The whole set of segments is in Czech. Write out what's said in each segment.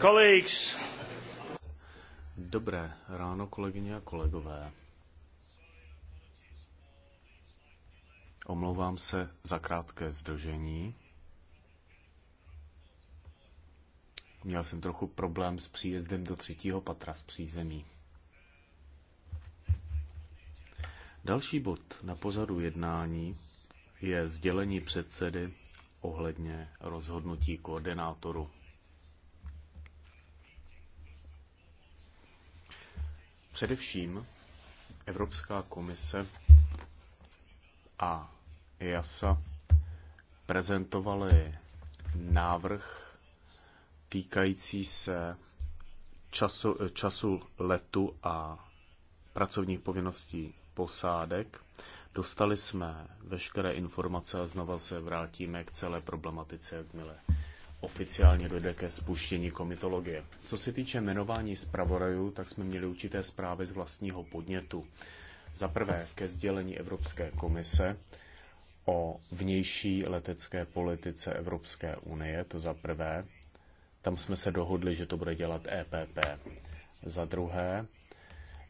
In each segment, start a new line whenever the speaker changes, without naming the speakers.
Colleagues. Dobré ráno, kolegyně a kolegové. Omlouvám se za krátké zdržení. Měl jsem trochu problém s příjezdem do třetího patra z přízemí. Další bod na pořadu jednání je sdělení předsedy ohledně rozhodnutí koordinátoru. Především Evropská komise a EASA prezentovali návrh týkající se času, času letu a pracovních povinností posádek. Dostali jsme veškeré informace a znova se vrátíme k celé problematice, jakmile oficiálně dojde ke spuštění komitologie. Co se týče jmenování zpravodajů, tak jsme měli určité zprávy z vlastního podnětu. Za prvé ke sdělení Evropské komise o vnější letecké politice Evropské unie, to za prvé. Tam jsme se dohodli, že to bude dělat EPP. Za druhé,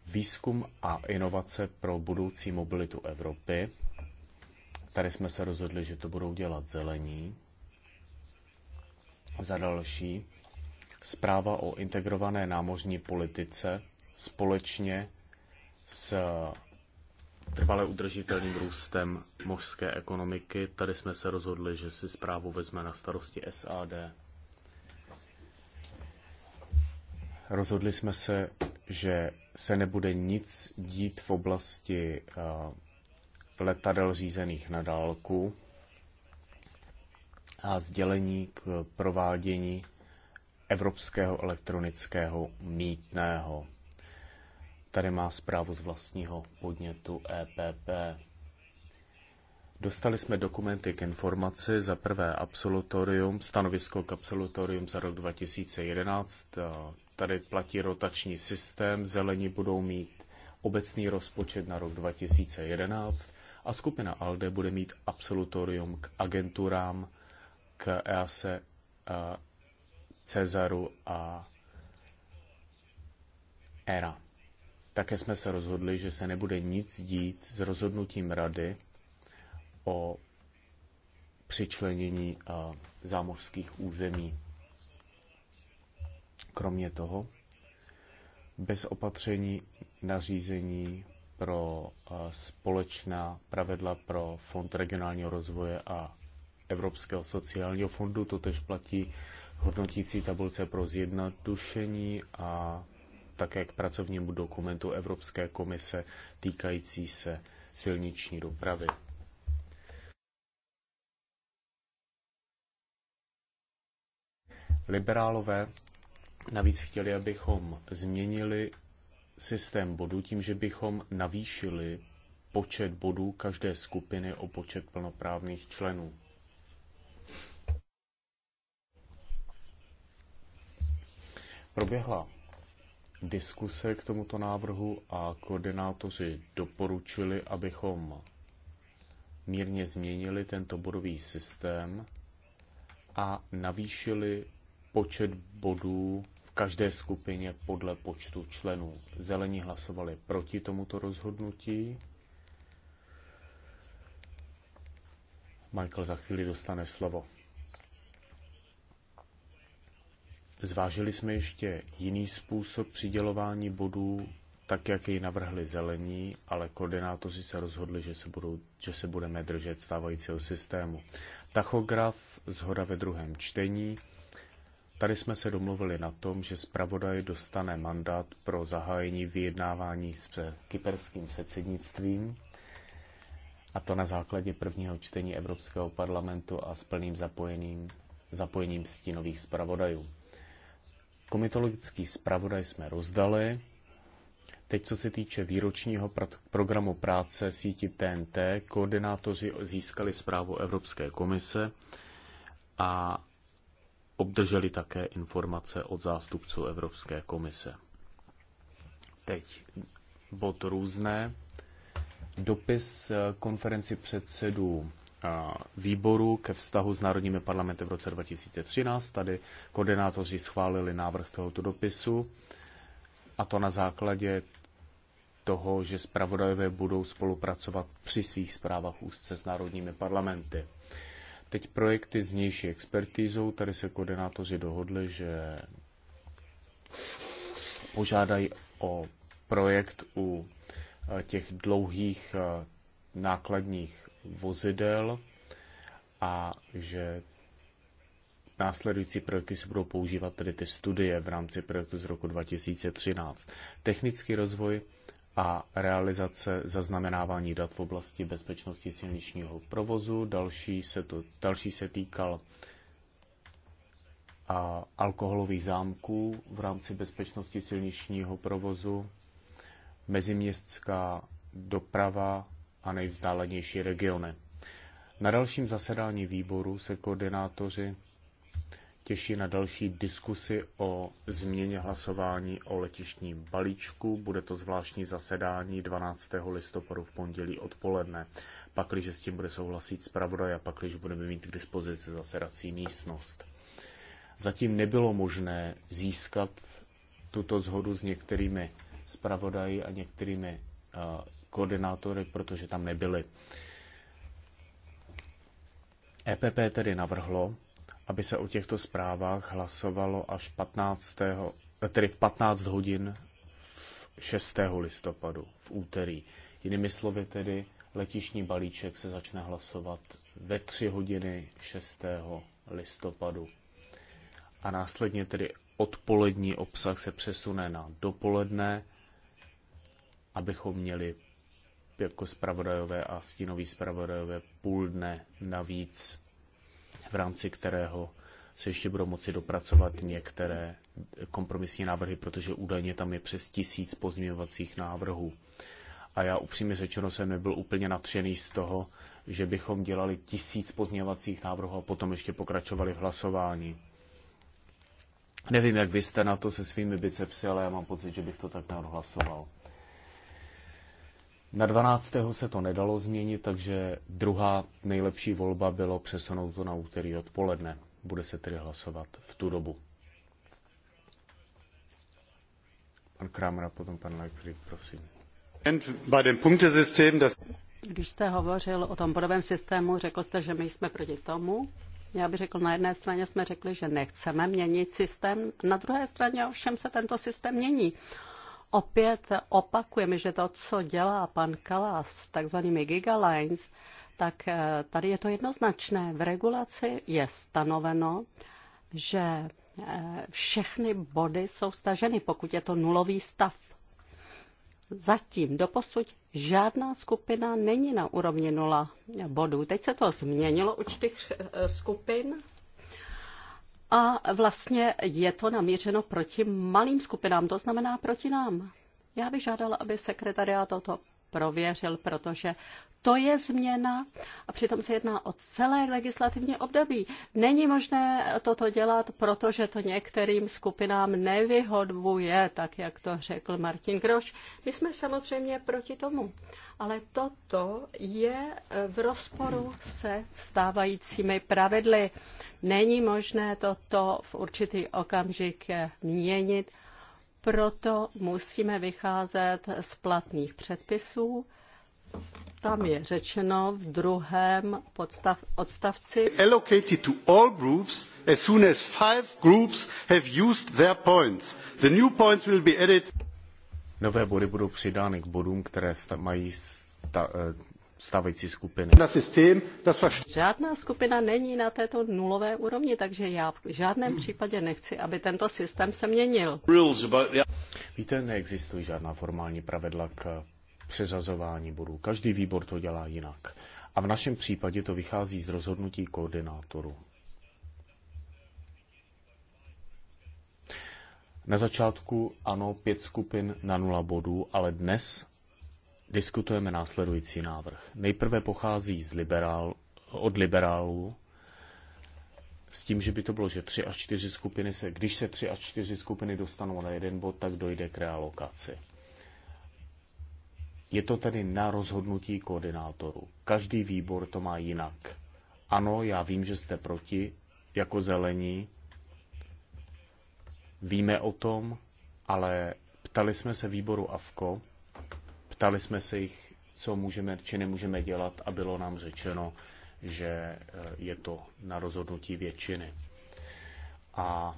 výzkum a inovace pro budoucí mobilitu Evropy. Tady jsme se rozhodli, že to budou dělat zelení. Za další, zpráva o integrované námořní politice společně s trvale udržitelným růstem mořské ekonomiky. Tady jsme se rozhodli, že si zprávu vezme na starosti SAD. Rozhodli jsme se, že se nebude nic dít v oblasti eh, letadel řízených na dálku a sdělení k provádění evropského elektronického mítného. Tady má zprávu z vlastního podnětu EPP. Dostali jsme dokumenty k informaci za prvé absolutorium, stanovisko k absolutorium za rok 2011. Tady platí rotační systém, zelení budou mít obecný rozpočet na rok 2011 a skupina ALDE bude mít absolutorium k agenturám k EASE, eh, Cezaru a ERA. Také jsme se rozhodli, že se nebude nic dít s rozhodnutím rady o přičlenění eh, zámořských území. Kromě toho, bez opatření nařízení pro eh, společná pravidla pro Fond regionálního rozvoje a Evropského sociálního fondu. To tež platí hodnotící tabulce pro zjednodušení a také k pracovnímu dokumentu Evropské komise týkající se silniční dopravy. Liberálové navíc chtěli, abychom změnili systém bodů tím, že bychom navýšili počet bodů každé skupiny o počet plnoprávných členů. Proběhla diskuse k tomuto návrhu a koordinátoři doporučili, abychom mírně změnili tento bodový systém a navýšili počet bodů v každé skupině podle počtu členů. Zelení hlasovali proti tomuto rozhodnutí. Michael za chvíli dostane slovo. Zvážili jsme ještě jiný způsob přidělování bodů, tak jak jej navrhli zelení, ale koordinátoři se rozhodli, že se, budou, že se budeme držet stávajícího systému. Tachograf zhoda ve druhém čtení. Tady jsme se domluvili na tom, že zpravodaj dostane mandát pro zahájení vyjednávání s kyperským předsednictvím, a to na základě prvního čtení Evropského parlamentu a s plným zapojením, zapojením stínových zpravodajů. Komitologický zpravodaj jsme rozdali. Teď, co se týče výročního programu práce síti TNT, koordinátoři získali zprávu Evropské komise a obdrželi také informace od zástupců Evropské komise. Teď bod různé. Dopis eh, konferenci předsedů výboru ke vztahu s národními parlamenty v roce 2013. Tady koordinátoři schválili návrh tohoto dopisu a to na základě toho, že zpravodajové budou spolupracovat při svých zprávách úzce s národními parlamenty. Teď projekty s vnější expertízou. Tady se koordinátoři dohodli, že požádají o projekt u eh, těch dlouhých eh, nákladních vozidel a že následující projekty se budou používat tedy ty studie v rámci projektu z roku 2013. Technický rozvoj a realizace zaznamenávání dat v oblasti bezpečnosti silničního provozu. Další se, to, další se týkal a, alkoholových zámků v rámci bezpečnosti silničního provozu, meziměstská doprava a nejvzdálenější regiony. Na dalším zasedání výboru se koordinátoři těší na další diskusy o změně hlasování o letištním balíčku. Bude to zvláštní zasedání 12. listopadu v pondělí odpoledne. Pakliže s tím bude souhlasit zpravodaj a pakliž budeme mít k dispozici zasedací místnost. Zatím nebylo možné získat tuto zhodu s některými zpravodaji a některými koordinátory, protože tam nebyli. EPP tedy navrhlo, aby se o těchto zprávách hlasovalo až 15. tedy v 15 hodin 6. listopadu, v úterý. Jinými slovy tedy, letišní balíček se začne hlasovat ve 3 hodiny 6. listopadu. A následně tedy odpolední obsah se přesune na dopoledne abychom měli jako spravodajové a stínoví spravodajové půl dne navíc, v rámci kterého se ještě budou moci dopracovat některé kompromisní návrhy, protože údajně tam je přes tisíc pozměňovacích návrhů. A já upřímně řečeno jsem nebyl úplně natřený z toho, že bychom dělali tisíc pozměňovacích návrhů a potom ještě pokračovali v hlasování. Nevím, jak vy jste na to se svými bicepsy, ale já mám pocit, že bych to tak neodhlasoval. Na 12. se to nedalo změnit, takže druhá nejlepší volba bylo přesunout to na úterý odpoledne. Bude se tedy hlasovat v tu dobu. Pan Kramer a potom pan Leichfried, prosím.
Když jste hovořil o tom bodovém systému, řekl jste, že my jsme proti tomu. Já bych řekl, na jedné straně jsme řekli, že nechceme měnit systém, na druhé straně ovšem se tento systém mění. Opět opakujeme, že to, co dělá pan Kalas s takzvanými gigalines, tak eh, tady je to jednoznačné. V regulaci je stanoveno, že eh, všechny body jsou staženy, pokud je to nulový stav. Zatím doposud žádná skupina není na úrovni nula bodů. Teď se to změnilo u čtyř eh, skupin a vlastně je to namířeno proti malým skupinám, to znamená proti nám. Já bych žádala, aby sekretariát toto prověřil, protože to je změna a přitom se jedná o celé legislativní období. Není možné toto dělat, protože to některým skupinám nevyhodvuje, tak jak to řekl Martin Groš. My jsme samozřejmě proti tomu, ale toto je v rozporu se stávajícími pravidly. Není možné toto v určitý okamžik měnit, proto musíme vycházet z platných předpisů. Tam je řečeno v druhém podstav, odstavci.
Allocated to all groups as soon as five groups have used their points. The new points will be added. Nové body budou přidány k bodům, které mají sta, eh, stávající skupiny.
Žádná skupina není na této nulové úrovni, takže já v žádném případě nechci, aby tento systém se měnil.
Víte, neexistují žádná formální pravidla k přeřazování bodů. Každý výbor to dělá jinak. A v našem případě to vychází z rozhodnutí koordinátoru. Na začátku ano, pět skupin na nula bodů, ale dnes diskutujeme následující návrh. Nejprve pochází z liberál, od liberálů s tím, že by to bylo, že tři až čtyři skupiny se, když se tři až čtyři skupiny dostanou na jeden bod, tak dojde k realokaci. Je to tedy na rozhodnutí koordinátorů. Každý výbor to má jinak. Ano, já vím, že jste proti, jako zelení. Víme o tom, ale ptali jsme se výboru Afko. Ptali jsme se jich, co můžeme či nemůžeme dělat a bylo nám řečeno, že eh, je to na rozhodnutí většiny. A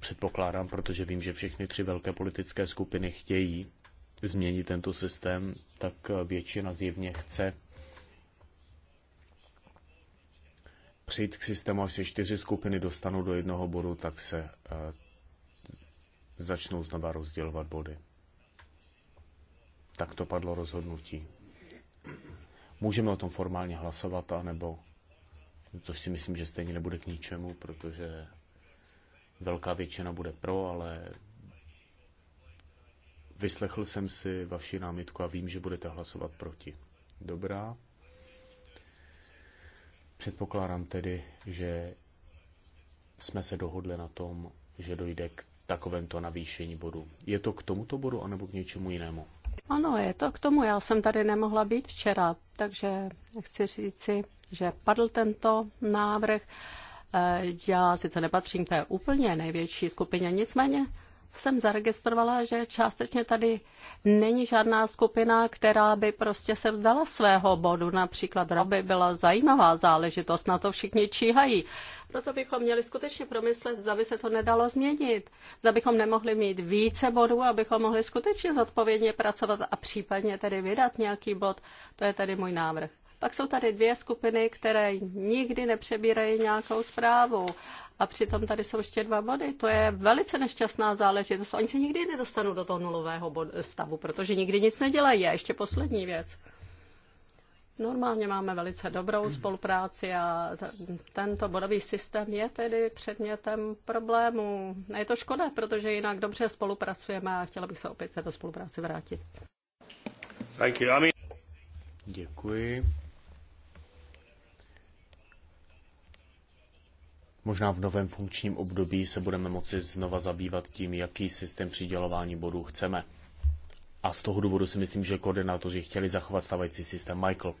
předpokládám, protože vím, že všechny tři velké politické skupiny chtějí změnit tento systém, tak eh, většina zjevně chce přijít k systému, až se čtyři skupiny dostanou do jednoho bodu, tak se eh, začnou znova rozdělovat body tak to padlo rozhodnutí. Můžeme o tom formálně hlasovat, anebo, To si myslím, že stejně nebude k ničemu, protože velká většina bude pro, ale vyslechl jsem si vaši námitku a vím, že budete hlasovat proti. Dobrá. Předpokládám tedy, že jsme se dohodli na tom, že dojde k takovémto navýšení bodu. Je to k tomuto bodu anebo k něčemu jinému?
Ano, je to k tomu. Já jsem tady nemohla být včera, takže chci říci, že padl tento návrh. Eh, já sice nepatřím té úplně největší skupině, nicméně jsem zaregistrovala, že částečně tady není žádná skupina, která by prostě se vzdala svého bodu. Například Raby byla zajímavá záležitost, na to všichni číhají. Proto bychom měli skutečně promyslet, zda by se to nedalo změnit. Zda bychom nemohli mít více bodů, abychom mohli skutečně zodpovědně pracovat a případně tedy vydat nějaký bod. To je tedy můj návrh. Pak jsou tady dvě skupiny, které nikdy nepřebírají nějakou zprávu a přitom tady jsou ještě dva body. To je velice nešťastná záležitost. Oni se nikdy nedostanou do toho nulového eh, stavu, protože nikdy nic nedělají. A ještě poslední věc. Normálně máme velice dobrou spolupráci a tento bodový systém je tedy předmětem problému. A je to škoda, protože jinak dobře spolupracujeme a chtěla bych se opět této spolupráci vrátit.
Děkuji. Možná v novém funkčním období se budeme moci znova zabývat tím, jaký systém přidělování bodů chceme. A z toho důvodu si myslím, že koordinátoři chtěli zachovat stávající systém. Michael.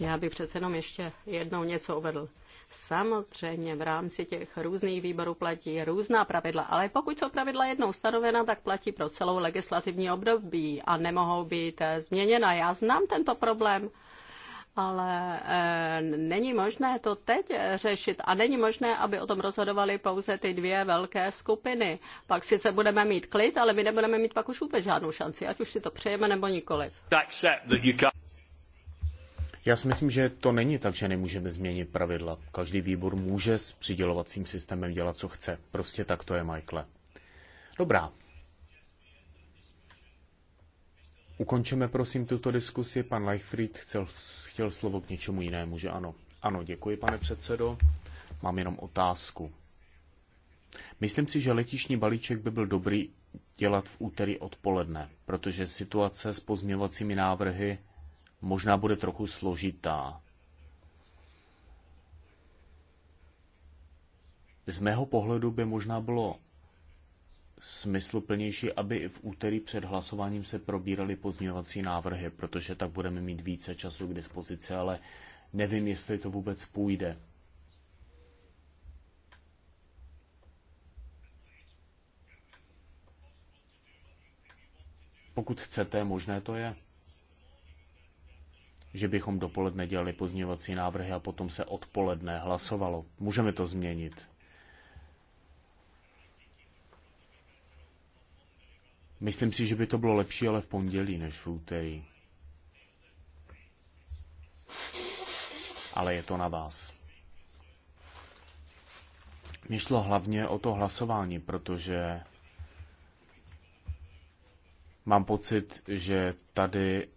Já bych přece jenom ještě jednou něco uvedl. Samozřejmě v rámci těch různých výborů platí různá pravidla, ale pokud jsou pravidla jednou stanovena, tak platí pro celou legislativní období a nemohou být eh, změněna. Já znám tento problém ale eh, není možné to teď řešit a není možné, aby o tom rozhodovaly pouze ty dvě velké skupiny. Pak si se budeme mít klid, ale my nebudeme mít pak už vůbec žádnou šanci, ať už si to přejeme nebo nikoliv.
Já si myslím, že to není tak, že nemůžeme změnit pravidla. Každý výbor může s přidělovacím systémem dělat, co chce. Prostě tak to je, Michael. Dobrá, Ukončeme prosím tuto diskusi. Pan Leichfried chcel, chtěl slovo k něčemu jinému, že ano? Ano, děkuji, pane předsedo. Mám jenom otázku. Myslím si, že letišní balíček by byl dobrý dělat v úterý odpoledne, protože situace s pozměvacími návrhy možná bude trochu složitá. Z mého pohledu by možná bylo smysluplnější, aby i v úterý před hlasováním se probíraly pozměňovací návrhy, protože tak budeme mít více času k dispozici, ale nevím, jestli to vůbec půjde. Pokud chcete, možné to je. Že bychom dopoledne dělali pozměňovací návrhy a potom se odpoledne hlasovalo. Můžeme to změnit. Myslím si, že by to bylo lepší, ale v pondělí než v úterý. Ale je to na vás. Mě šlo hlavně o to hlasování, protože mám pocit, že tady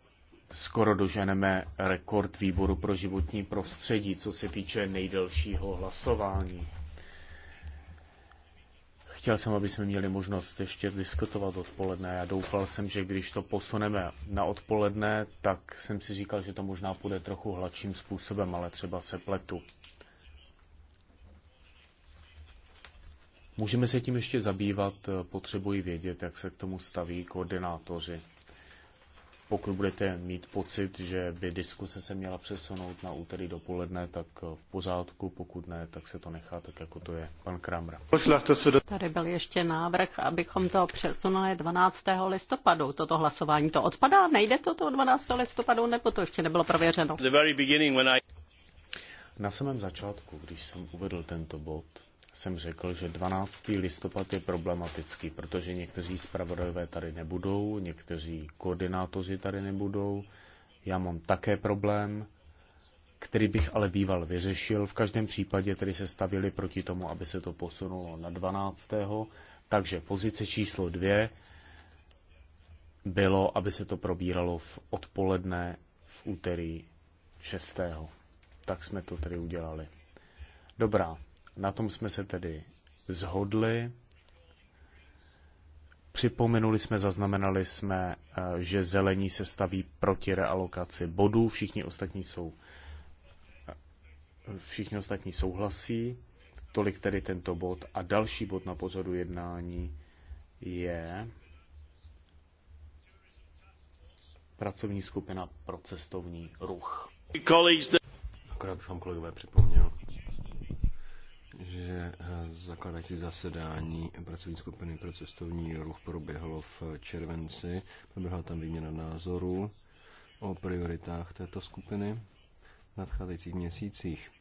skoro doženeme rekord výboru pro životní prostředí, co se týče nejdelšího hlasování. Chtěl jsem, aby jsme měli možnost ještě diskutovat odpoledne. Já doufal jsem, že když to posuneme na odpoledne, tak jsem si říkal, že to možná půjde trochu hladším způsobem, ale třeba se pletu. Můžeme se tím ještě zabývat, potřebuji vědět, jak se k tomu staví koordinátoři pokud budete mít pocit, že by diskuse se měla přesunout na úterý dopoledne, tak eh, v pořádku, pokud ne, tak se to nechá tak, jako to je. Pan Kramra.
Tady byl ještě návrh, abychom to přesunuli 12. listopadu. Toto hlasování to odpadá? Nejde to toho 12. listopadu, nebo to ještě nebylo prověřeno?
Na samém začátku, když jsem uvedl tento bod, jsem řekl, že 12. listopad je problematický, protože někteří zpravodajové tady nebudou, někteří koordinátoři tady nebudou. Já mám také problém, který bych ale býval vyřešil. V každém případě tedy se stavili proti tomu, aby se to posunulo na 12. Takže pozice číslo dvě bylo, aby se to probíralo v odpoledne v úterý 6. Tak jsme to tedy udělali. Dobrá, na tom jsme se tedy zhodli. Připomenuli jsme, zaznamenali jsme, eh, že zelení se staví proti realokaci bodů, všichni ostatní jsou eh, všichni ostatní souhlasí. Tolik tedy tento bod. A další bod na pořadu jednání je pracovní skupina pro cestovní ruch. Akorát bych vám kolegové připomněl,
že eh, zakladající zasedání pracovní skupiny pro cestovní ruch proběhlo v červenci. Proběhla tam výměna názorů o prioritách této skupiny v nadcházejících měsících.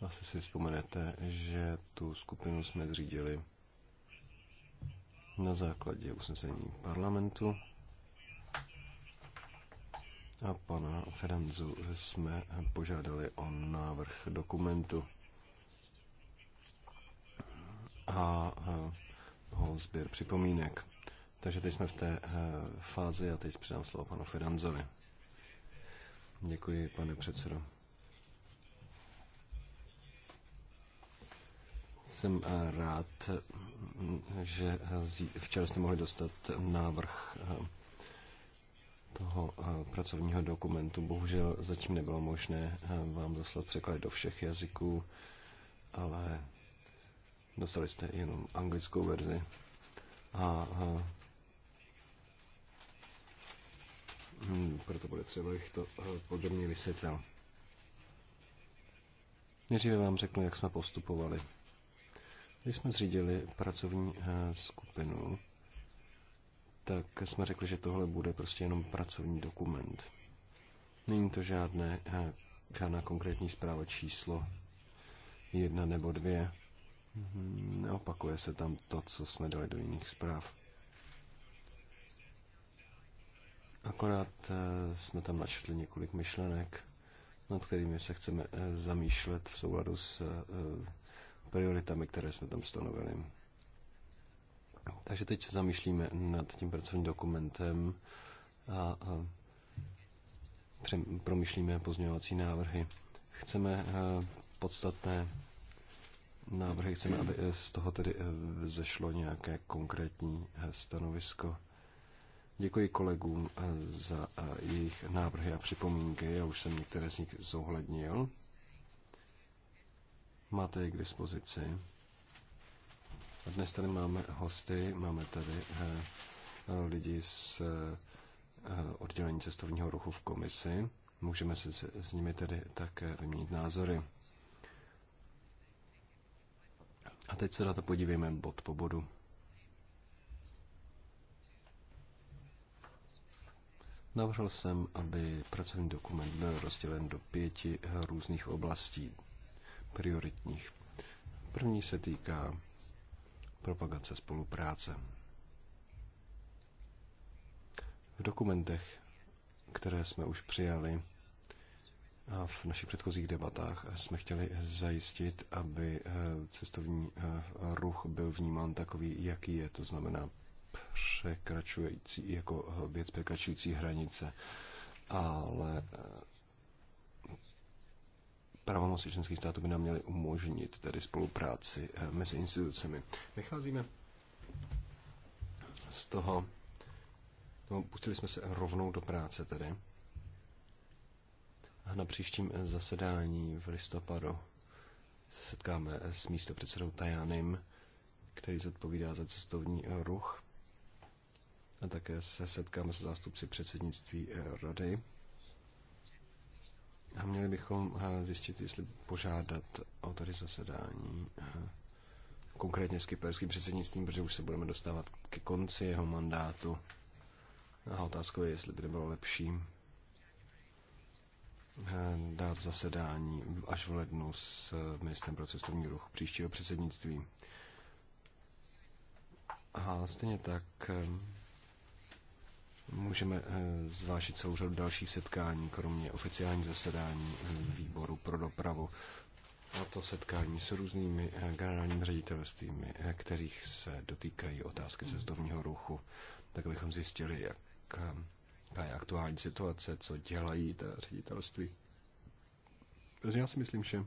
Asi si vzpomenete, že tu skupinu jsme zřídili na základě usnesení parlamentu a pana Ferenzu jsme požádali o návrh dokumentu a o sběr připomínek. Takže teď jsme v té eh, fázi a teď předám slovo panu Firanzovi. Děkuji, pane předsedo. Jsem eh, rád, že eh, včera jste mohli dostat návrh toho pracovního dokumentu. Bohužel zatím nebylo možné vám zaslat překlad do všech jazyků, ale Dostali jste jenom anglickou verzi. A, a hmm, proto bude třeba, abych to eh, podrobně vysvětlil. Nejdříve vám řeknu, jak jsme postupovali. Když jsme zřídili pracovní eh, skupinu, tak jsme řekli, že tohle bude prostě jenom pracovní dokument. Není to žádné, eh, žádná konkrétní zpráva číslo jedna nebo dvě. Mm, neopakuje se tam to, co jsme dali do jiných zpráv. Akorát eh, jsme tam načetli několik myšlenek, nad kterými se chceme eh, zamýšlet v souladu s eh, prioritami, které jsme tam stanovili. Takže teď se zamýšlíme nad tím pracovním dokumentem a, promýšlíme pozměňovací návrhy. Chceme podstatné návrhy. Chceme, aby eh, z toho tedy eh, zešlo nějaké konkrétní eh, stanovisko. Děkuji kolegům za jejich návrhy a připomínky. Já už jsem některé z nich zohlednil. Máte je k dispozici. A dnes tady máme hosty, máme tady lidi z oddělení cestovního ruchu v komisi. Můžeme se s nimi tedy také vyměnit názory. A teď se na to podívejme bod po bodu. Navrhl jsem, aby pracovní dokument byl rozdělen do pěti různých oblastí prioritních. První se týká propagace spolupráce. V dokumentech, které jsme už přijali, v našich předchozích debatách jsme chtěli zajistit, aby eh, cestovní eh, ruch byl vnímán takový, jaký je, to znamená překračující, jako eh, věc překračující hranice. Ale pravomoci členských států by nám měly umožnit tedy spolupráci mezi institucemi. Vycházíme z toho, no, pustili jsme se rovnou do práce tedy na příštím eh, zasedání v listopadu se setkáme eh, s místopředsedou Tajanem, který zodpovídá za cestovní eh, ruch. A také se setkáme s zástupci předsednictví rady. A měli bychom zjistit, jestli požádat o tady zasedání konkrétně s kyperským předsednictvím, protože už se budeme dostávat ke konci jeho mandátu. A otázkou je, jestli by nebylo lepší dát zasedání až v lednu s ministrem pro cestovní ruch příštího předsednictví. A stejně tak ehm, můžeme eh, zvážit celou řadu dalších setkání, kromě oficiálních zasedání eh, výboru pro dopravu. A to setkání s různými eh, generálními ředitelstvími, kterých se dotýkají otázky cestovního ruchu, tak abychom zjistili, jak ehm, ta je aktuální situace, co dělají ta ředitelství. Protože já si myslím, že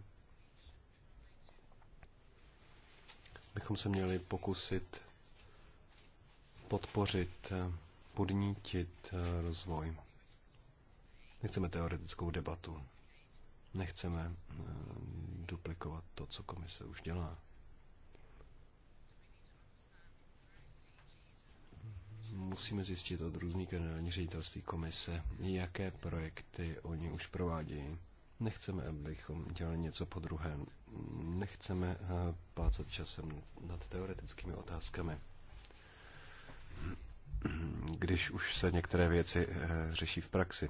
bychom se měli pokusit podpořit, podnítit eh, rozvoj. Nechceme teoretickou debatu. Nechceme eh, duplikovat to, co komise už dělá. musíme zjistit od různých generálních ředitelství komise, jaké projekty oni už provádějí. Nechceme, abychom dělali něco po druhé. Nechceme eh, plácat časem nad teoretickými otázkami. Když už se některé věci eh, řeší v praxi.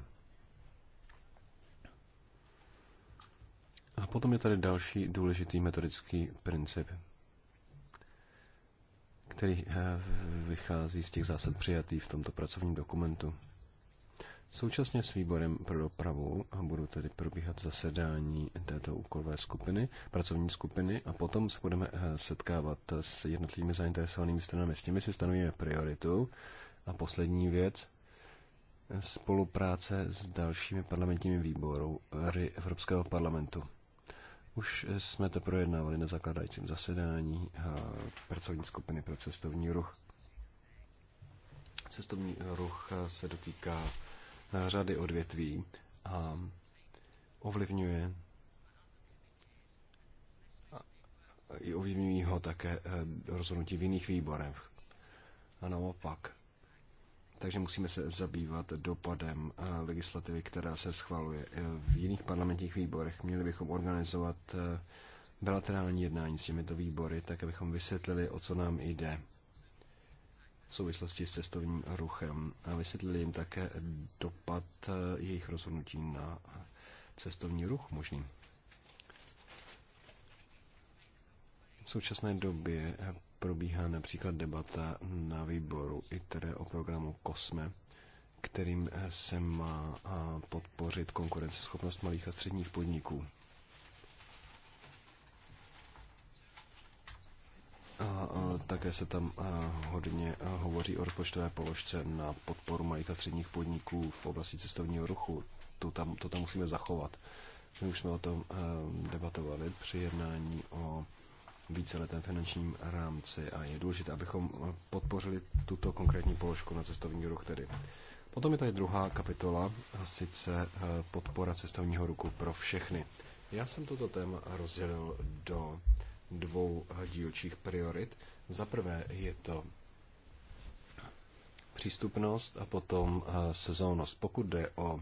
A potom je tady další důležitý metodický princip – který eh, vychází z těch zásad přijatých v tomto pracovním dokumentu. Současně s výborem pro dopravu a budou tedy probíhat zasedání této úkolové skupiny, pracovní skupiny a potom se budeme eh, setkávat s jednotlivými zainteresovanými stranami. S těmi si stanovíme prioritu. A poslední věc, spolupráce s dalšími parlamentními výbory Evropského parlamentu. Už jsme to projednávali na zakladajícím zasedání eh, pracovní skupiny pro cestovní ruch. Cestovní ruch eh, se dotýká eh, řady odvětví a ovlivňuje i ovlivňují ho také rozhodnutí v jiných výborech. A naopak, takže musíme se zabývat dopadem eh, legislativy, která se schvaluje eh, v jiných parlamentních výborech. Měli bychom organizovat eh, bilaterální jednání s těmito výbory, tak abychom vysvětlili, o co nám jde v souvislosti s cestovním ruchem a vysvětlili jim také dopad jejich rozhodnutí na cestovní ruch možný. V současné době probíhá například debata na výboru ITRE o programu COSME, kterým se má podpořit konkurenceschopnost malých a středních podniků. A také se tam hodně hovoří o rozpočtové položce na podporu malých a středních podniků v oblasti cestovního ruchu. To tam, to tam musíme zachovat. My už jsme o tom debatovali při jednání o víceletém finančním rámci a je důležité, abychom eh, podpořili tuto konkrétní položku na cestovní ruch tedy. Potom je tady druhá kapitola, a sice eh, podpora cestovního ruku pro všechny. Já jsem toto téma rozdělil do dvou eh, dílčích priorit. Za prvé je to přístupnost a potom sezónnost. Pokud jde o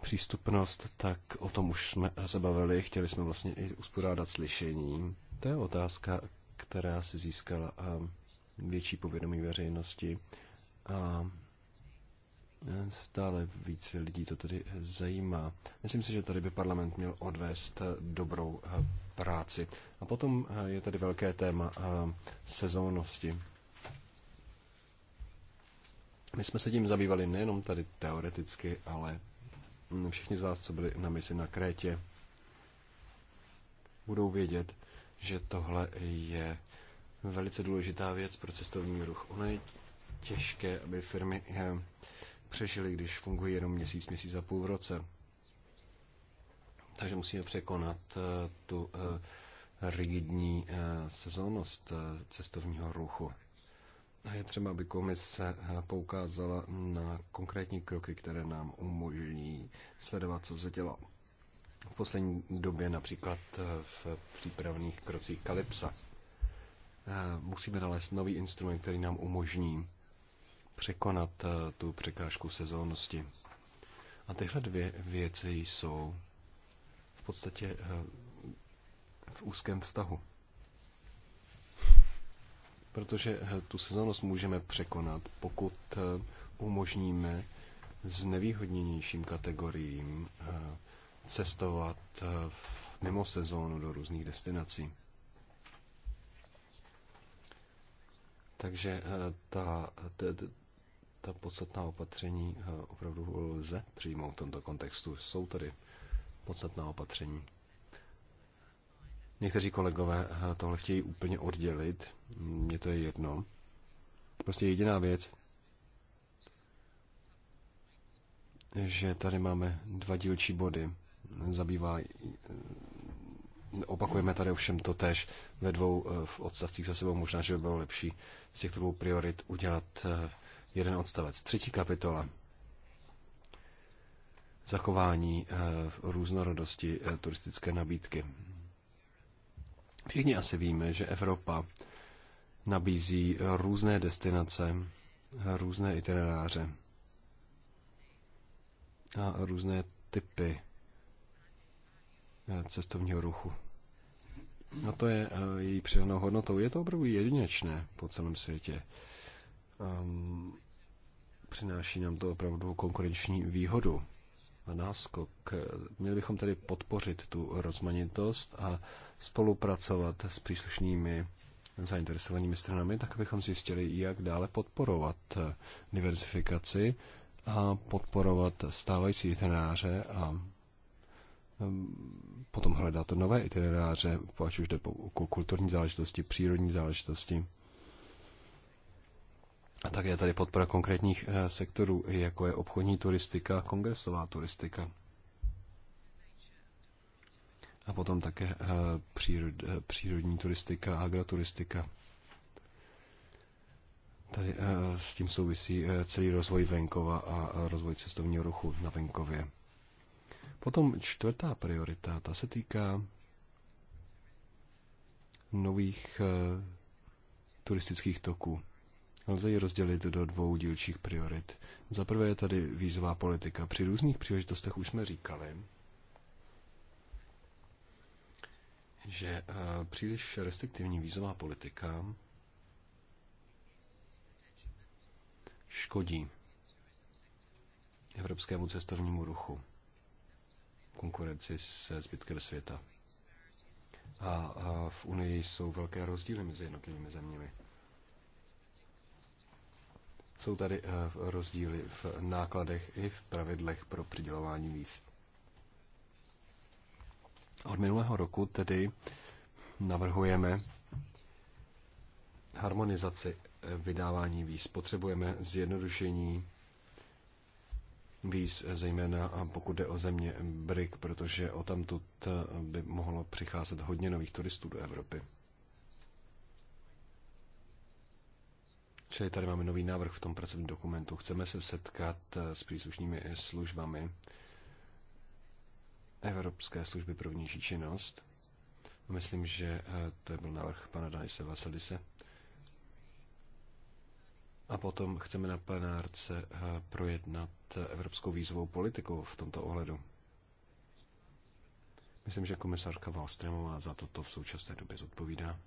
přístupnost, tak o tom už jsme se bavili. Chtěli jsme vlastně i uspořádat slyšení. To je otázka, která si získala větší povědomí veřejnosti a e, stále více lidí to tedy zajímá. Myslím si, že tady by parlament měl odvést e, dobrou e, práci. A potom je tady velké téma sezónnosti. My jsme se tím zabývali nejenom tady teoreticky, ale všichni z vás, co byli na misi na Krétě, budou vědět, že tohle je velice důležitá věc pro cestovní ruch. Ono je těžké, aby firmy eh, přežily, když fungují jenom měsíc, měsíc a půl v roce. Takže musíme překonat eh, tu eh, rigidní sezónnost cestovního ruchu. A je třeba, aby komise eh, poukázala na konkrétní kroky, které nám umožní sledovat, co se dělo. V poslední době například eh, v přípravných krocích Kalypsa. Eh, musíme nalézt nový instrument, který nám umožní překonat tu překážku sezónnosti. A tyhle dvě věci jsou v podstatě v úzkém vztahu protože eh, tu sezónnost můžeme překonat, pokud eh, umožníme znevýhodněnějším kategoriím eh, cestovat mimo sezónu do různých destinací. Takže ta, ta, ta podstatná opatření opravdu lze přijmout v tomto kontextu. Jsou tady podstatná opatření. Někteří kolegové eh, tohle chtějí úplně oddělit. Mně to je jedno. Prostě jediná věc, že tady máme dva dílčí body. Zabývá, eh, opakujeme tady ovšem to tež ve dvou eh, v odstavcích za sebou. Možná, že by bylo lepší z těchto dvou priorit udělat jeden odstavec. Třetí kapitola. Zachování různorodosti turistické nabídky. Všichni asi víme, že Evropa nabízí různé destinace, různé itineráře a různé typy eh, cestovního ruchu. A to je eh, její přidanou hodnotou. Je to opravdu jedinečné po celém světě. Ehm, přináší nám to opravdu konkurenční výhodu náskok. Měli bychom tedy podpořit tu rozmanitost a spolupracovat s příslušnými zainteresovanými stranami, tak abychom zjistili, jak dále podporovat diversifikaci a podporovat stávající itineráře a um, potom hledat nové itineráře, ať už jde o kulturní záležitosti, přírodní záležitosti. A tak je tady podpora konkrétních eh, sektorů, jako je obchodní turistika, kongresová turistika. A potom také eh, přírod, eh, přírodní turistika, agraturistika. Tady s tím souvisí celý rozvoj venkova a rozvoj cestovního ruchu na venkově. Potom čtvrtá priorita, ta se týká nových turistických toků. Lze ji rozdělit do dvou dílčích priorit. Za prvé je tady vízová politika. Při různých příležitostech už jsme říkali, že eh, příliš restriktivní vízová politika škodí evropskému cestovnímu ruchu, konkurenci se zbytkem světa. A, a eh, v Unii jsou velké rozdíly mezi jednotlivými zeměmi. Jsou tady eh, rozdíly v nákladech i v pravidlech pro přidělování víz. Od minulého roku tedy navrhujeme harmonizaci eh, vydávání víz. Potřebujeme zjednodušení víz, eh, zejména pokud jde o země BRIC, protože o tamtud by mohlo přicházet hodně nových turistů do Evropy. Čili tady máme nový návrh v tom pracovním dokumentu. Chceme se setkat eh, s příslušnými službami Evropské služby pro vnější činnost. Myslím, že eh, to byl návrh pana Danise Vasilise. A potom chceme na plenárce eh, projednat evropskou výzvou politiku v tomto ohledu. Myslím, že komisárka Wallströmová za toto v současné době zodpovídá.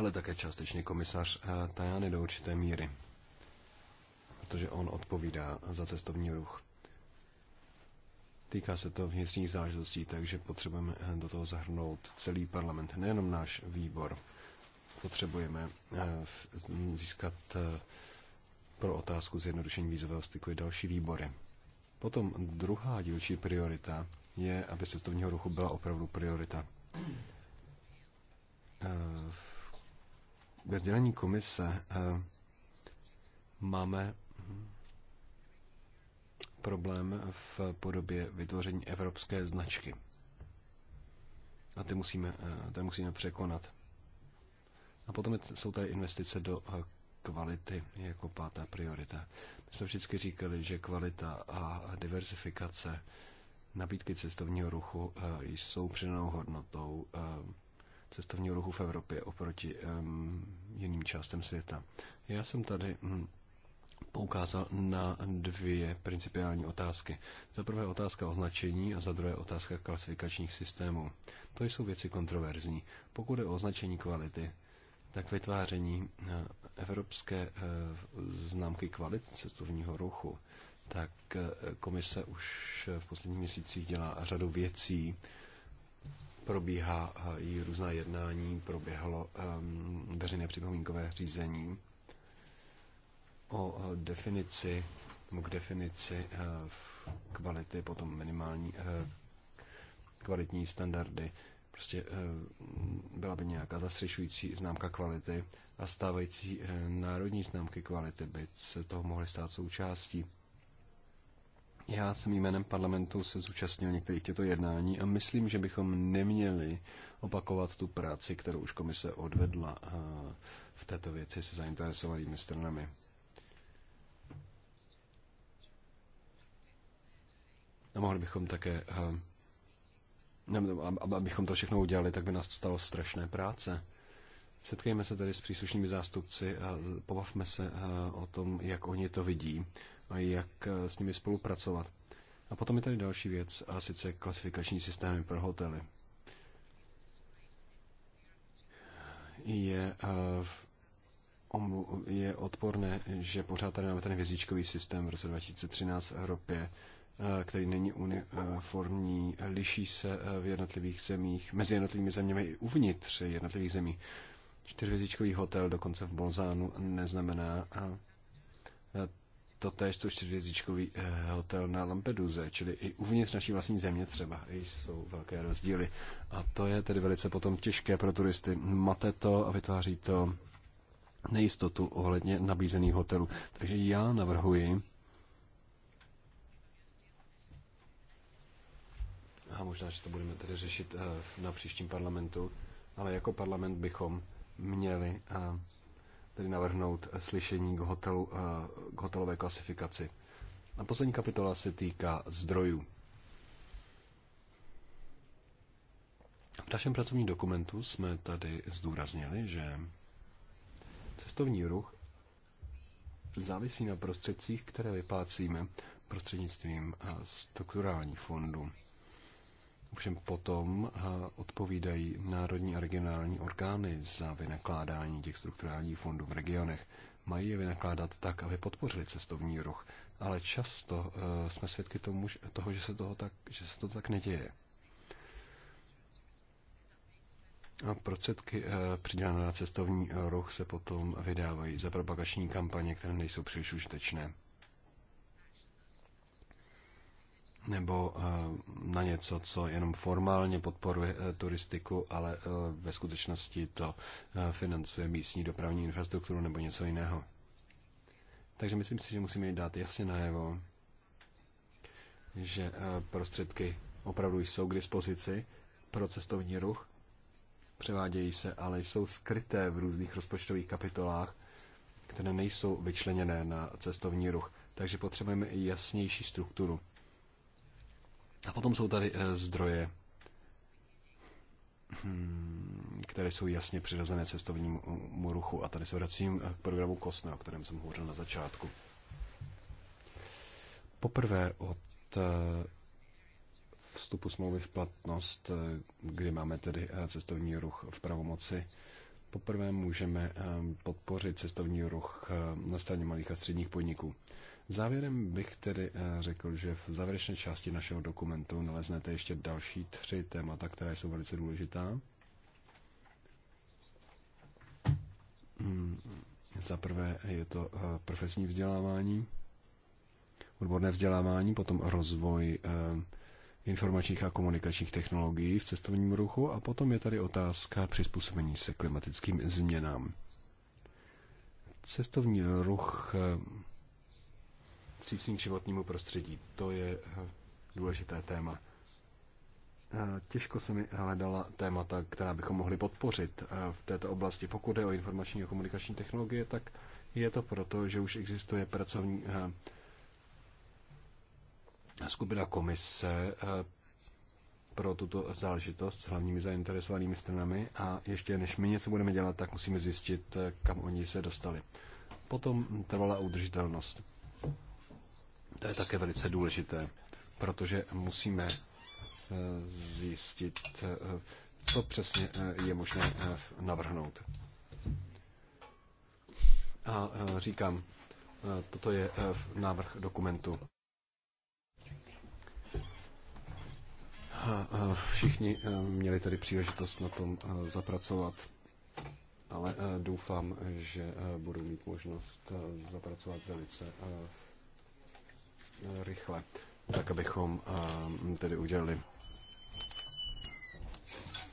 ale také částečně komisař eh, Tajany do určité míry, protože on odpovídá za cestovní ruch. Týká se to vnitřních záležitostí, takže potřebujeme eh, do toho zahrnout celý parlament, nejenom náš výbor. Potřebujeme eh, získat pro otázku zjednodušení vízového styku i další výbory. Potom druhá dílčí priorita je, aby cestovního ruchu byla opravdu priorita ve sdělení komise eh, máme problém v podobě vytvoření evropské značky. A ty musíme, eh, ty musíme překonat. A potom jsou tady investice do eh, kvality jako pátá priorita. My jsme vždycky říkali, že kvalita a diversifikace nabídky cestovního ruchu jsou přidanou hodnotou cestovního ruchu v Evropě oproti jiným částem světa. Já jsem tady hm, poukázal na dvě principiální otázky. Za prvé otázka označení a za druhé otázka klasifikačních systémů. To jsou věci kontroverzní. Pokud je o označení kvality, tak vytváření eh, evropské eh, známky kvalit cestovního ruchu, tak eh, komise už v posledních měsících dělá řadu věcí, probíhá i eh, různá jednání, proběhlo ehm, veřejné připomínkové řízení o eh, definici, k definici eh, kvality, potom minimální kvalitní standardy. Prostě byla by nějaká zastřešující známka kvality a stávající národní známky kvality by se toho mohly stát součástí. Já jsem jménem parlamentu se zúčastnil některých těchto jednání a myslím, že bychom neměli opakovat tu práci, kterou už komise odvedla eh, v této věci se zainteresovanými stranami. A mohli bychom také, eh, abychom to všechno udělali, tak by nás stalo strašné práce. Setkejme se tady s příslušnými zástupci a pobavme se eh, o tom, jak oni to vidí a jak eh, s nimi spolupracovat. A potom je tady další věc, a sice klasifikační systémy pro hotely. Je, eh, je odporné, že pořád tady máme ten hvězdičkový systém v roce 2013 v Evropě, eh, který není uniformní, liší se v jednotlivých zemích, mezi jednotlivými zeměmi i uvnitř jednotlivých zemí. Čtyřvězdičkový hotel dokonce v Bolzánu neznamená to tež, co čtyřvězdičkový eh, hotel na Lampeduze, čili i uvnitř naší vlastní země třeba jsou velké rozdíly. A to je tedy velice potom těžké pro turisty. Mate to a vytváří to nejistotu ohledně nabízených hotelů. Takže já navrhuji, a možná, že to budeme tedy řešit eh, na příštím parlamentu, ale jako parlament bychom měli eh, tedy navrhnout slyšení k, hotelu, eh, k hotelové klasifikaci. A poslední kapitola se týká zdrojů. V našem pracovním dokumentu jsme tady zdůraznili, že cestovní ruch závisí na prostředcích, které vyplácíme prostřednictvím eh, strukturálních fondů. Ovšem potom eh, odpovídají národní a regionální orgány za vynakládání těch strukturálních fondů v regionech. Mají je vynakládat tak, aby podpořili cestovní ruch, ale často eh, jsme svědky tomu, toho, že se, toho tak, že se to tak neděje. A prostředky eh, přidělené na cestovní ruch se potom vydávají za propagační kampaně, které nejsou příliš užitečné. nebo eh, na něco, co jenom formálně podporuje eh, turistiku, ale eh, ve skutečnosti to financuje místní dopravní infrastrukturu nebo něco jiného. Takže myslím si, že musíme dát jasně najevo, že prostředky opravdu jsou k dispozici pro cestovní ruch, převádějí se, ale jsou skryté v různých rozpočtových kapitolách, které nejsou vyčleněné na cestovní ruch. Takže potřebujeme i jasnější strukturu a potom jsou tady eh, zdroje, hm, které jsou jasně přirozené cestovnímu eh, ruchu. A tady se vracím eh, k programu Kosme, o kterém jsem hovořil na začátku. Poprvé od vstupu smlouvy v platnost, kdy máme tedy cestovní ruch v pravomoci, poprvé můžeme podpořit cestovní ruch na straně malých a středních podniků. Závěrem bych tedy eh, řekl, že v závěrečné části našeho dokumentu naleznete ještě další tři témata, která jsou velice důležitá. Hmm, za prvé je to eh, profesní vzdělávání, odborné vzdělávání, potom rozvoj eh, informačních a komunikačních technologií v cestovním ruchu a potom je tady otázka přizpůsobení se klimatickým změnám. Cestovní ruch vstřícní k životnímu prostředí. To je eh, důležité téma. Eh, těžko se mi hledala témata, která bychom mohli podpořit eh, v této oblasti. Pokud je o informační a komunikační technologie, tak je to proto, že už existuje pracovní skupina komise pro tuto záležitost s hlavními zainteresovanými stranami a ještě než my něco budeme dělat, tak musíme zjistit, kam oni se dostali. Potom trvalá udržitelnost. To je také velice důležité, protože musíme eh, zjistit, eh, co přesně eh, je možné navrhnout. A říkám, toto je návrh dokumentu. Všichni měli tady příležitost na tom zapracovat, ale doufám, že budu mít možnost zapracovat velice rychle, tak abychom tedy udělali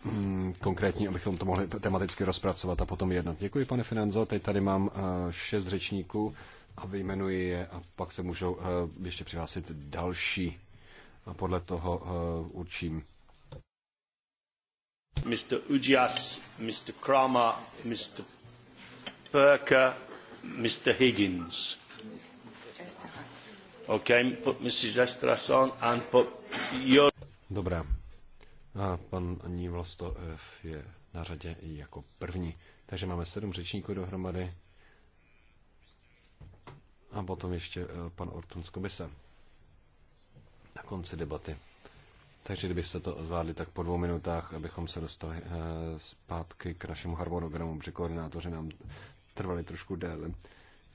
mm, konkrétní, abychom to mohli tematicky rozpracovat a potom jednat. Děkuji, pane Finanzo. Teď tady mám šest řečníků a vyjmenuji je a pak se můžou ještě přihlásit další a podle toho určím.
Mr. Ujias, Mr. Kramer, Mr. Perker, Mr. Higgins. Okay, Dobrá.
A pan Aní Vlastov je na řadě jako první. Takže máme sedm řečníků dohromady. A potom ještě eh, pan Ortun z komise. Na konci debaty. Takže kdybyste to zvládli tak po dvou minutách, abychom se dostali eh, zpátky k našemu harmonogramu, protože koordinátoři nám trvali trošku déle.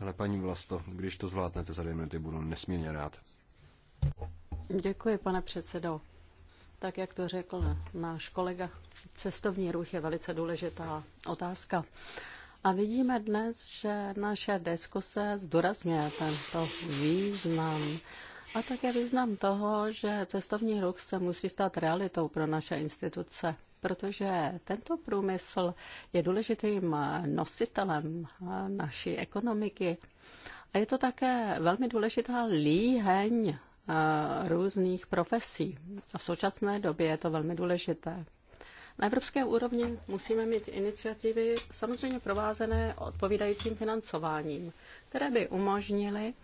Ale paní Vlasto, když to zvládnete za dvě minuty, budu nesmírně rád.
Děkuji, pane předsedo. Tak, jak to řekl náš kolega, cestovní ruch je velice důležitá otázka. A vidíme dnes, že naše diskuse zdůrazňuje tento význam a také význam toho, že cestovní ruch se musí stát realitou pro naše instituce protože tento průmysl je důležitým nositelem naší ekonomiky a je to také velmi důležitá líheň eh, různých profesí. A v současné době je to velmi důležité. Na evropské úrovni musíme mít iniciativy samozřejmě provázené odpovídajícím financováním, které by umožnily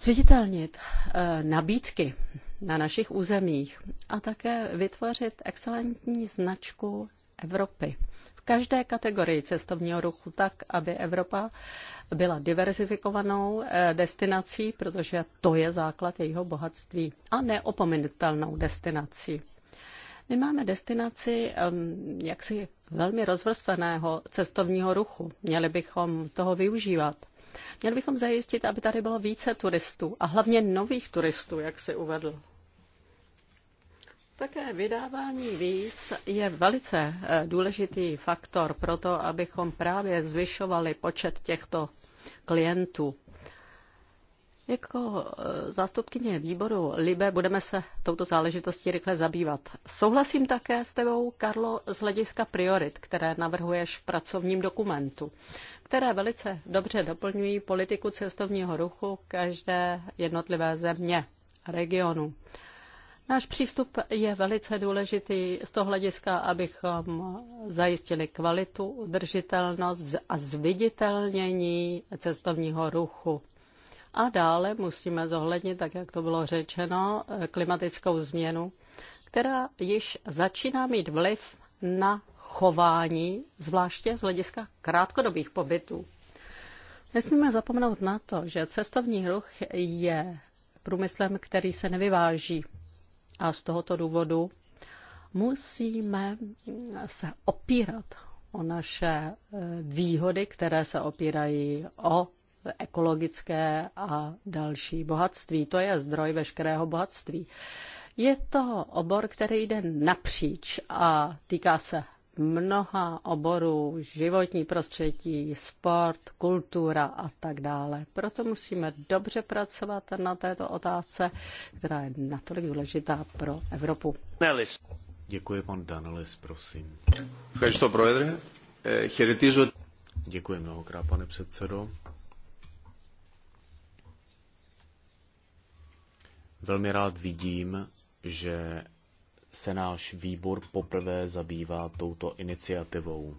zviditelnit eh, nabídky na našich územích a také vytvořit excelentní značku Evropy v každé kategorii cestovního ruchu tak, aby Evropa byla diverzifikovanou eh, destinací, protože to je základ jejího bohatství a neopomenutelnou destinací. My máme destinaci jaksi velmi rozvrstveného cestovního ruchu. Měli bychom toho využívat. Měli bychom zajistit, aby tady bylo více turistů a hlavně nových turistů, jak si uvedl. Také vydávání víz je velice eh, důležitý faktor pro to, abychom právě zvyšovali počet těchto klientů. Jako eh, zástupkyně výboru Libe budeme se touto záležitostí rychle zabývat. Souhlasím také s tebou, Karlo, z hlediska priorit, které navrhuješ v pracovním dokumentu které velice dobře doplňují politiku cestovního ruchu každé jednotlivé země a regionu. Náš přístup je velice důležitý z toho hlediska, abychom zajistili kvalitu, udržitelnost a zviditelnění cestovního ruchu. A dále musíme zohlednit, tak jak to bylo řečeno, klimatickou změnu, která již začíná mít vliv na chování, zvláště z hlediska krátkodobých pobytů. Nesmíme zapomenout na to, že cestovní ruch je průmyslem, který se nevyváží. A z tohoto důvodu musíme se opírat o naše eh, výhody, které se opírají o ekologické a další bohatství. To je zdroj veškerého bohatství. Je to obor, který jde napříč a týká se mnoha oborů, životní prostředí, sport, kultura a tak dále. Proto musíme dobře pracovat na této otázce, která je natolik důležitá pro Evropu.
Nellis. Děkuji, pan Danelis, prosím. Děkuji mnohokrát, pane předsedo. Velmi rád vidím, že se náš výbor poprvé zabývá touto iniciativou.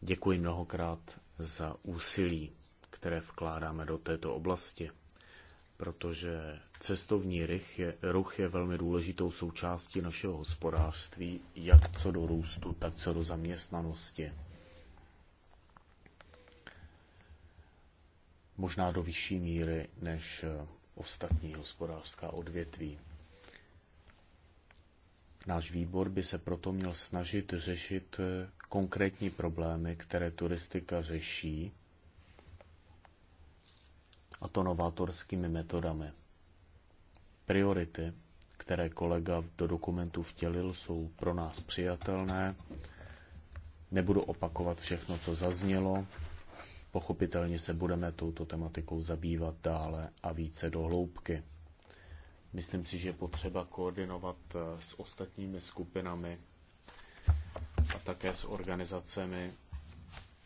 Děkuji mnohokrát za úsilí, které vkládáme do této oblasti, protože cestovní ruch je, ruch je velmi důležitou součástí našeho hospodářství, jak co do růstu, tak co do zaměstnanosti. Možná do vyšší míry než ostatní hospodářská odvětví. Náš výbor by se proto měl snažit řešit eh, konkrétní problémy, které turistika řeší, a to novátorskými metodami. Priority, které kolega do dokumentu vtělil, jsou pro nás přijatelné. Nebudu opakovat všechno, co zaznělo. Pochopitelně se budeme touto tematikou zabývat dále a více do hloubky. Myslím si, že je potřeba koordinovat eh, s ostatními skupinami a také s organizacemi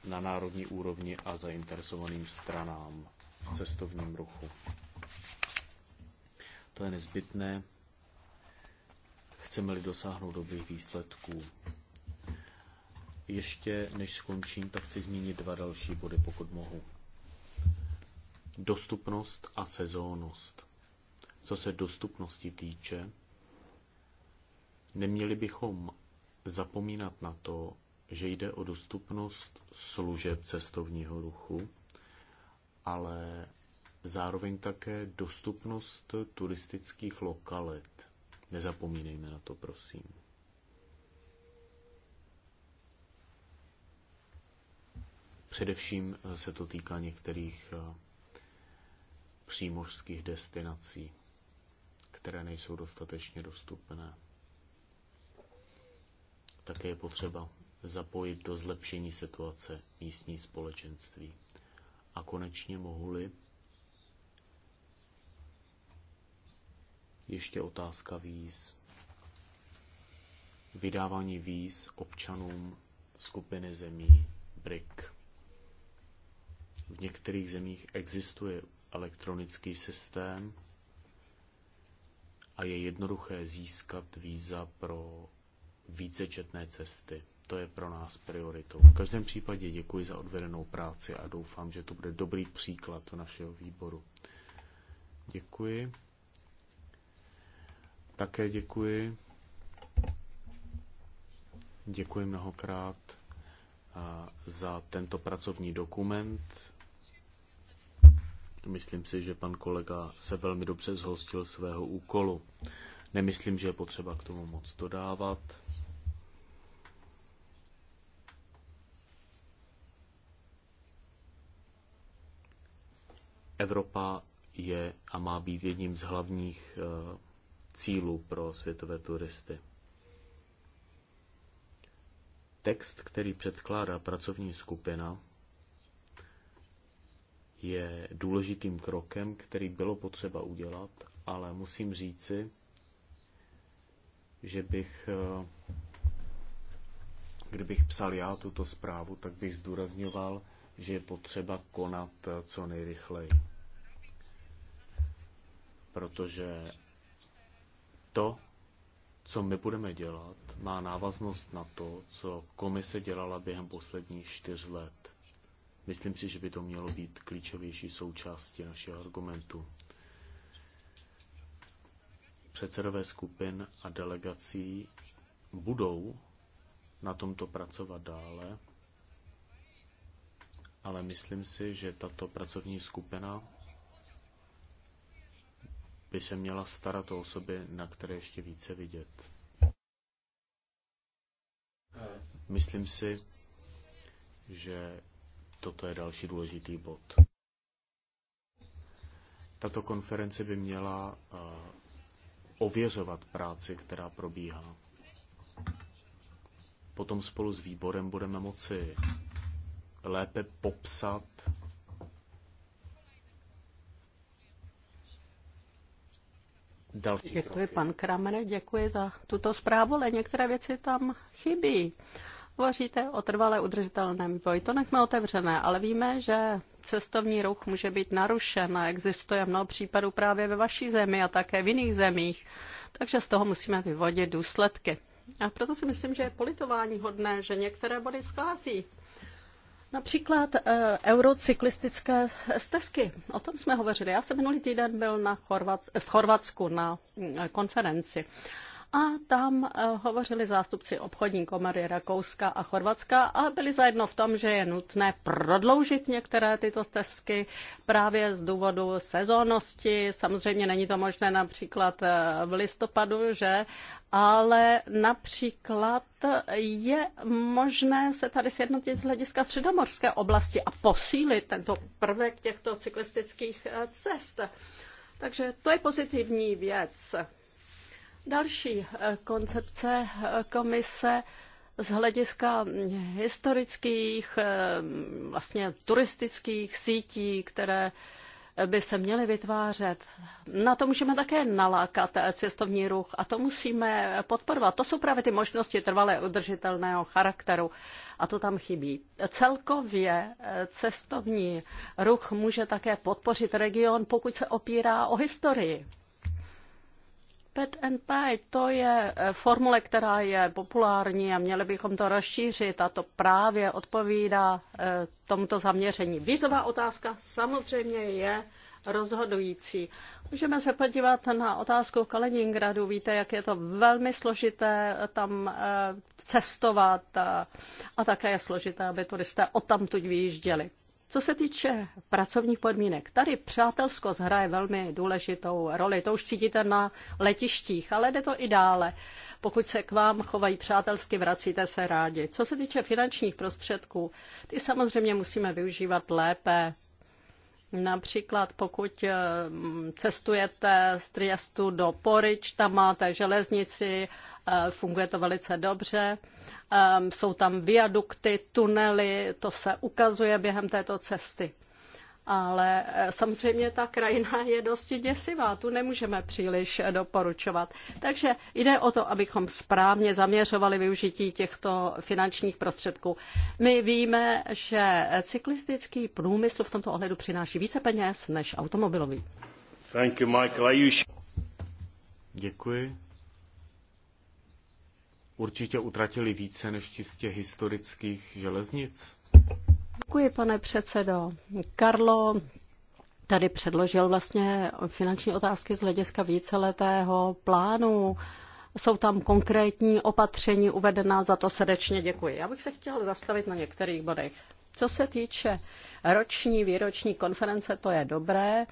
na národní úrovni a zainteresovaným stranám v cestovním ruchu. To je nezbytné, chceme-li dosáhnout dobrých výsledků. Ještě než skončím, tak chci zmínit dva další body, pokud mohu. Dostupnost a sezónnost. Co se dostupnosti týče, neměli bychom zapomínat na to, že jde o dostupnost služeb cestovního ruchu, ale zároveň také dostupnost turistických lokalit. Nezapomínejme na to, prosím. Především se to týká některých eh, přímořských destinací které nejsou dostatečně dostupné. Také je potřeba zapojit do zlepšení situace místní společenství. A konečně mohu-li ještě otázka víz. Vydávání víz občanům skupiny zemí BRIC. V některých zemích existuje elektronický systém, a je jednoduché získat víza pro vícečetné cesty. To je pro nás prioritou. V každém případě děkuji za odvedenou práci a doufám, že to bude dobrý příklad našeho výboru. Děkuji. Také děkuji. Děkuji mnohokrát eh, za tento pracovní dokument Myslím si, že pan kolega se velmi dobře zhostil svého úkolu. Nemyslím, že je potřeba k tomu moc dodávat. Evropa je a má být jedním z hlavních eh, cílů pro světové turisty. Text, který předkládá pracovní skupina, je důležitým krokem, který bylo potřeba udělat, ale musím říci, že bych, eh, kdybych psal já tuto zprávu, tak bych zdůrazňoval, že je potřeba konat eh, co nejrychleji. Protože to, co my budeme dělat, má návaznost na to, co komise dělala během posledních čtyř let. Myslím si, že by to mělo být klíčovější součástí našeho argumentu. Předsedové skupin a delegací budou na tomto pracovat dále, ale myslím si, že tato pracovní skupina by se měla starat o osoby, na které ještě více vidět. Myslím si, že toto je další důležitý bod. Tato konference by měla eh, ověřovat práci, která probíhá. Potom spolu s výborem budeme moci lépe popsat další Děkuji, pan
Kramene, děkuji za tuto zprávu, ale některé věci tam chybí. Hovoříte o trvalé udržitelném vývoji. To nechme otevřené, ale víme, že cestovní ruch může být narušen a existuje mnoho případů právě ve vaší zemi a také v jiných zemích. Takže z toho musíme vyvodit důsledky. A proto si myslím, že je politování hodné, že některé body schází. Například e, eurocyklistické stezky. O tom jsme hovořili. Já jsem minulý týden byl na Chorvac- v Chorvatsku na mm, konferenci a tam eh, hovořili zástupci obchodní komory Rakouska a Chorvatska a byli zajedno v tom, že je nutné prodloužit některé tyto stezky právě z důvodu sezónnosti. Samozřejmě není to možné například eh, v listopadu, že ale například je možné se tady sjednotit z hlediska středomorské oblasti a posílit tento prvek těchto cyklistických eh, cest. Takže to je pozitivní věc, Další eh, koncepce eh, komise z hlediska mm, historických, eh, mm, vlastně turistických sítí, které by se měly vytvářet. Na to můžeme také nalákat cestovní ruch a to musíme podporovat. To jsou právě ty možnosti trvalé udržitelného charakteru a to tam chybí. Celkově cestovní ruch může také podpořit region, pokud se opírá o historii. Pet and pie, to je eh, formule, která je populární a měli bychom to rozšířit a to právě odpovídá eh, tomuto zaměření. Výzová otázka samozřejmě je rozhodující. Můžeme se podívat na otázku Kaliningradu. Víte, jak je to velmi složité tam eh, cestovat a také je složité, aby turisté odtamtud vyjížděli. Co se týče pracovních podmínek, tady přátelskost hraje velmi důležitou roli. To už cítíte na letištích, ale jde to i dále. Pokud se k vám chovají přátelsky, vracíte se rádi. Co se týče finančních prostředků, ty samozřejmě musíme využívat lépe. Například pokud eh, cestujete z Triestu do Porič, tam máte železnici Eh, funguje to velice dobře. Jsou tam viadukty, tunely, to se ukazuje během této cesty. Ale eh, samozřejmě ta krajina je dosti děsivá, tu nemůžeme příliš doporučovat. Takže jde o to, abychom správně zaměřovali využití těchto finančních prostředků. My víme, že cyklistický průmysl v tomto ohledu přináší více peněz než automobilový.
Thank you, Michael. Děkuji určitě utratili více než čistě historických železnic?
Děkuji, pane předsedo. Karlo tady předložil vlastně finanční otázky z hlediska víceletého plánu. Jsou tam konkrétní opatření uvedená, za to srdečně děkuji. Já bych se chtěl zastavit na některých bodech. Co se týče roční, výroční konference, to je dobré.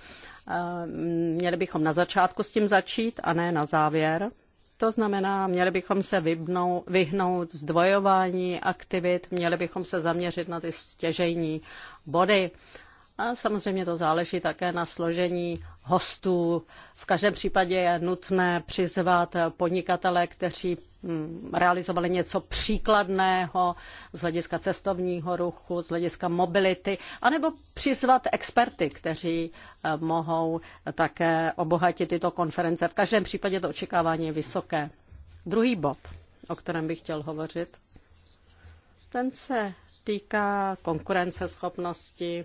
Ehm, měli bychom na začátku s tím začít a ne na závěr. To znamená, měli bychom se vybnou, vyhnout zdvojování aktivit, měli bychom se zaměřit na ty stěžejní body. A samozřejmě to záleží také na složení hostů. V každém případě je nutné přizvat podnikatele, kteří hm, realizovali něco příkladného z hlediska cestovního ruchu, z hlediska mobility, anebo přizvat experty, kteří eh, mohou také obohatit tyto konference. V každém případě to očekávání je vysoké. Druhý bod, o kterém bych chtěl hovořit, ten se týká konkurenceschopnosti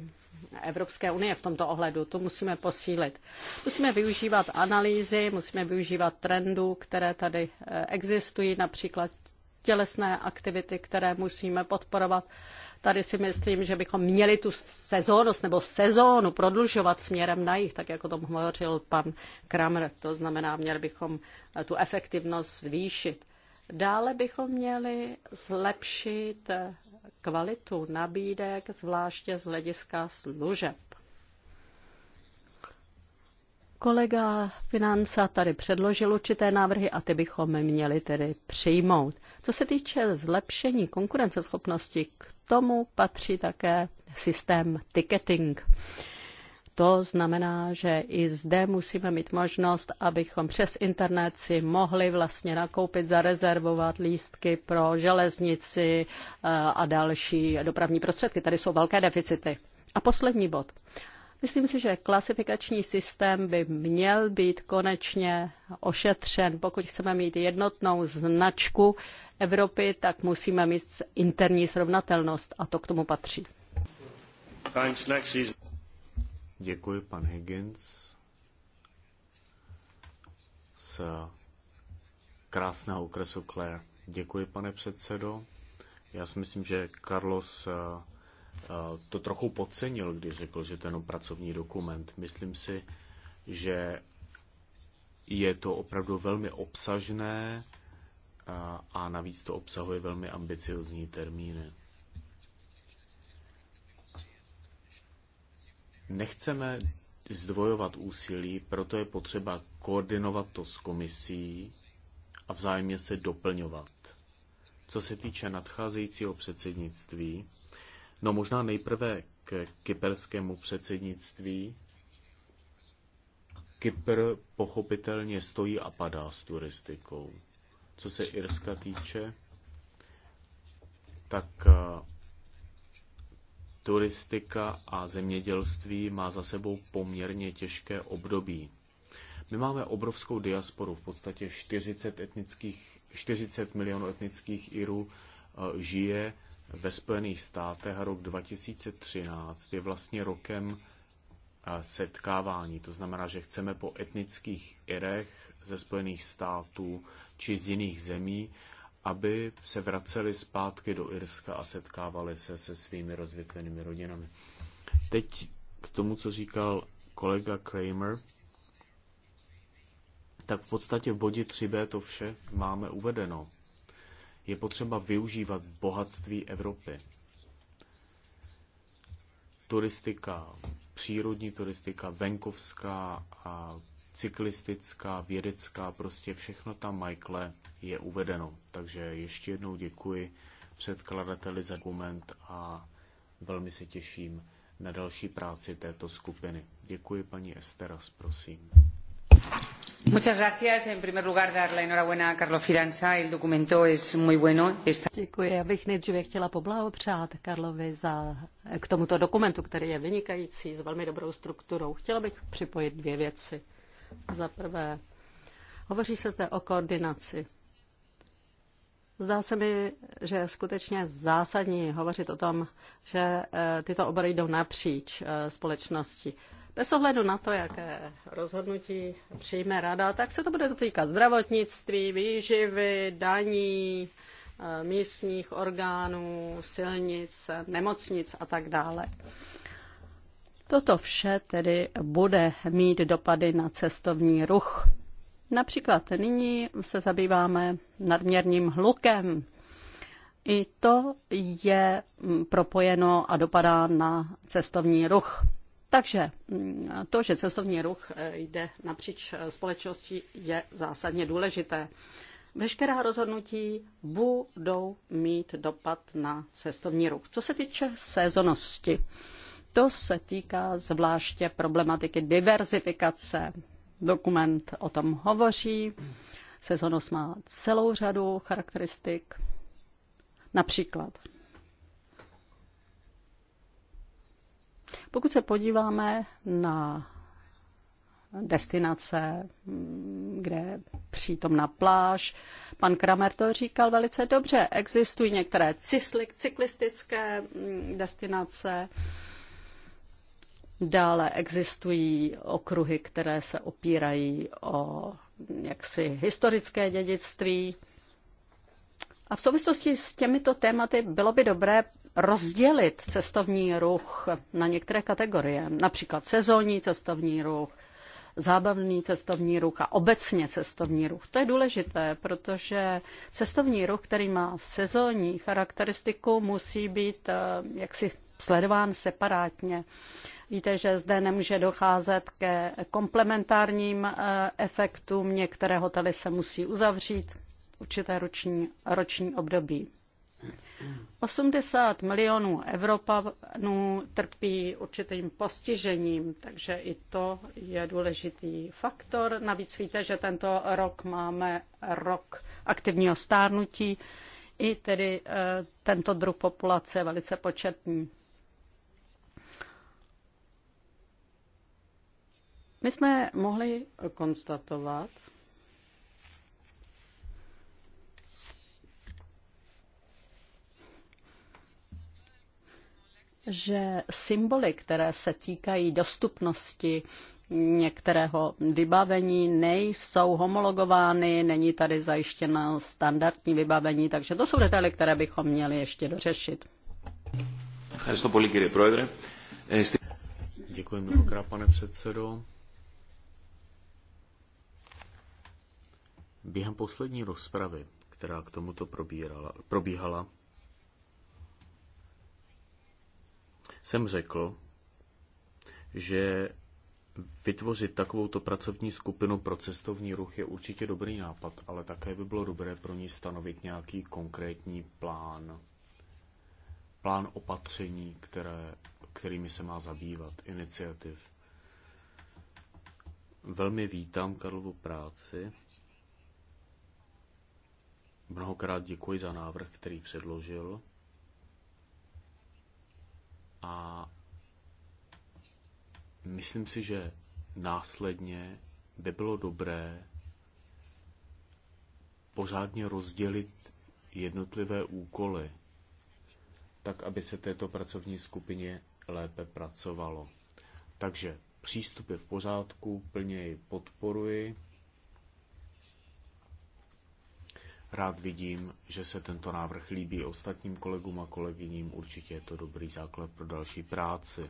Evropské unie v tomto ohledu. To musíme posílit. Musíme využívat analýzy, musíme využívat trendů, které tady eh, existují, například tělesné aktivity, které musíme podporovat. Tady si myslím, že bychom měli tu sezónnost nebo sezónu prodlužovat směrem na jich, tak jak o tom hovořil pan Kramer. To znamená, měli bychom eh, tu efektivnost zvýšit. Dále bychom měli zlepšit kvalitu nabídek, zvláště z hlediska služeb. Kolega Financa tady předložil určité návrhy a ty bychom měli tedy přijmout. Co se týče zlepšení konkurenceschopnosti, k tomu patří také systém ticketing. To znamená, že i zde musíme mít možnost, abychom přes internet si mohli vlastně nakoupit, zarezervovat lístky pro železnici eh, a další dopravní prostředky. Tady jsou velké deficity. A poslední bod. Myslím si, že klasifikační systém by měl být konečně ošetřen. Pokud chceme mít jednotnou značku Evropy, tak musíme mít interní srovnatelnost a to k tomu patří.
Thanks, Děkuji, pan Higgins, z krásného okresu Kle. Děkuji, pane předsedo. Já si myslím, že Carlos eh, eh, to trochu podcenil, když řekl, že ten pracovní dokument. Myslím si, že je to opravdu velmi obsažné eh, a navíc to obsahuje velmi ambiciozní termíny. Nechceme zdvojovat úsilí, proto je potřeba koordinovat to s komisí a vzájemně se doplňovat. Co se týče nadcházejícího předsednictví, no možná nejprve k kyperskému předsednictví. Kypr pochopitelně stojí a padá s turistikou. Co se Irska týče, tak Turistika a zemědělství má za sebou poměrně těžké období. My máme obrovskou diasporu, v podstatě 40, etnických, 40 milionů etnických Irů eh, žije ve Spojených státech a rok 2013 je vlastně rokem eh, setkávání. To znamená, že chceme po etnických Irech ze Spojených států či z jiných zemí aby se vraceli zpátky do Irska a setkávali se se svými rozvětvenými rodinami. Teď k tomu, co říkal kolega Kramer, tak v podstatě v bodě 3b to vše máme uvedeno. Je potřeba využívat bohatství Evropy. Turistika, přírodní turistika, venkovská a cyklistická, vědecká, prostě všechno tam, Michaele, je uvedeno. Takže ještě jednou děkuji předkladateli za dokument a velmi se těším na další práci této skupiny. Děkuji paní Esteras, prosím.
Muchas gracias. En primer lugar, dar la enhorabuena a Carlos Fidanza. El documento es muy bueno. Está... Děkuji. Já bych nejdříve chtěla poblahopřát Karlovi za, k tomuto dokumentu, který je vynikající, s velmi dobrou strukturou. Chtěla bych připojit dvě věci. Za prvé, hovoří se zde o koordinaci. Zdá se mi, že je skutečně zásadní hovořit o tom, že e, tyto obory jdou napříč e, společnosti. Bez ohledu na to, jaké rozhodnutí přijme rada, tak se to bude dotýkat zdravotnictví, výživy, daní, e, místních orgánů, silnic, nemocnic a tak dále. Toto vše tedy bude mít dopady na cestovní ruch. Například nyní se zabýváme nadměrným hlukem. I to je propojeno a dopadá na cestovní ruch. Takže to, že cestovní ruch jde napříč společností, je zásadně důležité. Veškerá rozhodnutí budou mít dopad na cestovní ruch. Co se týče sezonosti, to se týká zvláště problematiky diverzifikace. Dokument o tom hovoří. Sezonost má celou řadu charakteristik. Například, pokud se podíváme na destinace, kde přítomna pláž. Pan Kramer to říkal velice dobře. Existují některé cyklistické mm, destinace, Dále existují okruhy, které se opírají o jaksi historické dědictví. A v souvislosti s těmito tématy bylo by dobré rozdělit cestovní ruch na některé kategorie, například sezónní cestovní ruch, zábavný cestovní ruch a obecně cestovní ruch. To je důležité, protože cestovní ruch, který má sezónní charakteristiku, musí být eh, jaksi sledován separátně. Víte, že zde nemůže docházet ke komplementárním eh, efektům. Některé hotely se musí uzavřít určité roční, roční období. 80 milionů Evropanů trpí určitým postižením, takže i to je důležitý faktor. Navíc víte, že tento rok máme rok aktivního stárnutí, i tedy eh, tento druh populace je velice početný. My jsme mohli konstatovat, že symboly, které se týkají dostupnosti některého vybavení, nejsou homologovány, není tady zajištěno standardní vybavení, takže to jsou detaily, které bychom měli ještě dořešit.
Děkuji mnohokrát, pane předsedo. Během poslední rozpravy, která k tomuto probírala, probíhala, jsem řekl, že vytvořit takovouto pracovní skupinu pro cestovní ruch je určitě dobrý nápad, ale také by bylo dobré pro ní stanovit nějaký konkrétní plán. Plán opatření, které, kterými se má zabývat, iniciativ. Velmi vítám Karlovu práci Mnohokrát děkuji za návrh, který předložil. A myslím si, že následně by bylo dobré pořádně rozdělit jednotlivé úkoly, tak aby se této pracovní skupině lépe pracovalo. Takže přístup je v pořádku, plně ji podporuji. Rád vidím, že se tento návrh líbí ostatním kolegům a kolegyním. Určitě je to dobrý základ pro další práci.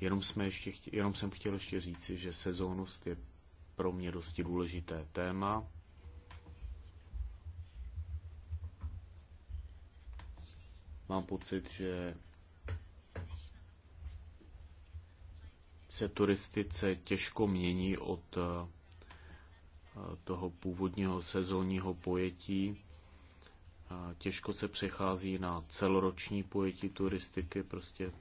Jenom, jsme ještě, jenom jsem chtěl ještě říci, že sezónnost je pro mě dosti důležité téma. Mám pocit, že se turistice těžko mění od eh, toho původního sezónního pojetí. Těžko se přechází na celoroční pojetí turistiky, prostě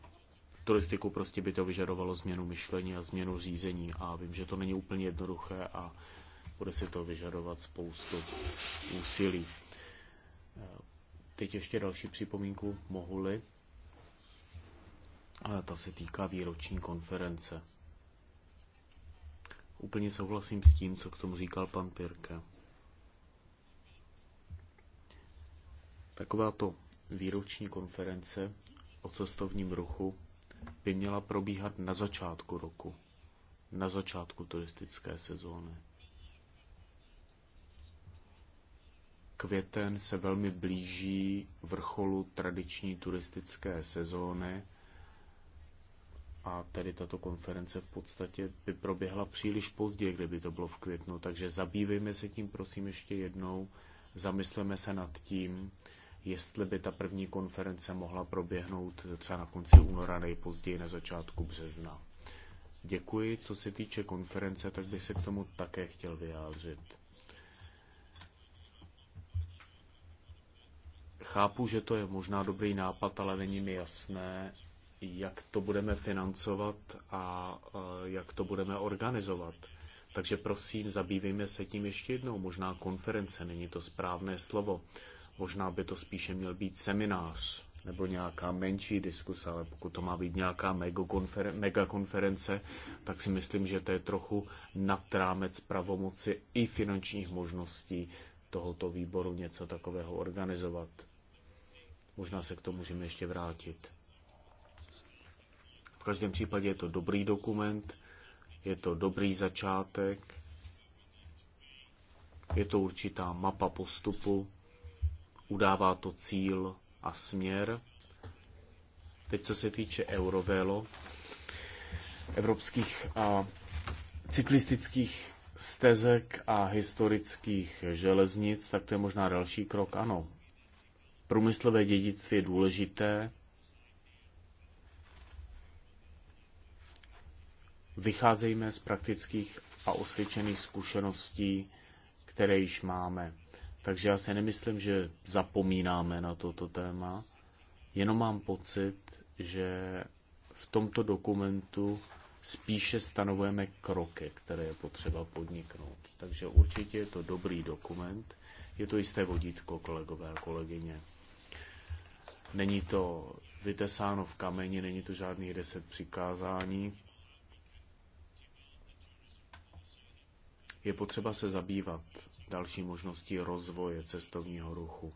turistiku prostě by to vyžadovalo změnu myšlení a změnu řízení a vím, že to není úplně jednoduché a bude si to vyžadovat spoustu úsilí. E, teď ještě další připomínku, mohu-li? Ta se týká výroční konference. Úplně souhlasím s tím, co k tomu říkal pan Pirka. Takováto výroční konference o cestovním ruchu by měla probíhat na začátku roku, na začátku turistické sezóny. Květen se velmi blíží vrcholu tradiční turistické sezóny a tedy tato konference v podstatě by proběhla příliš pozdě, kdyby to bylo v květnu, takže zabývejme se tím prosím ještě jednou, zamysleme se nad tím, jestli by ta první konference mohla proběhnout třeba na konci února, nejpozději na začátku března. Děkuji. Co se týče konference, tak bych se k tomu také chtěl vyjádřit. Chápu, že to je možná dobrý nápad, ale není mi jasné, jak to budeme financovat a e, jak to budeme organizovat. Takže prosím, zabývejme se tím ještě jednou. Možná konference není to správné slovo. Možná by to spíše měl být seminář nebo nějaká menší diskuse, ale pokud to má být nějaká megakonference, tak si myslím, že to je trochu nad pravomoci i finančních možností tohoto výboru něco takového organizovat. Možná se k tomu můžeme ještě vrátit každém případě je to dobrý dokument, je to dobrý začátek, je to určitá mapa postupu, udává to cíl a směr. Teď co se týče Eurovelo, evropských a cyklistických stezek a historických železnic, tak to je možná další krok. Ano, průmyslové dědictví je důležité, vycházejme z praktických a osvědčených zkušeností, které již máme. Takže já si nemyslím, že zapomínáme na toto téma, jenom mám pocit, že v tomto dokumentu spíše stanovujeme kroky, které je potřeba podniknout. Takže určitě je to dobrý dokument, je to jisté vodítko, kolegové a kolegyně. Není to vytesáno v kameni, není to žádných deset přikázání, Je potřeba se zabývat další možností rozvoje cestovního ruchu.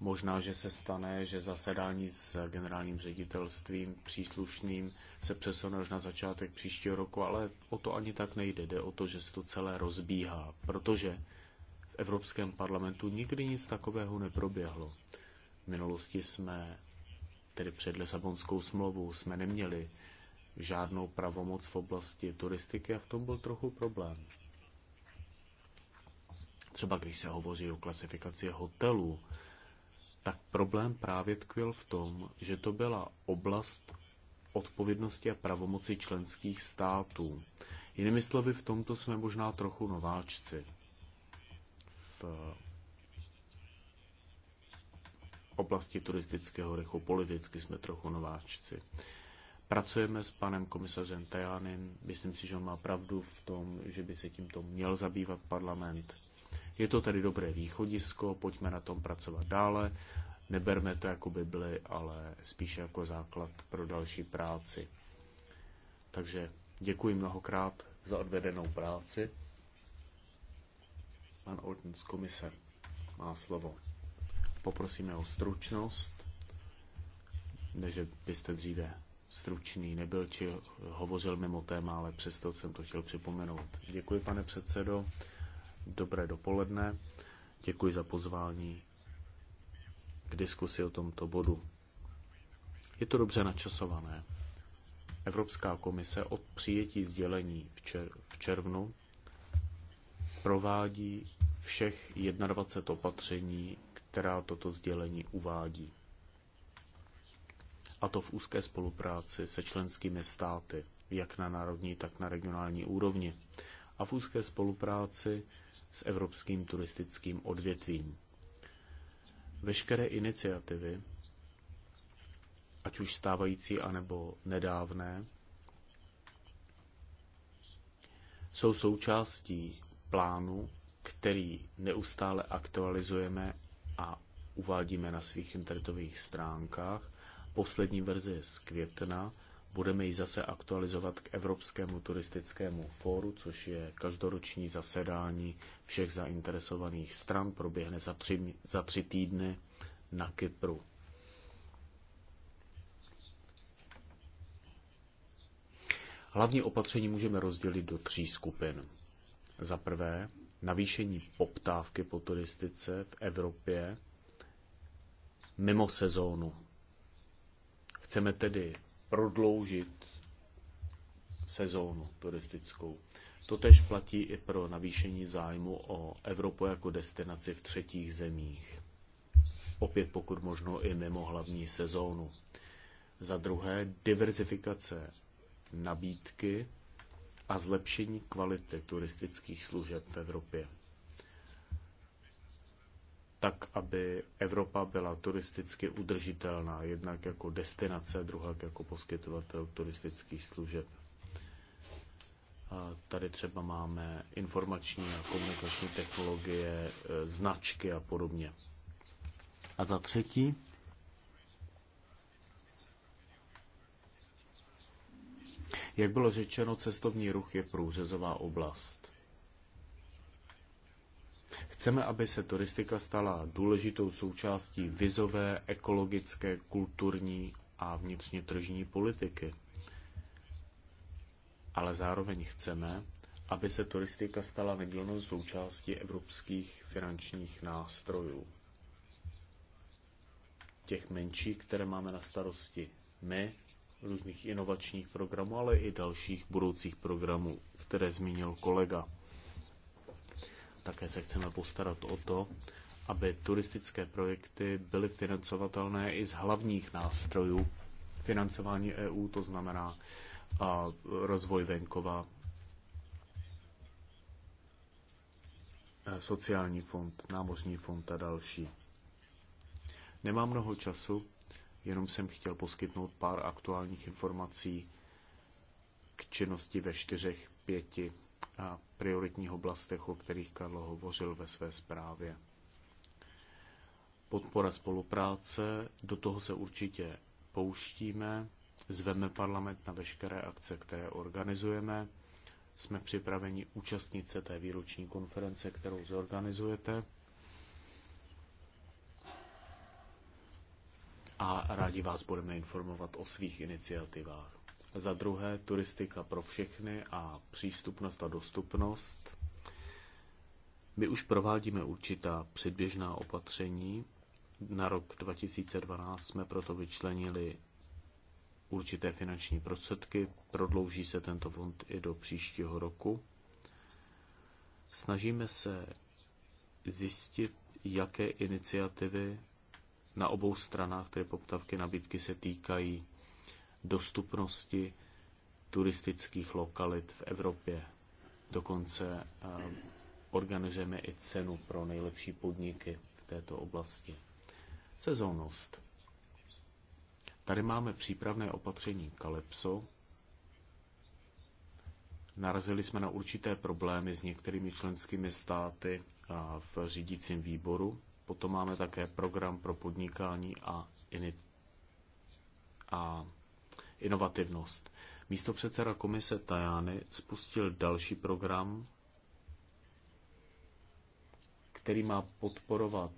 Možná, že se stane, že zasedání s generálním ředitelstvím příslušným se přesune až na začátek příštího roku, ale o to ani tak nejde. Jde o to, že se to celé rozbíhá, protože v Evropském parlamentu nikdy nic takového neproběhlo. V minulosti jsme, tedy před Lisabonskou smlouvou, jsme neměli žádnou pravomoc v oblasti turistiky a v tom byl trochu problém. Třeba když se hovoří o klasifikaci hotelů, tak problém právě tkvěl v tom, že to byla oblast odpovědnosti a pravomoci členských států. Jinými slovy, v tomto jsme možná trochu nováčci. V oblasti turistického rychu politicky jsme trochu nováčci. Pracujeme s panem komisařem Tajánem. Myslím si, že on má pravdu v tom, že by se tímto měl zabývat parlament. Je to tedy dobré východisko, pojďme na tom pracovat dále. Neberme to jako Bibli, ale spíše jako základ pro další práci. Takže děkuji mnohokrát za odvedenou práci. Pan Olten komisar, má slovo. Poprosíme o stručnost, než byste dříve stručný nebyl, či hovořil mimo téma, ale přesto jsem to chtěl připomenout. Děkuji, pane předsedo. Dobré dopoledne. Děkuji za pozvání k diskusi o tomto bodu. Je to dobře načasované. Evropská komise od přijetí sdělení v, čer- v červnu provádí všech 21 opatření, která toto sdělení uvádí a to v úzké spolupráci se členskými státy, jak na národní, tak na regionální úrovni, a v úzké spolupráci s evropským turistickým odvětvím. Veškeré iniciativy, ať už stávající anebo nedávné, jsou součástí plánu, který neustále aktualizujeme a uvádíme na svých internetových stránkách poslední verze je z května. Budeme ji zase aktualizovat k Evropskému turistickému fóru, což je každoroční zasedání všech zainteresovaných stran. Proběhne za tři, za tři týdny na Kypru. Hlavní opatření můžeme rozdělit do tří skupin. Za prvé, navýšení poptávky po turistice v Evropě mimo sezónu Chceme tedy prodloužit sezónu turistickou. Totež platí i pro navýšení zájmu o Evropu jako destinaci v třetích zemích. Opět pokud možno i mimo hlavní sezónu. Za druhé, diverzifikace nabídky a zlepšení kvality turistických služeb v Evropě tak, aby Evropa byla turisticky udržitelná, jednak jako destinace, druhá jako poskytovatel turistických služeb. A tady třeba máme informační a komunikační technologie, e, značky a podobně. A za třetí, jak bylo řečeno, cestovní ruch je průřezová oblast. Chceme, aby se turistika stala důležitou součástí vizové, ekologické, kulturní a vnitřně tržní politiky. Ale zároveň chceme, aby se turistika stala nedílnou součástí evropských finančních nástrojů. Těch menších, které máme na starosti my, různých inovačních programů, ale i dalších budoucích programů, které zmínil kolega. Také se chceme postarat o to, aby turistické projekty byly financovatelné i z hlavních nástrojů financování EU, to znamená a rozvoj venkova, e, sociální fond, námořní fond a další. Nemám mnoho času, jenom jsem chtěl poskytnout pár aktuálních informací k činnosti ve čtyřech, pěti a prioritních oblastech, o kterých Karlo hovořil ve své zprávě. Podpora spolupráce, do toho se určitě pouštíme, zveme parlament na veškeré akce, které organizujeme. Jsme připraveni účastnit se té výroční konference, kterou zorganizujete. A rádi vás budeme informovat o svých iniciativách za druhé turistika pro všechny a přístupnost a dostupnost. My už provádíme určitá předběžná opatření. Na rok 2012 jsme proto vyčlenili určité finanční prostředky. Prodlouží se tento fond i do příštího roku. Snažíme se zjistit, jaké iniciativy na obou stranách, které poptavky nabídky se týkají dostupnosti turistických lokalit v Evropě. Dokonce eh, organizujeme i cenu pro nejlepší podniky v této oblasti. Sezónnost. Tady máme přípravné opatření Kalypso. Narazili jsme na určité problémy s některými členskými státy eh, v řídícím výboru. Potom máme také program pro podnikání a, init- a inovativnost. Místo předseda komise Tajány spustil další program, který má podporovat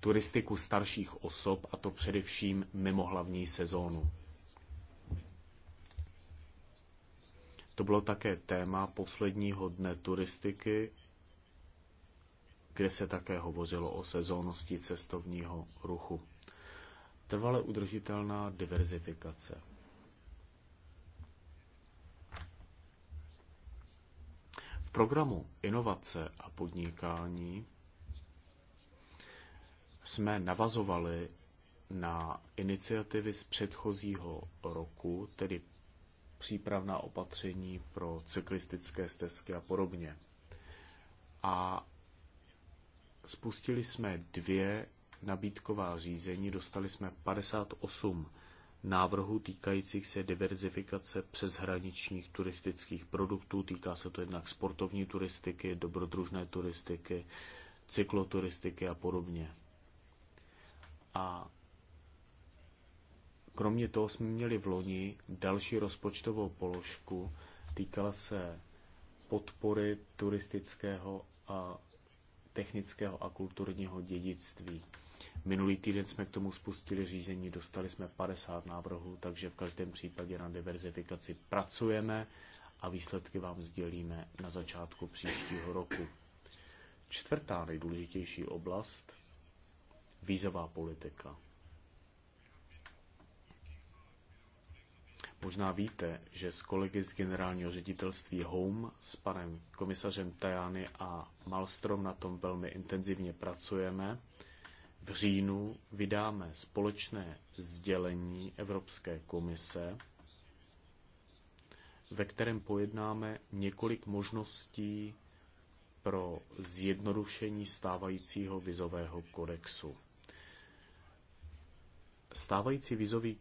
turistiku starších osob, a to především mimo hlavní sezónu. To bylo také téma posledního dne turistiky, kde se také hovořilo o sezónnosti cestovního ruchu. Trvale udržitelná diverzifikace. V programu Inovace a podnikání jsme navazovali na iniciativy z předchozího roku, tedy přípravná opatření pro cyklistické stezky a podobně. A spustili jsme dvě nabídková řízení, dostali jsme 58 návrhů týkajících se diverzifikace přeshraničních turistických produktů. Týká se to jednak sportovní turistiky, dobrodružné turistiky, cykloturistiky a podobně. A kromě toho jsme měli v loni další rozpočtovou položku, týkala se podpory turistického a technického a kulturního dědictví. Minulý týden jsme k tomu spustili řízení, dostali jsme 50 návrhů, takže v každém případě na diverzifikaci pracujeme a výsledky vám sdělíme na začátku příštího roku. Čtvrtá nejdůležitější oblast vízová politika. Možná víte, že s kolegy z generálního ředitelství Home, s panem komisařem Tajany a Malstrom na tom velmi intenzivně pracujeme v říjnu vydáme společné sdělení Evropské komise, ve kterém pojednáme několik možností pro zjednodušení stávajícího vizového kodexu. Stávající vizový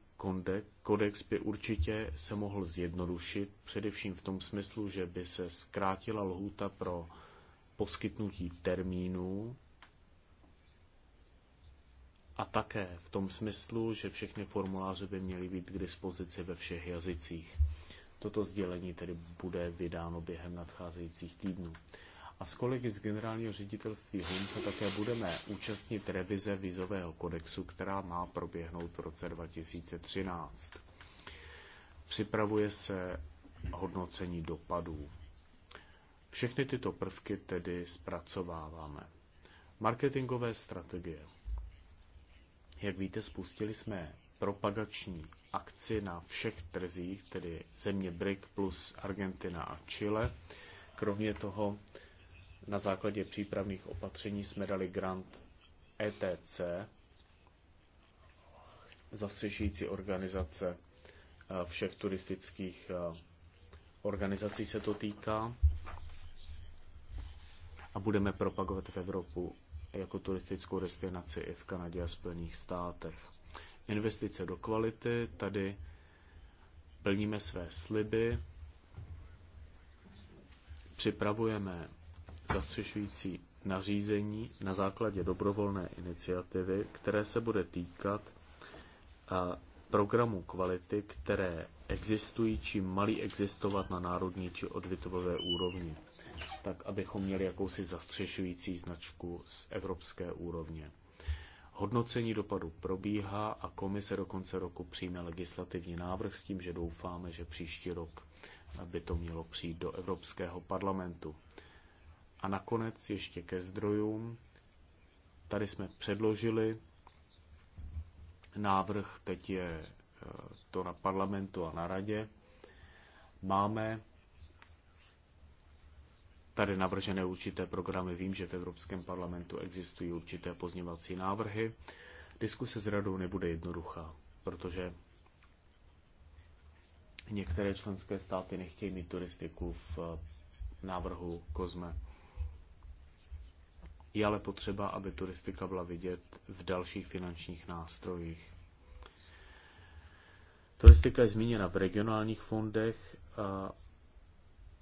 kodex by určitě se mohl zjednodušit, především v tom smyslu, že by se zkrátila lhůta pro poskytnutí termínů a také v tom smyslu, že všechny formuláře by měly být k dispozici ve všech jazycích. Toto sdělení tedy bude vydáno během nadcházejících týdnů. A s kolegy z generálního ředitelství HUM se také budeme účastnit revize vízového kodexu, která má proběhnout v roce 2013. Připravuje se hodnocení dopadů. Všechny tyto prvky tedy zpracováváme. Marketingové strategie. Jak víte, spustili jsme propagační akci na všech trzích, tedy země BRIC plus Argentina a Chile. Kromě toho na základě přípravných opatření jsme dali grant ETC, zastřešující organizace eh, všech turistických eh, organizací se to týká a budeme propagovat v Evropu jako turistickou destinaci i v Kanadě a Spojených státech. Investice do kvality, tady plníme své sliby, připravujeme zastřešující nařízení na základě dobrovolné iniciativy, které se bude týkat programu kvality, které existují či malí existovat na národní či odvětvové úrovni tak abychom měli jakousi zastřešující značku z evropské úrovně. Hodnocení dopadu probíhá a komise do konce roku přijme legislativní návrh s tím, že doufáme, že příští rok by to mělo přijít do Evropského parlamentu. A nakonec ještě ke zdrojům. Tady jsme předložili návrh, teď je eh, to na parlamentu a na radě. Máme tady navržené určité programy. Vím, že v Evropském parlamentu existují určité pozněvací návrhy. Diskuse s radou nebude jednoduchá, protože některé členské státy nechtějí mít turistiku v návrhu Kozme. Je ale potřeba, aby turistika byla vidět v dalších finančních nástrojích. Turistika je zmíněna v regionálních fondech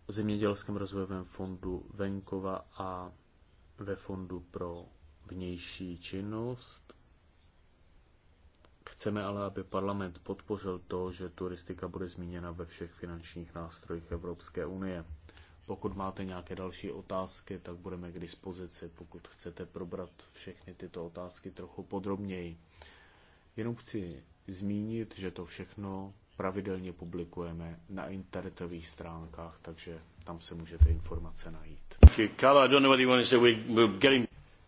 Zemědělském rozvojovém fondu venkova a ve fondu pro vnější činnost. Chceme ale, aby parlament podpořil to, že turistika bude zmíněna ve všech finančních nástrojích Evropské unie. Pokud máte nějaké další otázky, tak budeme k dispozici, pokud chcete probrat všechny tyto otázky trochu podrobněji. Jenom chci zmínit, že to všechno pravidelně publikujeme na internetových stránkách, takže tam se můžete informace najít.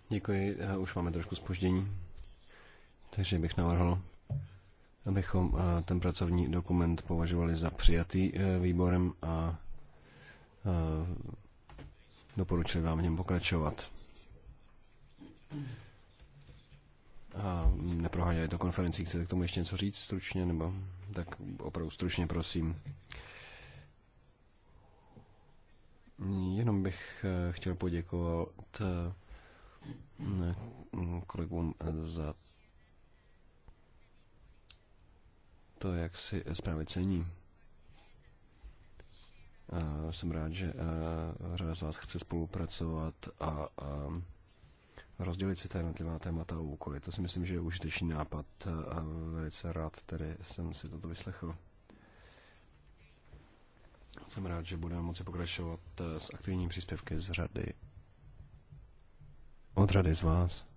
Děkuji, eh, už máme trošku spoždění, takže bych navrhl, abychom eh, ten pracovní dokument považovali za přijatý eh, výborem a doporučili vám v něm pokračovat. A neproháněli to konferencí, chcete k tomu ještě něco říct stručně, nebo... Tak opravdu stručně, prosím. Jenom bych eh, chtěl poděkovat eh, kolegům za to, jak si zprávy cení. Eh, jsem rád, že řada z vás chce spolupracovat a, a rozdělit si ta jednotlivá témata a úkoly. To si myslím, že je užitečný nápad a velice rád tedy jsem si toto vyslechl. Jsem rád, že budeme moci pokračovat eh, s aktivním příspěvky z řady od rady z vás.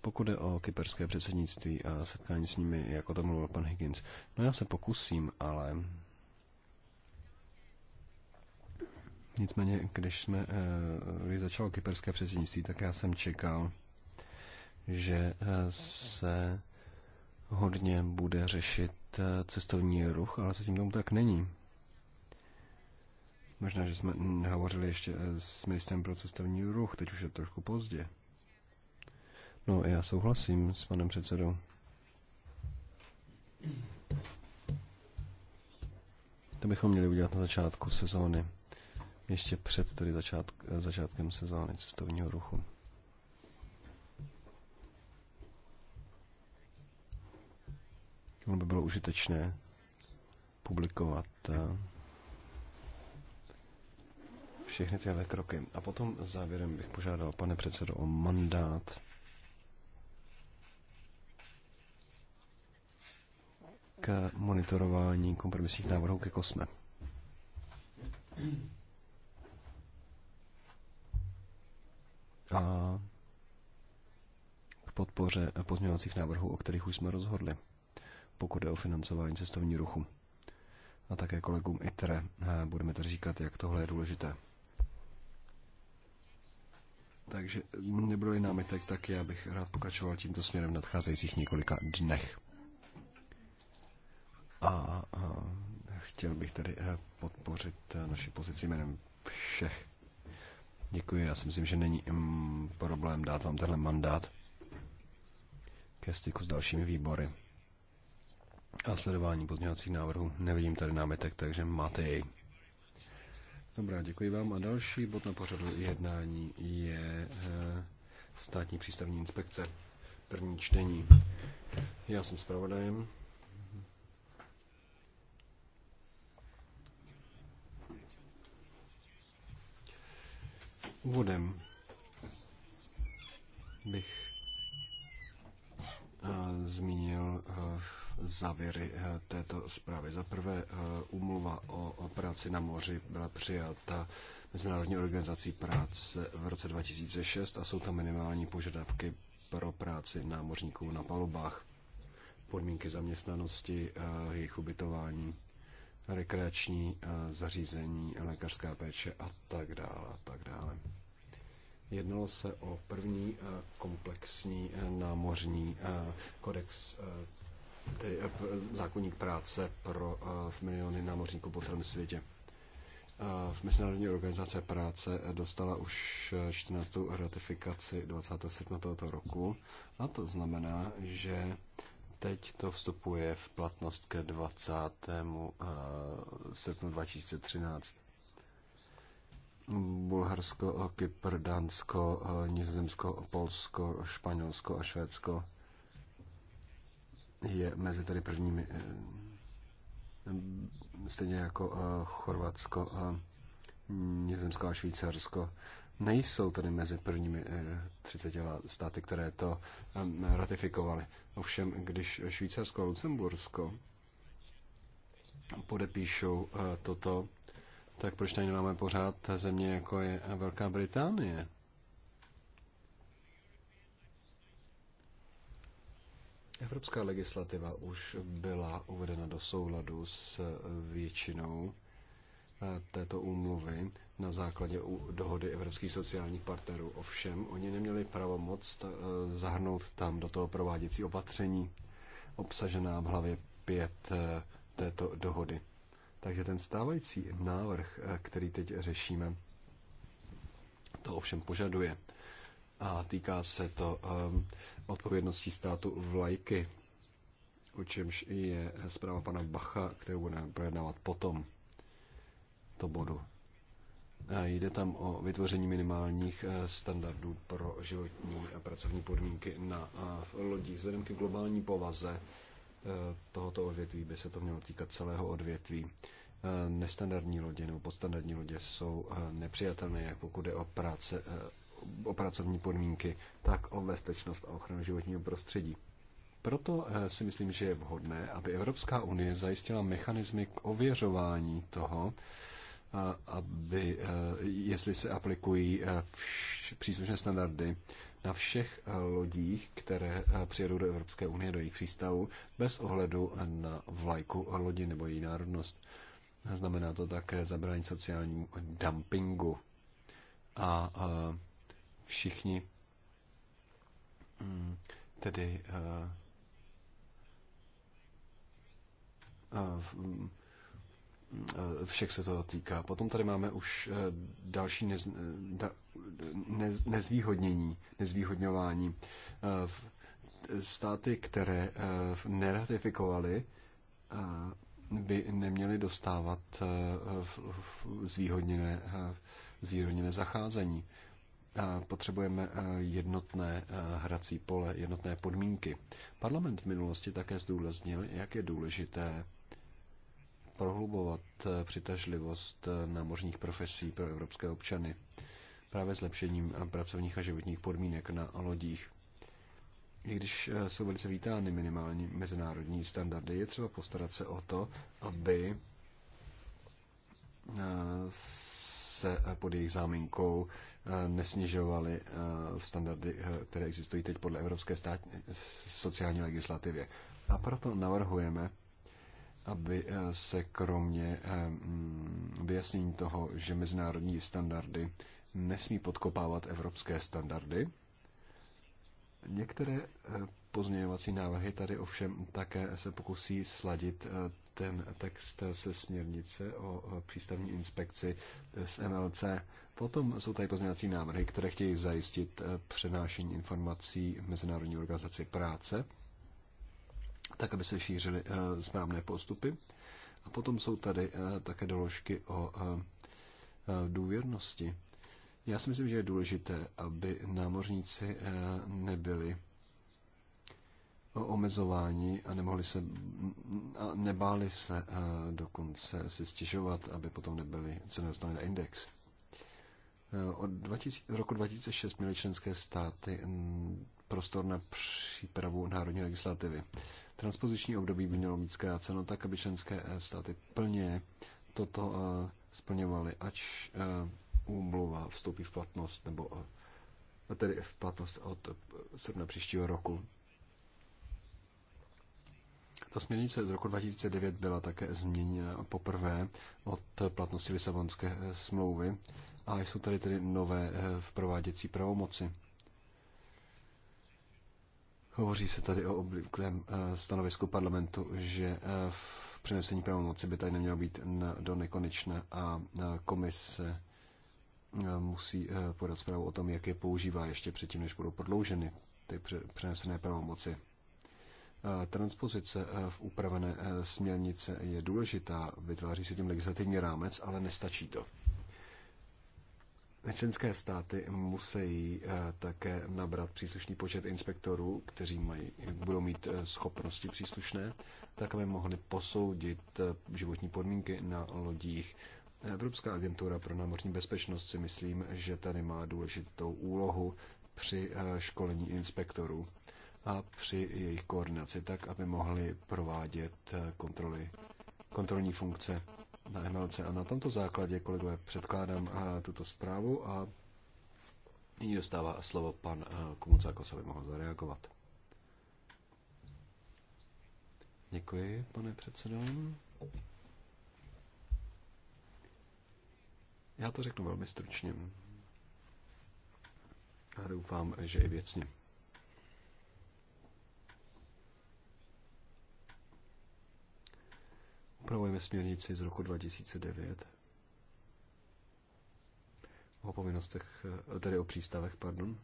Pokud je o kyperské předsednictví a setkání s nimi, jak o tom mluvil pan Higgins, no já se pokusím, ale Nicméně, když, jsme, eh, když začalo kyperské předsednictví, tak já jsem čekal, že eh, se hodně bude řešit eh, cestovní ruch, ale zatím tomu tak není. Možná, že jsme hovořili ještě s ministrem pro cestovní ruch, teď už je trošku pozdě. No, já souhlasím s panem předsedou. To bychom měli udělat na začátku sezóny ještě před tedy začátk, začátkem sezóny cestovního ruchu. Ono by bylo užitečné publikovat eh, všechny tyhle kroky. A potom závěrem bych požádal, pane předsedo, o mandát k monitorování kompromisních návrhů ke kosme. k podpoře pozměňovacích návrhů, o kterých už jsme rozhodli, pokud je o financování cestovní ruchu. A také kolegům ITRE eh, budeme to říkat, jak tohle je důležité. Takže nebylo i námitek, tak já bych rád pokračoval tímto směrem v nadcházejících několika dnech. A, a chtěl bych tedy eh, podpořit eh, naši pozici jménem všech Děkuji, já si myslím, že není mm, problém dát vám tenhle mandát ke styku s dalšími výbory. A sledování pozměňovacích návrhů nevidím tady námitek, takže máte jej. Dobrá, děkuji vám. A další bod na pořadu jednání je eh, státní přístavní inspekce. První čtení. Já jsem zpravodajem. Úvodem bych eh, zmínil eh, závěry eh, této zprávy. Za prvé, úmluva o práci na moři byla přijata Mezinárodní organizací práce v roce 2006 a jsou tam minimální požadavky pro práci námořníků na palubách, podmínky zaměstnanosti, jejich ubytování rekreační eh, zařízení, lékařská péče a tak dále. A tak dále. Jednalo se o první eh, komplexní eh, námořní kodex, tedy zákonník práce pro miliony námořníků po celém světě. V Mezinárodní organizace práce dostala už 14. ratifikaci 20. srpna tohoto roku a to znamená, že teď to vstupuje v platnost ke 20. Eh, srpnu 2013. Bulharsko, Kypr, Dánsko, eh, Nizozemsko, Polsko, Španělsko a Švédsko je mezi tady prvními, eh, stejně jako Chorvatsko, Nizozemsko a Švýcarsko nejsou tedy mezi prvními 30 eh, státy, které to ratifikovaly. Ovšem, když Švýcarsko a Lucembursko podepíšou eh, toto, tak proč tady nemáme pořád země, jako je Velká Británie? Evropská legislativa už byla uvedena do souladu s eh, většinou této úmluvy na základě dohody evropských sociálních partnerů. Ovšem, oni neměli pravomoc eh, zahrnout tam do toho prováděcí opatření obsažená v hlavě 5 eh, této dohody. Takže ten stávající návrh, eh, který teď řešíme, to ovšem požaduje. A týká se to um, odpovědnosti státu vlajky, o čemž je zpráva pana Bacha, kterou budeme projednávat potom, to bodu Jde tam o vytvoření minimálních eh, standardů pro životní a pracovní podmínky na eh, lodích. Vzhledem k globální povaze eh, tohoto odvětví by se to mělo týkat celého odvětví. Nestandardní lodě nebo podstandardní lodě jsou nepřijatelné, jak pokud je o práce o pracovní podmínky, tak o bezpečnost a ochranu životního prostředí. Proto si myslím, že je vhodné, aby Evropská unie zajistila mechanismy k ověřování toho, aby, eh, jestli se aplikují eh, příslušné standardy na všech eh, lodích, které přijedou do Evropské unie, do jejich přístavu, bez ohledu na vlajku lodi nebo její národnost. Znamená to také zabrání sociálnímu dumpingu. A všichni mm, tedy Eh, všech se to týká. Potom tady máme už eh, další nez, eh, da, nez, nezvýhodnění, nezvýhodňování. Státy, které neratifikovaly, by neměly dostávat zvýhodněné, zvýhodněné zacházení. Potřebujeme jednotné hrací pole, jednotné podmínky. Parlament v minulosti také zdůraznil, jak je důležité prohlubovat eh, přitažlivost eh, námořních profesí pro evropské občany právě zlepšením eh, pracovních a životních podmínek na lodích. I když jsou velice vítány minimální mezinárodní standardy, je třeba postarat se o to, aby se pod jejich záminkou nesnižovaly standardy, které existují teď podle evropské státní sociální legislativě. A proto navrhujeme aby eh, se kromě eh, mm, vyjasnění toho, že mezinárodní standardy nesmí podkopávat evropské standardy, některé eh, pozměňovací návrhy tady ovšem také se pokusí sladit ten text se směrnice o přístavní inspekci z MLC. Potom jsou tady pozměňovací návrhy, které chtějí zajistit přenášení informací Mezinárodní organizaci práce tak aby se šířily eh, správné postupy. A potom jsou tady eh, také doložky o eh, důvěrnosti. Já si myslím, že je důležité, aby námořníci nebyli omezováni a nemohli se, a nebáli se dokonce si stěžovat, aby potom nebyli, se nedostali na index. Od 2000, roku 2006 měly členské státy prostor na přípravu národní legislativy. Transpoziční období by mělo být zkráceno tak, aby členské eh, státy plně toto eh, splňovaly, ač eh, úmluva vstoupí v platnost, nebo tedy v platnost od srpna příštího roku. Ta směrnice z roku 2009 byla také změněna poprvé od platnosti Lisabonské smlouvy a jsou tady tedy nové v prováděcí pravomoci. Hovoří se tady o obvyklém eh, stanovisku parlamentu, že eh, v přenesení pravomoci by tady nemělo být do nekonečna a eh, komise musí podat zprávu o tom, jak je používá ještě předtím, než budou prodlouženy ty přenesené pravomoci. Transpozice v upravené směrnice je důležitá, vytváří se tím legislativní rámec, ale nestačí to. Členské státy musí eh, také nabrat příslušný počet inspektorů, kteří mají, budou mít eh, schopnosti příslušné, tak aby mohli posoudit eh, životní podmínky na lodích. Evropská agentura pro námořní bezpečnost si myslím, že tady má důležitou úlohu při školení inspektorů a při jejich koordinaci, tak aby mohli provádět kontroly, kontrolní funkce na MLC. A na tomto základě, kolegové, předkládám eh, tuto zprávu a nyní dostává slovo pan eh, Kumucákos, jako aby mohl zareagovat. Děkuji, pane předsedo. Já to řeknu velmi stručně. A doufám, že i věcně. upravujeme směrnici z roku 2009 o povinnostech, tedy o přístavech, pardon,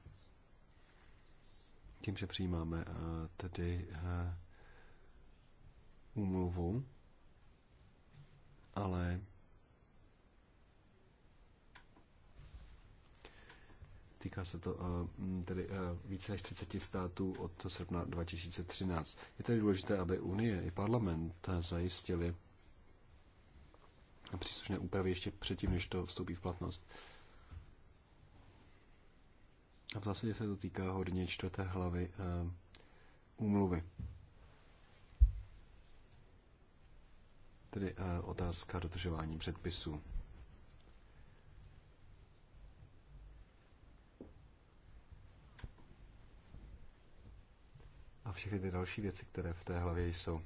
tím, že přijímáme eh, tedy eh, úmluvu, ale týká se to eh, tedy více než 30 států od srpna 2013. Je tedy důležité, aby Unie i parlament zajistili příslušné úpravy ještě předtím, než to vstoupí v platnost. A v zásadě se to týká hodně čtvrté hlavy eh, úmluvy. Tedy eh, otázka dotržování předpisů. A všechny ty další věci, které v té hlavě jsou.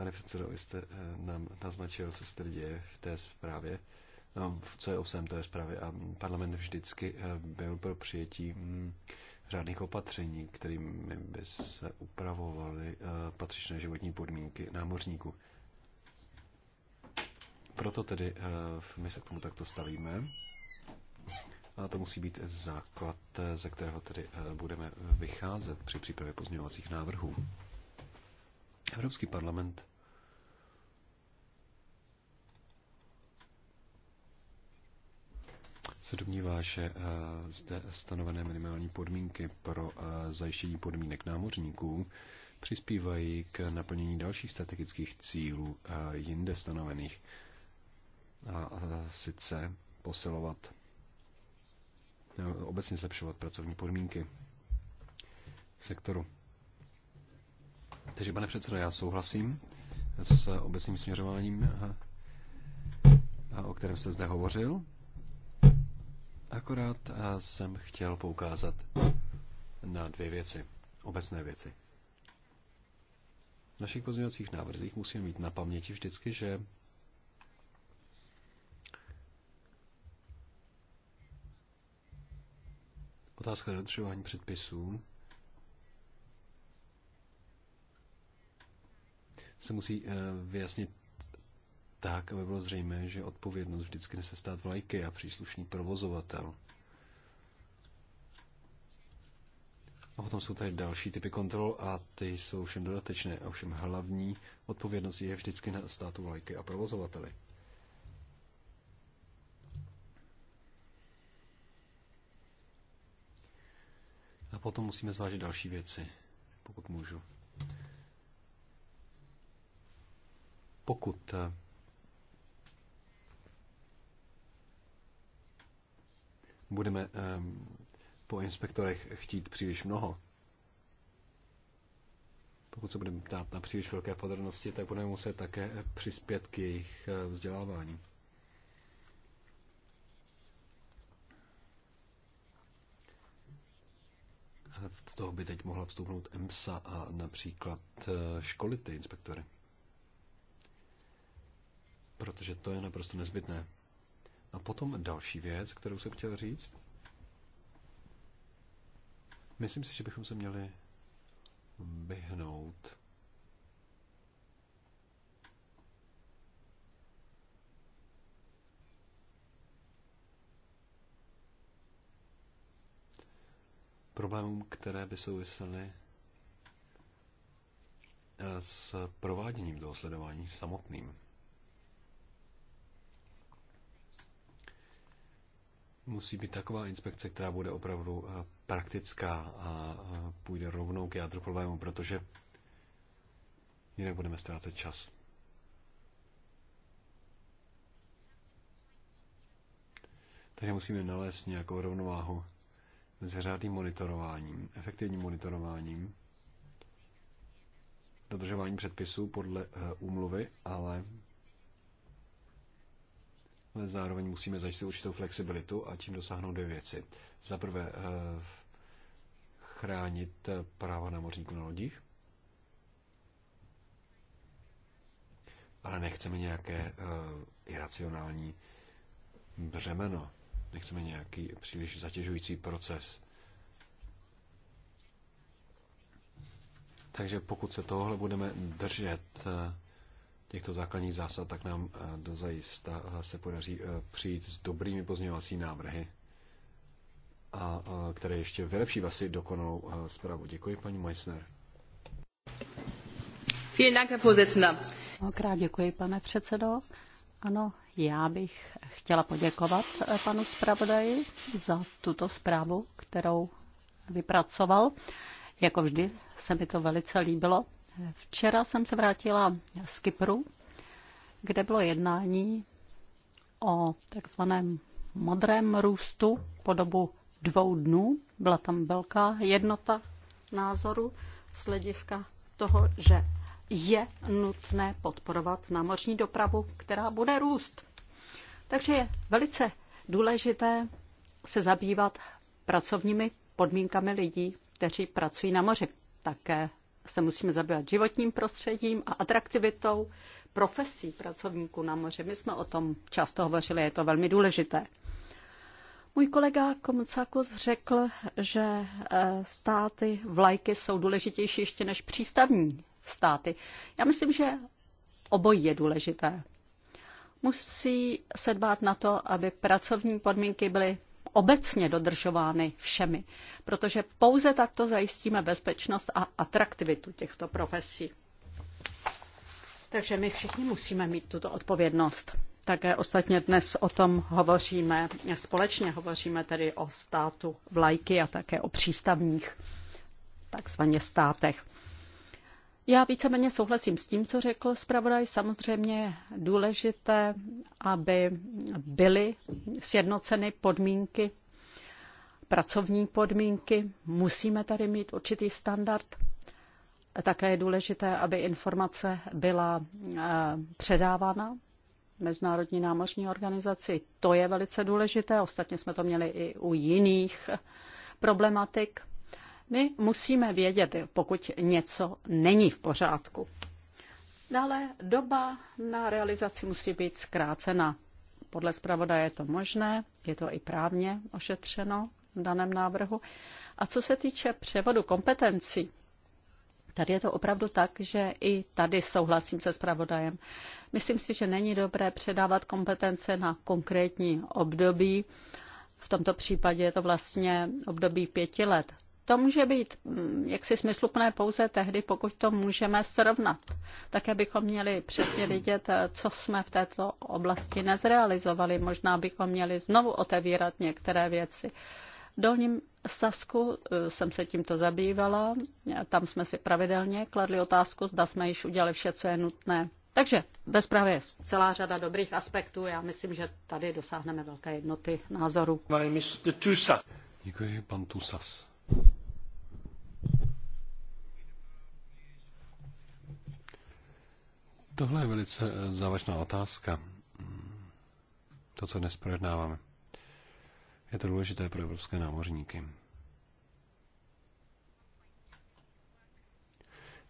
Pane předsedo, vy jste eh, nám naznačil, co se tady děje v té zprávě, no, co je obsahem té zprávy a parlament vždycky eh, byl pro přijetí mm, řádných opatření, kterými by se upravovaly eh, patřičné životní podmínky námořníků. Proto tedy my se k tomu takto stavíme. A to musí být základ, ze kterého tedy budeme vycházet při přípravě pozměňovacích návrhů. Evropský parlament se domnívá, že eh, zde stanovené minimální podmínky pro eh, zajištění podmínek námořníků přispívají k naplnění dalších strategických cílů eh, jinde stanovených. A sice posilovat, obecně zlepšovat pracovní podmínky sektoru. Takže, pane předsedo, já souhlasím s obecným směřováním, o kterém jste zde hovořil. Akorát eh, jsem chtěl poukázat na dvě věci, obecné věci. V našich pozměňovacích návrzích musíme mít na paměti vždycky, že otázka dodržování předpisů se musí eh, vyjasnit tak, aby bylo zřejmé, že odpovědnost vždycky nese stát vlajky a příslušný provozovatel. A potom jsou tady další typy kontrol a ty jsou všem dodatečné. A všem hlavní odpovědnost je vždycky na státu vlajky a provozovateli. A potom musíme zvážit další věci, pokud můžu. Pokud eh, budeme ehm, po inspektorech chtít příliš mnoho. Pokud se budeme ptát na příliš velké podrobnosti, tak budeme muset také přispět k jejich eh, vzdělávání. V toho by teď mohla vstoupnout EMSA a například eh, školit ty inspektory. Protože to je naprosto nezbytné. A potom další věc, kterou jsem chtěl říct. Myslím si, že bychom se měli vyhnout problémům, které by souvisely eh, s prováděním toho sledování samotným. musí být taková inspekce, která bude opravdu eh, praktická a půjde rovnou k jádru problému, protože jinak budeme ztrácet čas. Takže musíme nalézt nějakou rovnováhu s řádným monitorováním, efektivním monitorováním, dodržování předpisů podle eh, úmluvy, ale ale Zároveň musíme zajistit určitou flexibilitu a tím dosáhnout dvě věci. Za prvé eh, chránit práva námořníků na lodích, ale nechceme nějaké eh, iracionální břemeno. Nechceme nějaký příliš zatěžující proces. Takže pokud se tohle budeme držet, eh, těchto základních zásad, tak nám eh, do zajista eh, se podaří eh, přijít s dobrými pozměňovací návrhy, a, které ještě vylepší vasi vlastně dokonalou zprávu. Děkuji, paní Meissner.
Mnohokrát děkuji, pane předsedo. Ano, já bych chtěla poděkovat panu zpravodaji za tuto zprávu, kterou vypracoval. Jako vždy se mi to velice líbilo. Včera jsem se vrátila z Kypru, kde bylo jednání o takzvaném modrém růstu po dobu dvou dnů. Byla tam velká jednota názoru z hlediska toho, že je nutné podporovat námořní dopravu, která bude růst. Takže je velice důležité se zabývat pracovními podmínkami lidí, kteří pracují na moři. Také se musíme zabývat životním prostředím a atraktivitou profesí pracovníků na moři. My jsme o tom často hovořili, je to velmi důležité. Můj kolega Komcakos řekl, že eh, státy vlajky jsou důležitější ještě než přístavní státy. Já myslím, že obojí je důležité. Musí se dbát na to, aby pracovní podmínky byly obecně dodržovány všemi protože pouze takto zajistíme bezpečnost a atraktivitu těchto profesí. Takže my všichni musíme mít tuto odpovědnost. Také ostatně dnes o tom hovoříme, společně hovoříme tedy o státu vlajky a také o přístavních takzvaně státech. Já víceméně souhlasím s tím, co řekl zpravodaj. Samozřejmě důležité, aby byly sjednoceny podmínky pracovní podmínky, musíme tady mít určitý standard. Také je důležité, aby informace byla eh, předávána Mezinárodní námořní organizaci. To je velice důležité, ostatně jsme to měli i u jiných problematik. My musíme vědět, pokud něco není v pořádku. Dále doba na realizaci musí být zkrácena. Podle zpravodaje je to možné, je to i právně ošetřeno daném návrhu. A co se týče převodu kompetencí, Tady je to opravdu tak, že i tady souhlasím se zpravodajem. Myslím si, že není dobré předávat kompetence na konkrétní období. V tomto případě je to vlastně období pěti let. To může být mm, jaksi smysluplné pouze tehdy, pokud to můžeme srovnat. Také bychom měli přesně vidět, co jsme v této oblasti nezrealizovali. Možná bychom měli znovu otevírat některé věci. Dolním Sasku eh, jsem se tímto zabývala, tam jsme si pravidelně kladli otázku, zda jsme již udělali vše, co je nutné. Takže bez je celá řada dobrých aspektů. Já myslím, že tady dosáhneme velké jednoty názorů.
Děkuji, pan Tusas. Tohle je velice eh, závažná otázka. Hmm. To, co dnes projednáváme. Je to důležité pro evropské námořníky.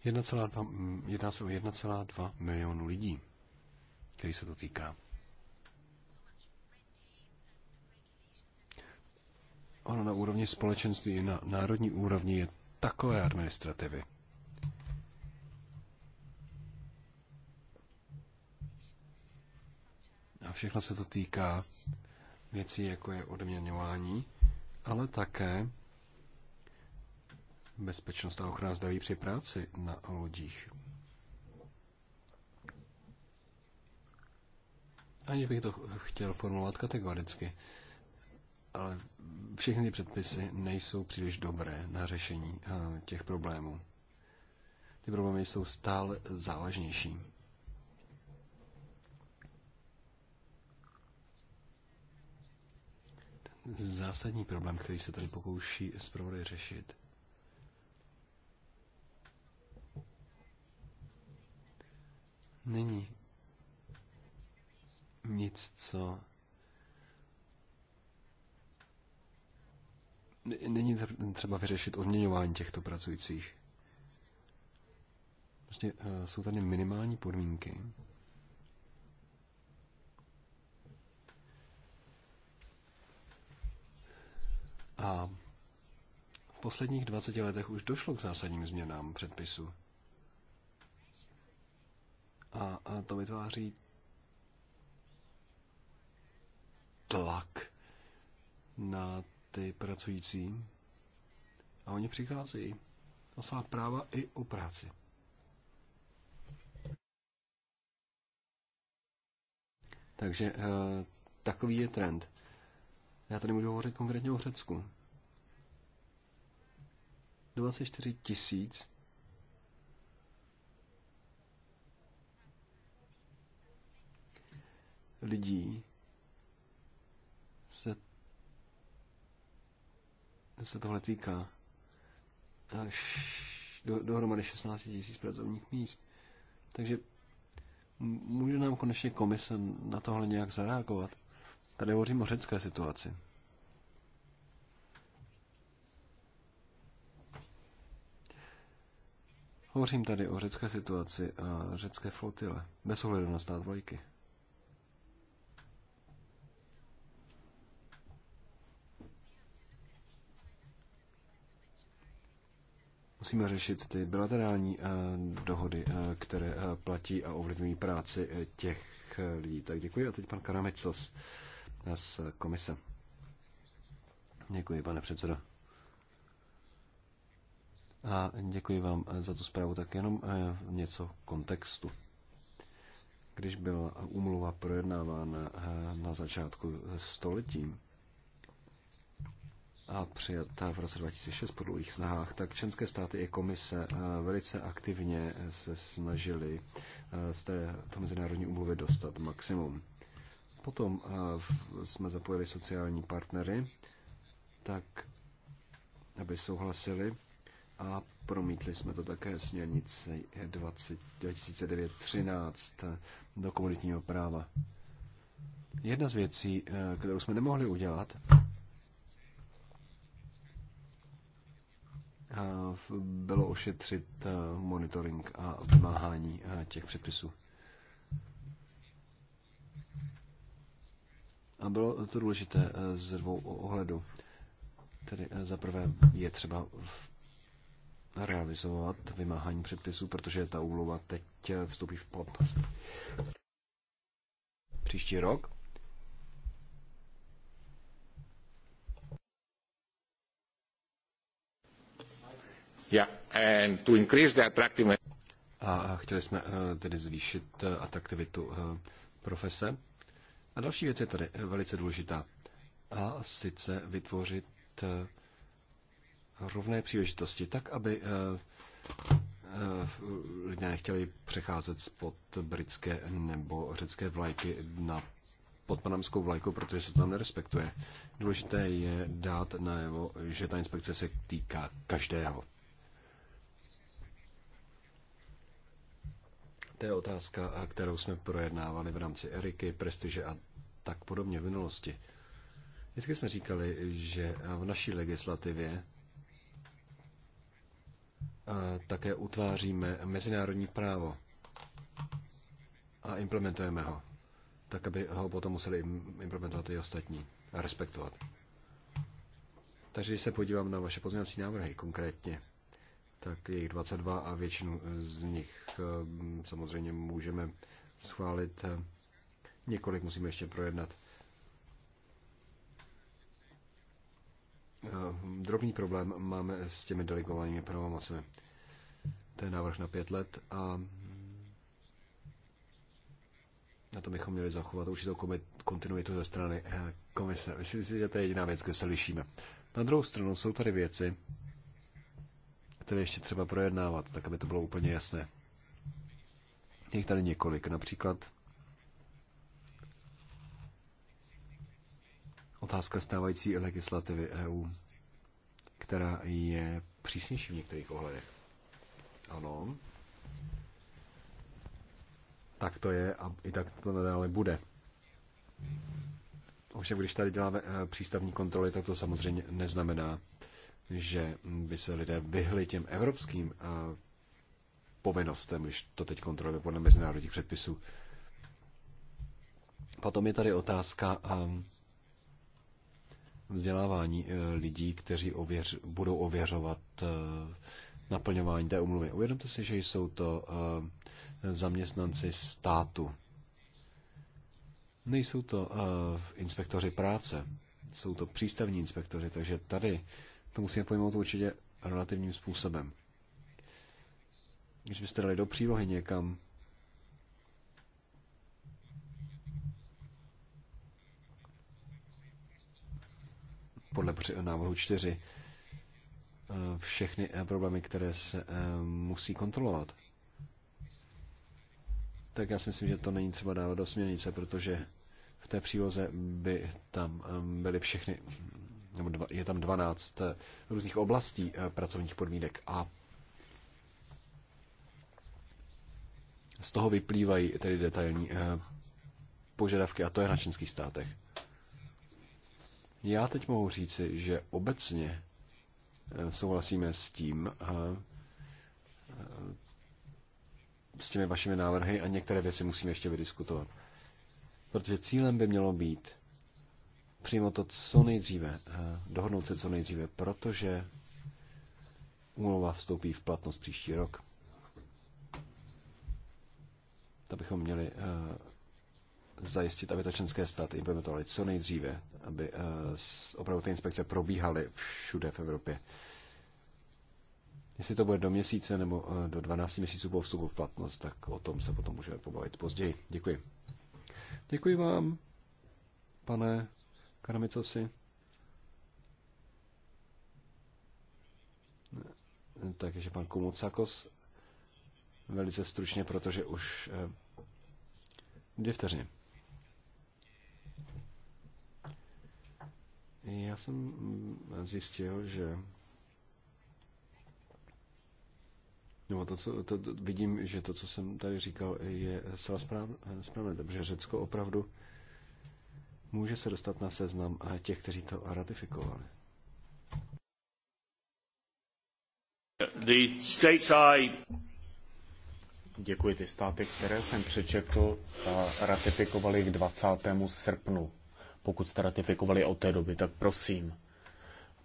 1,2, jedná se o 1,2 milionu lidí, který se to týká. Ono na úrovni společenství i na národní úrovni je takové administrativy. A všechno se to týká věcí, jako je odměňování, ale také bezpečnost a ochrana zdraví při práci na lodích. Aniž bych to chtěl formulovat kategoricky, ale všechny ty předpisy nejsou příliš dobré na řešení eh, těch problémů. Ty problémy jsou stále závažnější. zásadní problém, který se tady pokouší zpravodaj řešit. Není nic, co není třeba vyřešit odměňování těchto pracujících. Prostě eh, jsou tady minimální podmínky, A v posledních 20 letech už došlo k zásadním změnám předpisu. A, a to vytváří tlak na ty pracující a oni přicházejí o svá práva i o práci. Takže eh, takový je trend. Já tady můžu hovořit konkrétně o Řecku. 24 tisíc lidí se, se tohle týká. Až do, dohromady 16 tisíc pracovních míst. Takže může nám konečně komise na tohle nějak zareagovat. Tady hovořím o řecké situaci. Hovořím tady o řecké situaci a řecké flotile, bez ohledu na stát vlajky. Musíme řešit ty bilaterální eh, dohody, eh, které eh, platí a ovlivňují práci těch lidí. Tak děkuji a teď pan Karamecos z komise. Děkuji, pane předsedo. A děkuji vám za tu zprávu. Tak jenom eh, něco kontextu. Když byla úmluva projednávána eh, na začátku století a přijata v roce 2006 po dlouhých snahách, tak členské státy i komise eh, velice aktivně se snažili z té mezinárodní úmluvy dostat maximum. Potom eh, jsme zapojili sociální partnery, tak aby souhlasili a promítli jsme to také směrnici 2009-13 do komunitního práva. Jedna z věcí, eh, kterou jsme nemohli udělat, eh, bylo ošetřit monitoring a vymáhání těch předpisů. A bylo to důležité eh, z dvou ohledů. Tedy eh, za prvé je třeba realizovat vymáhání předpisů, protože ta úmluva teď eh, vstoupí v platnost. Příští rok. Yeah,
and to increase the attractiveness.
A chtěli jsme tedy zvýšit atraktivitu profese a další věc je tady velice důležitá. A sice vytvořit eh, rovné příležitosti, tak aby eh, eh, lidé nechtěli přecházet spod britské nebo řecké vlajky na pod panamskou vlajku, protože se to tam nerespektuje. Důležité je dát najevo, že ta inspekce se týká každého. To je otázka, kterou jsme projednávali v rámci Eriky, prestiže a tak podobně v minulosti. Vždycky jsme říkali, že v naší legislativě také utváříme mezinárodní právo a implementujeme ho, tak aby ho potom museli implementovat i ostatní a respektovat. Takže když se podívám na vaše pozměňovací návrhy konkrétně, tak je jich 22 a většinu z nich eh, samozřejmě můžeme schválit. Několik musíme ještě projednat. Eh, drobný problém máme s těmi delegovanými pravomocemi. To je návrh na pět let a na to bychom měli zachovat určitou kontinuitu ze strany eh, komise. Myslím si, že to je jediná věc, kde se lišíme. Na druhou stranu jsou tady věci, legislativy ještě třeba projednávat, tak aby to bylo úplně jasné. Je tady několik, například otázka stávající legislativy EU, která je přísnější v některých ohledech. Ano. Tak to je a i tak to nadále bude. Ovšem, když tady děláme e, přístavní kontroly, tak to samozřejmě neznamená, že by se lidé vyhli těm evropským eh, povinnostem, když to teď kontroluje podle mezinárodních předpisů. Potom je tady otázka ehm, vzdělávání eh, lidí, kteří ověř, budou ověřovat eh, naplňování té umluvy. Uvědomte si, že jsou to zaměstnanci státu. Nejsou to inspektoři práce, jsou to přístavní inspektoři, takže tady to musíme pojmout určitě relativním způsobem. Když byste dali do přílohy někam, podle návrhu 4, eh, všechny eh, problémy, které se eh, musí kontrolovat. Tak já si myslím, že to není třeba dávat do směrnice, protože v té příloze by tam byly všechny nebo dva, je tam 12 eh, různých oblastí eh, pracovních podmínek a z toho vyplývají tedy detailní eh, požadavky a to je na členských státech. Já teď mohu říci, že obecně souhlasíme s tím, s těmi vašimi návrhy a některé věci musíme ještě vydiskutovat. Protože cílem by mělo být Přímo to co nejdříve, eh, dohodnout se co nejdříve, protože úmluva vstoupí v platnost příští rok. To bychom měli eh, zajistit, aby to členské státy implementovaly co nejdříve, aby eh, opravdu ty inspekce probíhaly všude v Evropě. Jestli to bude do měsíce nebo do 12 měsíců po vstupu v platnost, tak o tom se potom můžeme pobavit později. Děkuji. Děkuji vám, pane Karamicosi. Takže pan Kumucakos velice stručně, protože už eh, dvě vteřiny. Já jsem zjistil, že No, to, co, to, to, vidím, že to, co jsem tady říkal, je zcela správné, správné, protože Řecko opravdu může se dostat na seznam eh, těch, kteří to
ratifikovali. The states I... Děkuji. Ty státy, které jsem přečetl, eh, ratifikovali k 20. srpnu. Pokud jste ratifikovali od té doby, tak prosím.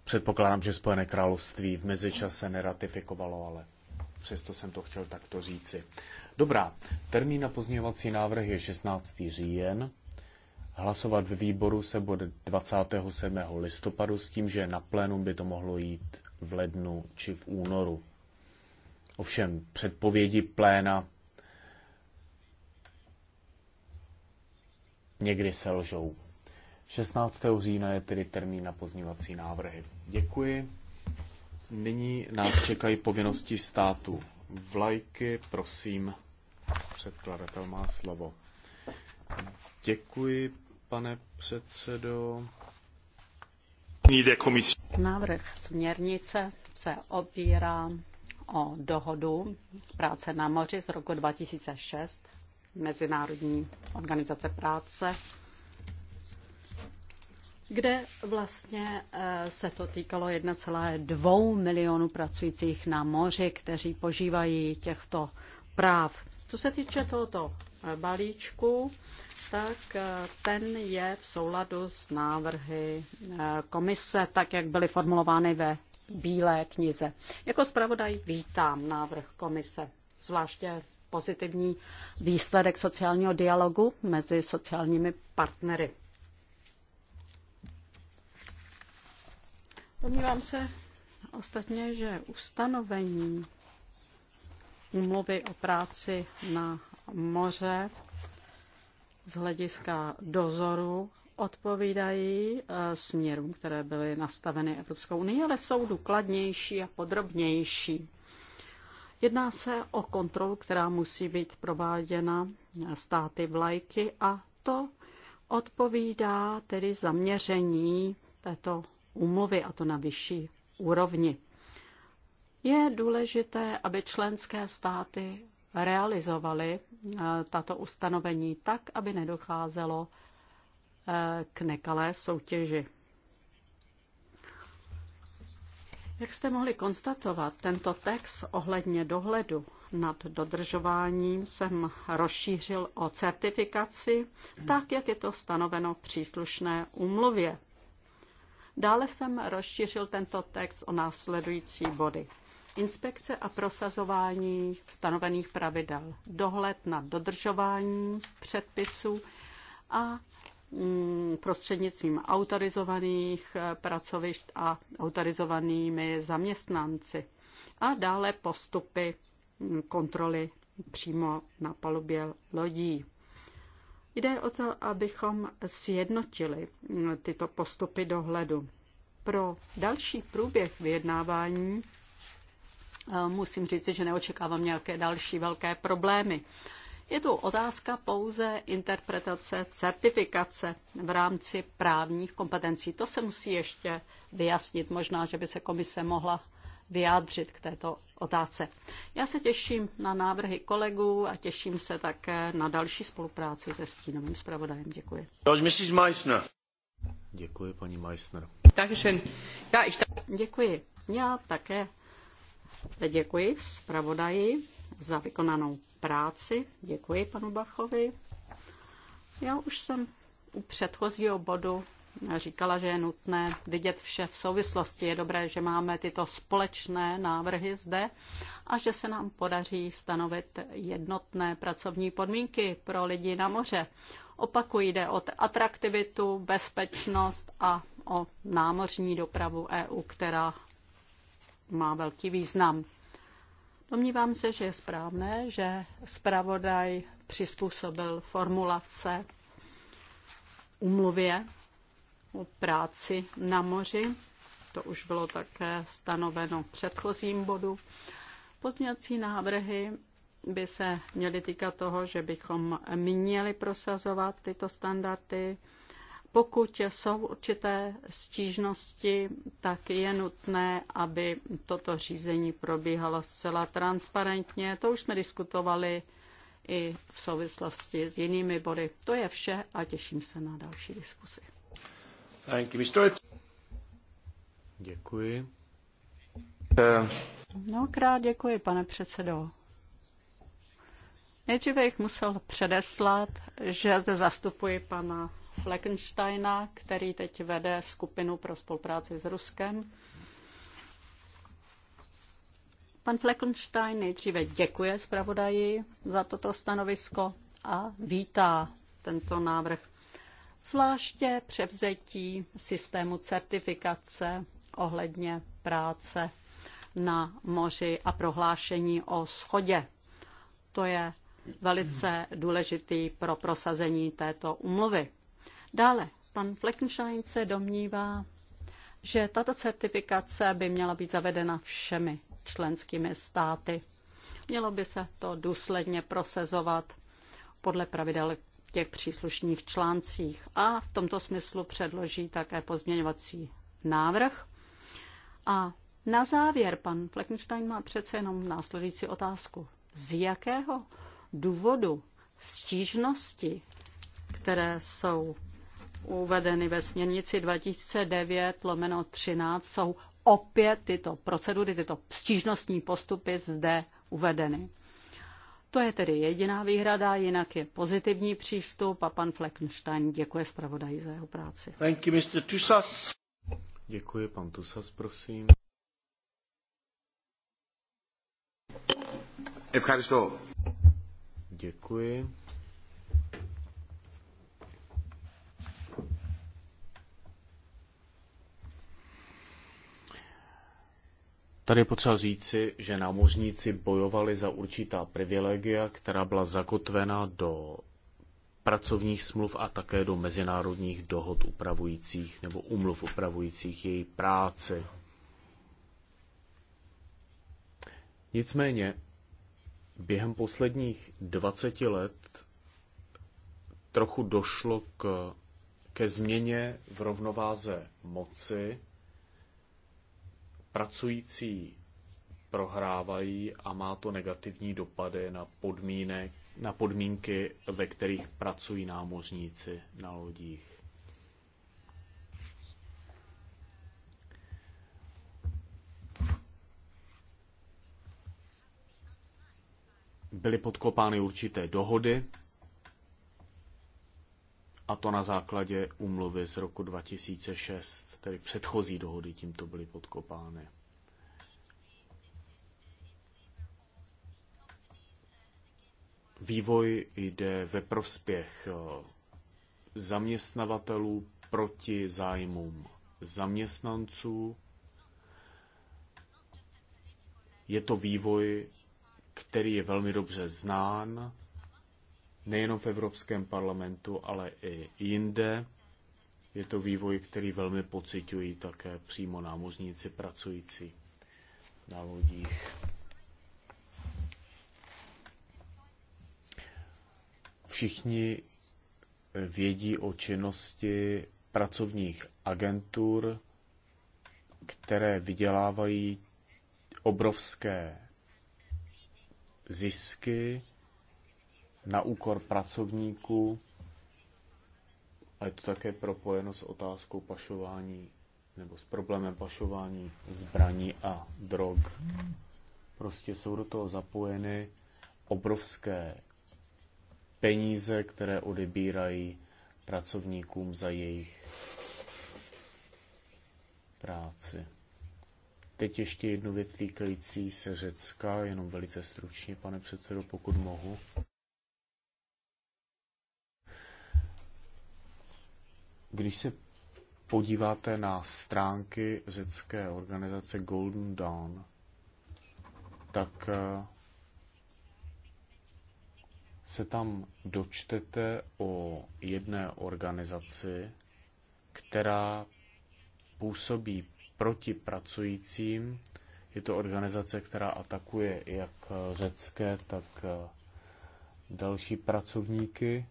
Předpokládám, že Spojené království v mezičase neratifikovalo, ale přesto jsem to chtěl takto říci. Dobrá, termín na pozměňovací návrh je 16. říjen. Hlasovat ve výboru se bude 27. listopadu s tím, že na plénum by to mohlo jít v lednu či v únoru. Ovšem předpovědi pléna někdy se lžou. 16. října je tedy termín na pozněvací návrhy. Děkuji. Nyní nás čekají povinnosti státu. Vlajky, prosím, předkladatel má slovo. Děkuji, pane předsedo.
Návrh směrnice se opírá o dohodu práce na moři z roku 2006 Mezinárodní organizace práce, kde vlastně eh, se to týkalo 1,2 milionu pracujících na moři, kteří požívají těchto práv. Co se týče tohoto Eh, balíčku, tak eh, ten je v souladu s návrhy eh, komise, tak jak byly formulovány ve Bílé knize. Jako zpravodaj vítám návrh komise, zvláště pozitivní výsledek sociálního dialogu mezi sociálními partnery. Domnívám se ostatně, že ustanovení úmluvy o práci na moře z hlediska dozoru odpovídají eh, směrům, které byly nastaveny Evropskou unii, ale jsou důkladnější a podrobnější. Jedná se o kontrolu, která musí být prováděna státy vlajky a to odpovídá tedy zaměření této úmluvy a to na vyšší úrovni. Je důležité, aby členské státy realizovali eh, tato ustanovení tak, aby nedocházelo eh, k nekalé soutěži. Jak jste mohli konstatovat, tento text ohledně dohledu nad dodržováním jsem rozšířil o certifikaci, tak jak je to stanoveno v příslušné úmluvě. Dále jsem rozšířil tento text o následující body. Inspekce a prosazování stanovených pravidel, dohled na dodržování předpisů a mm, prostřednictvím autorizovaných eh, pracovišť a autorizovanými zaměstnanci. A dále postupy mm, kontroly přímo na palubě lodí. Jde o to, abychom sjednotili mm, tyto postupy dohledu. Pro další průběh vyjednávání musím říct, že neočekávám nějaké další velké problémy. Je tu otázka pouze interpretace certifikace v rámci právních kompetencí. To se musí ještě vyjasnit. Možná, že by se komise mohla vyjádřit k této otázce. Já se těším na návrhy kolegů a těším se také na další spolupráci se stínovým zpravodajem. Děkuji.
Meissner. Děkuji, paní Meissner.
Děkuji. Já také Děkuji zpravodaji za vykonanou práci. Děkuji panu Bachovi. Já už jsem u předchozího bodu říkala, že je nutné vidět vše v souvislosti. Je dobré, že máme tyto společné návrhy zde a že se nám podaří stanovit jednotné pracovní podmínky pro lidi na moře. Opakuji, jde o atraktivitu, bezpečnost a o námořní dopravu EU, která má velký význam. Domnívám se, že je správné, že zpravodaj přizpůsobil formulace umluvě o práci na moři. To už bylo také stanoveno v předchozím bodu. Pozměňovací návrhy by se měly týkat toho, že bychom měli prosazovat tyto standardy pokud jsou určité stížnosti, tak je nutné, aby toto řízení probíhalo zcela transparentně. To už jsme diskutovali i v souvislosti s jinými body. To je vše a těším se na další diskusi.
Děkuji.
Mnohokrát děkuji, pane předsedo. Nejdříve bych musel předeslat, že zde zastupuji pana Fleckensteina, který teď vede skupinu pro spolupráci s Ruskem. Pan Fleckenstein nejdříve děkuje zpravodaji za toto stanovisko a vítá tento návrh. Zvláště převzetí systému certifikace ohledně práce na moři a prohlášení o schodě. To je velice důležitý pro prosazení této umluvy. Dále, pan Fleckenstein se domnívá, že tato certifikace by měla být zavedena všemi členskými státy. Mělo by se to důsledně prosazovat podle pravidel těch příslušných článcích a v tomto smyslu předloží také pozměňovací návrh. A na závěr pan Fleckenstein má přece jenom následující otázku. Z jakého důvodu stížnosti, které jsou uvedeny ve směrnici 2009 lomeno 13 jsou opět tyto procedury, tyto stížnostní postupy zde uvedeny. To je tedy jediná výhrada, jinak je pozitivní přístup a pan Fleckenstein děkuje zpravodaji za jeho práci. Thank
you, Mr. Tusas. Děkuji, pan Tusas, prosím. Děkuji. Tady je potřeba říci, že námořníci bojovali za určitá privilegia, která byla zakotvena do pracovních smluv a také do mezinárodních dohod upravujících nebo umluv upravujících její práci. Nicméně během posledních 20 let trochu došlo k, ke změně v rovnováze moci pracující prohrávají a má to negativní dopady na, podmínek, na podmínky, ve kterých pracují námořníci na lodích. Byly podkopány určité dohody, a to na základě umluvy z roku 2006, tedy předchozí dohody tímto byly podkopány. Vývoj jde ve prospěch eh, zaměstnavatelů proti zájmům zaměstnanců. Je to vývoj, který je velmi dobře znán, nejenom v Evropském parlamentu, ale i jinde. Je to vývoj, který velmi pocitují také přímo námořníci pracující na lodích. Všichni vědí o činnosti pracovních agentur, které vydělávají obrovské zisky na úkor pracovníků a je to také propojeno s otázkou pašování nebo s problémem pašování zbraní a drog. Prostě jsou do toho zapojeny obrovské peníze, které odebírají pracovníkům za jejich práci. Teď ještě jednu věc týkající se Řecka, jenom velice stručně, pane předsedo, pokud mohu. Když se podíváte na stránky řecké organizace Golden Dawn, tak eh, se tam dočtete o jedné organizaci, která působí proti pracujícím. Je to organizace, která atakuje jak eh, řecké, tak eh, další pracovníky.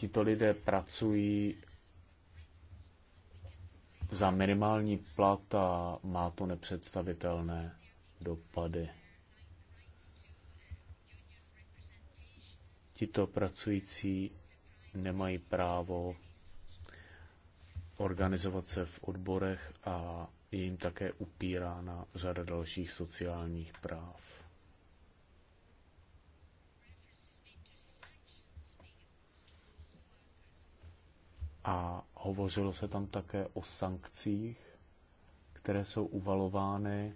tito lidé pracují za minimální plat a má to nepředstavitelné dopady. Tito pracující nemají právo organizovat se v odborech a je jim také upírána řada dalších sociálních práv. A hovořilo se tam také o sankcích, které jsou uvalovány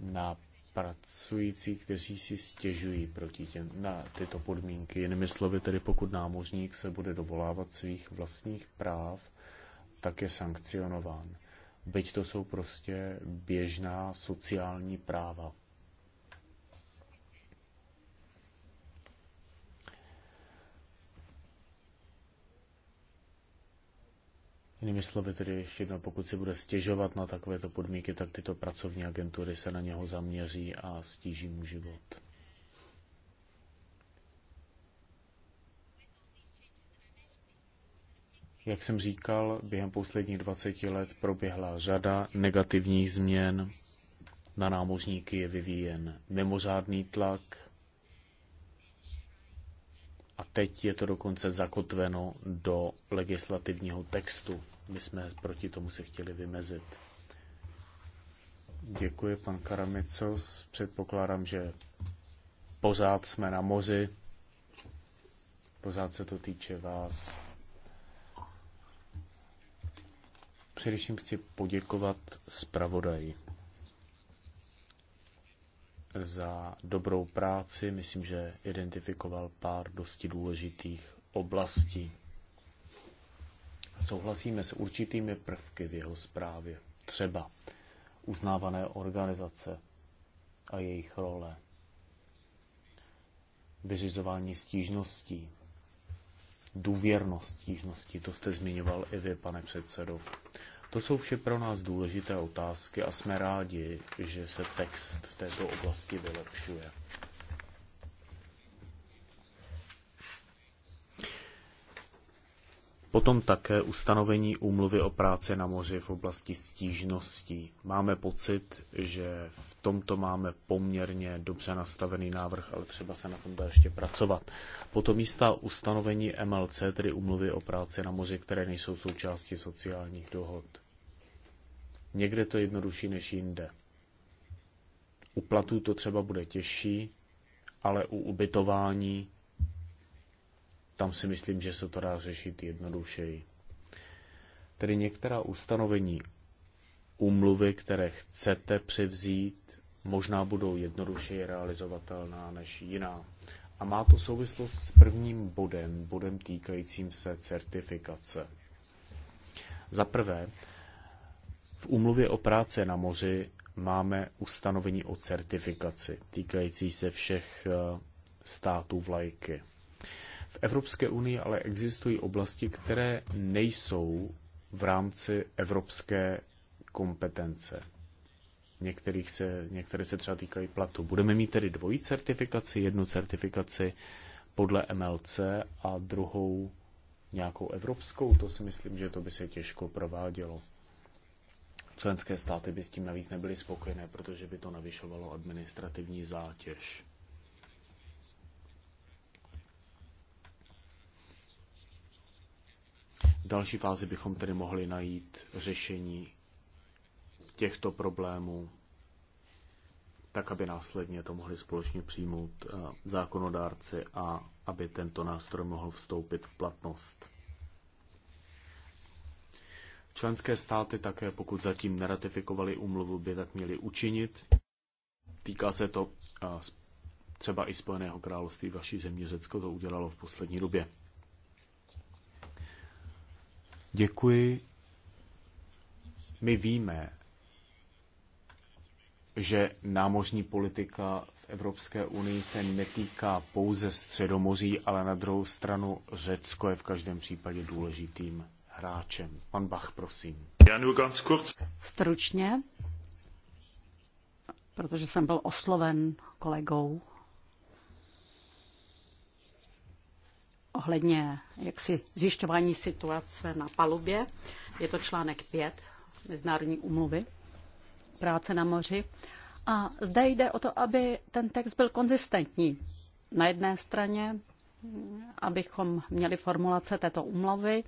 na pracující, kteří si stěžují proti těm, na tyto podmínky. Jinými slovy, tedy pokud námořník se bude dovolávat svých vlastních práv, tak je sankcionován. Byť to jsou prostě běžná sociální práva. Jinými slovy tedy ještě jedno, pokud si bude stěžovat na takovéto podmínky, tak tyto pracovní agentury se na něho zaměří a stíží mu život. Jak jsem říkal, během posledních 20 let proběhla řada negativních změn. Na námořníky je vyvíjen mimořádný tlak a teď je to dokonce zakotveno do legislativního textu my jsme proti tomu se chtěli vymezit. Děkuji, pan Karamicos. Předpokládám, že pořád jsme na moři, pořád se to týče vás. Především chci poděkovat zpravodaji za dobrou práci. Myslím, že identifikoval pár dosti důležitých oblastí souhlasíme s určitými prvky v jeho zprávě, třeba uznávané organizace a jejich role, vyřizování stížností, důvěrnost stížností, to jste zmiňoval i vy, pane předsedo. To jsou vše pro nás důležité otázky a jsme rádi, že se text v této oblasti vylepšuje. Potom také ustanovení úmluvy o práci na moři v oblasti stížností. Máme pocit, že v tomto máme poměrně dobře nastavený návrh, ale třeba se na tom dá ještě pracovat. Potom místa ustanovení MLC, tedy úmluvy o práci na moři, které nejsou součástí sociálních dohod. Někde to je jednodušší než jinde. U platů to třeba bude těžší, ale u ubytování tam si myslím, že se to dá řešit jednodušeji. Tedy některá ustanovení úmluvy, které chcete převzít, možná budou jednodušeji realizovatelná než jiná. A má to souvislost s prvním bodem, bodem týkajícím se certifikace. Za prvé, v úmluvě o práci na moři máme ustanovení o certifikaci týkající se všech eh, států vlajky. V Evropské unii ale existují oblasti, které nejsou v rámci evropské kompetence. Některých se, některé se třeba týkají platu. Budeme mít tedy dvojí certifikaci, jednu certifikaci podle MLC a druhou nějakou evropskou, to si myslím, že to by se těžko provádělo. Členské státy by s tím navíc nebyly spokojené, protože by to navyšovalo administrativní zátěž. V další fázi bychom tedy mohli najít řešení těchto problémů, tak aby následně to mohli společně přijmout eh, zákonodárci a aby tento nástroj mohl vstoupit v platnost. Členské státy také, pokud zatím neratifikovali úmluvu, by tak měly učinit. Týká se to eh, třeba i Spojeného království, vaší země Řecko to udělalo v poslední době. Děkuji. My víme, že námořní politika v Evropské unii se netýká pouze Středomoří, ale na druhou stranu Řecko je v každém případě důležitým hráčem. Pan Bach, prosím.
Stručně, protože jsem byl osloven kolegou ohledně jaksi zjišťování situace na palubě. Je to článek 5 Mezinárodní umluvy práce na moři. A zde jde o to, aby ten text byl konzistentní. Na jedné straně, abychom měli formulace této umluvy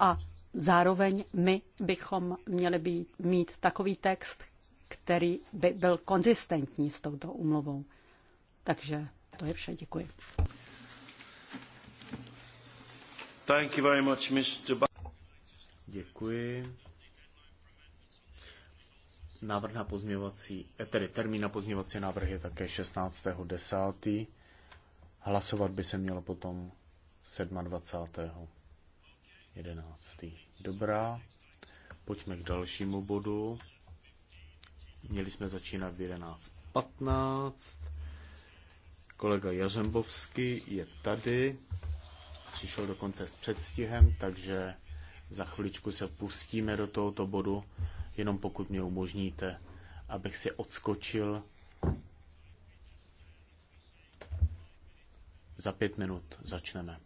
a zároveň my bychom měli být, mít takový text, který by byl konzistentní s touto umluvou. Takže to je vše, děkuji.
Děkuji. Návrh na pozměňovací, eh, tedy termín na pozměňovací návrh je také 16.10. Hlasovat by se mělo potom 27.11. 11. Dobrá, pojďme k dalšímu bodu. Měli jsme začínat v 11.15. Kolega Jařembovský je tady přišel dokonce s předstihem, takže za chviličku se pustíme do tohoto bodu, jenom pokud mě umožníte, abych si odskočil za pět minut začneme.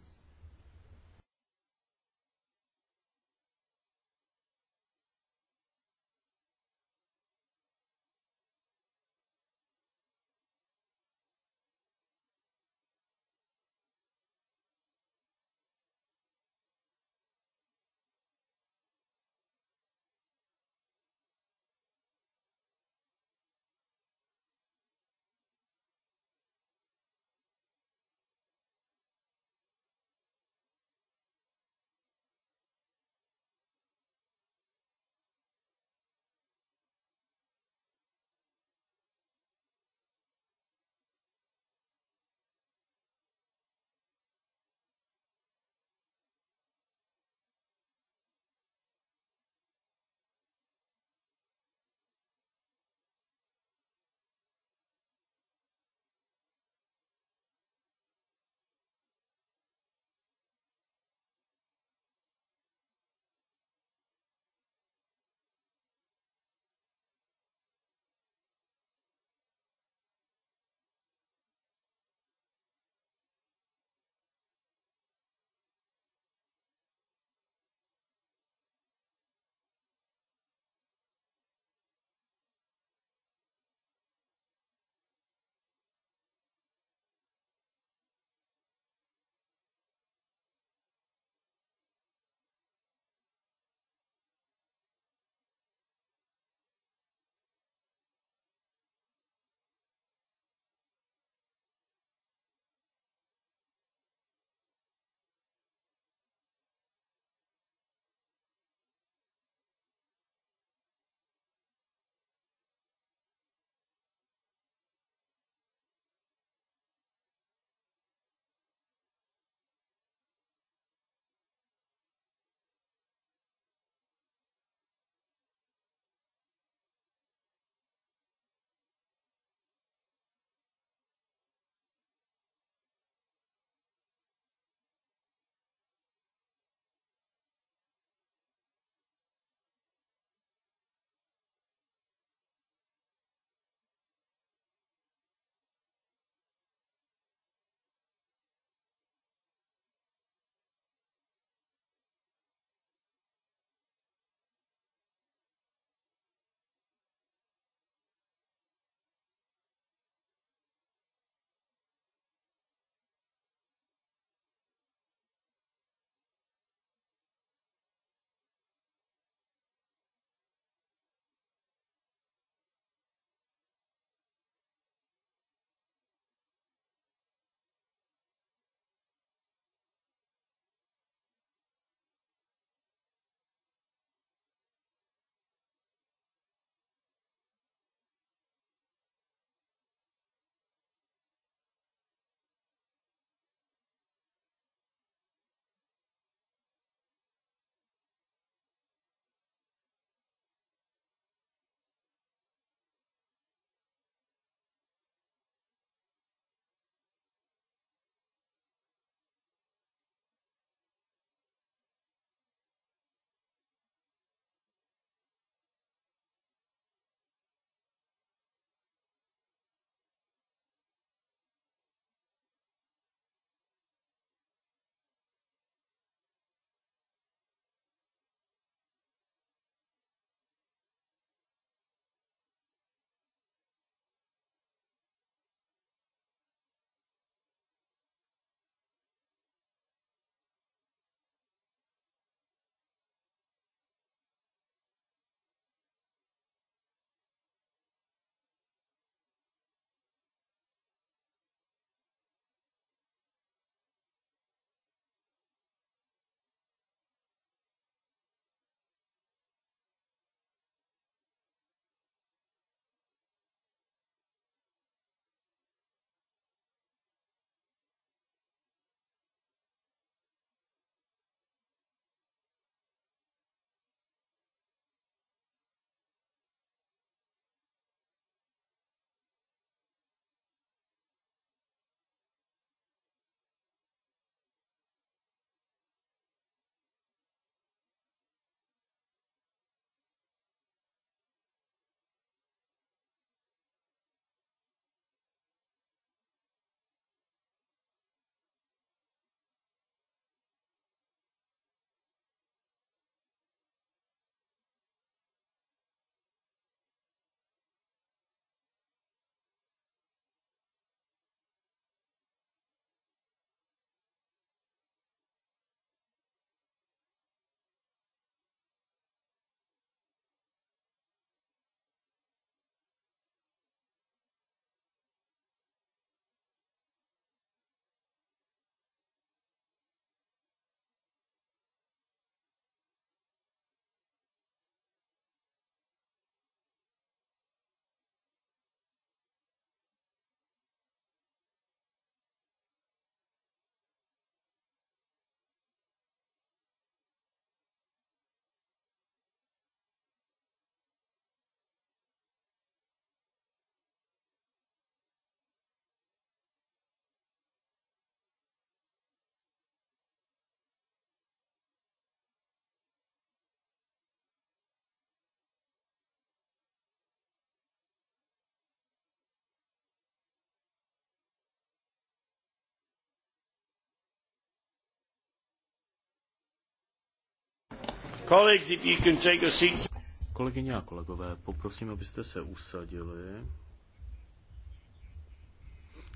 Kolegyně a kolegové, poprosím, abyste se usadili.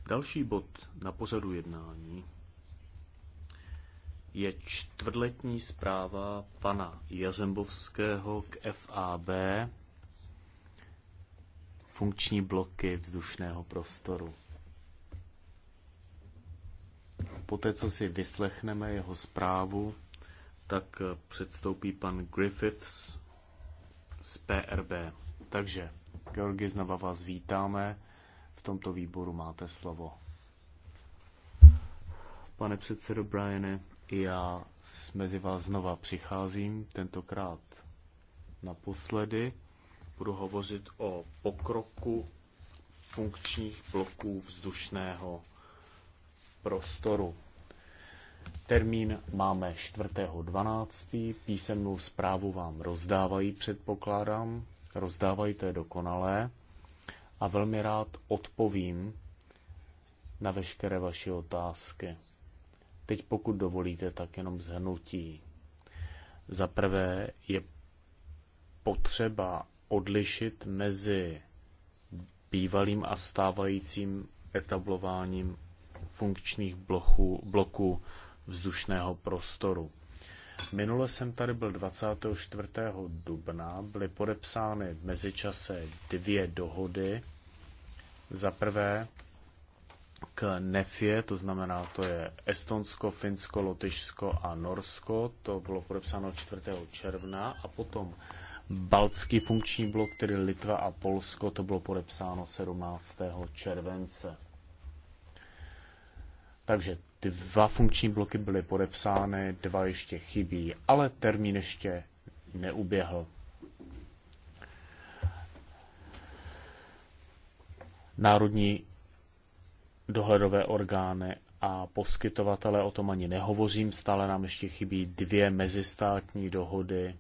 Další bod na pořadu jednání je čtvrtletní zpráva pana Jařembovského k FAB funkční bloky vzdušného prostoru. Poté, co si vyslechneme jeho zprávu, tak eh, předstoupí pan Griffiths z PRB. Takže, Georgi, znova vás vítáme. V tomto výboru máte slovo. Pane předsedo Briane, já mezi vás znova přicházím, tentokrát naposledy. Budu hovořit o pokroku funkčních bloků vzdušného prostoru. Termín máme 4.12. Písemnou zprávu vám rozdávají, předpokládám. Rozdávají, to je dokonalé. A velmi rád odpovím na veškeré vaše otázky. Teď pokud dovolíte, tak jenom zhrnutí. Za prvé je potřeba odlišit mezi bývalým a stávajícím etablováním funkčních bloků, bloků vzdušného prostoru. Minule jsem tady byl 24. dubna, byly podepsány v mezičase dvě dohody. Za prvé k NEFIE, to znamená, to je Estonsko, Finsko, Lotyšsko a Norsko, to bylo podepsáno 4. června a potom Baltský funkční blok, tedy Litva a Polsko, to bylo podepsáno 17. července. Takže Dva funkční bloky byly podepsány, dva ještě chybí, ale termín ještě neuběhl. Národní dohledové orgány a poskytovatele, o tom ani nehovořím, stále nám ještě chybí dvě mezistátní dohody.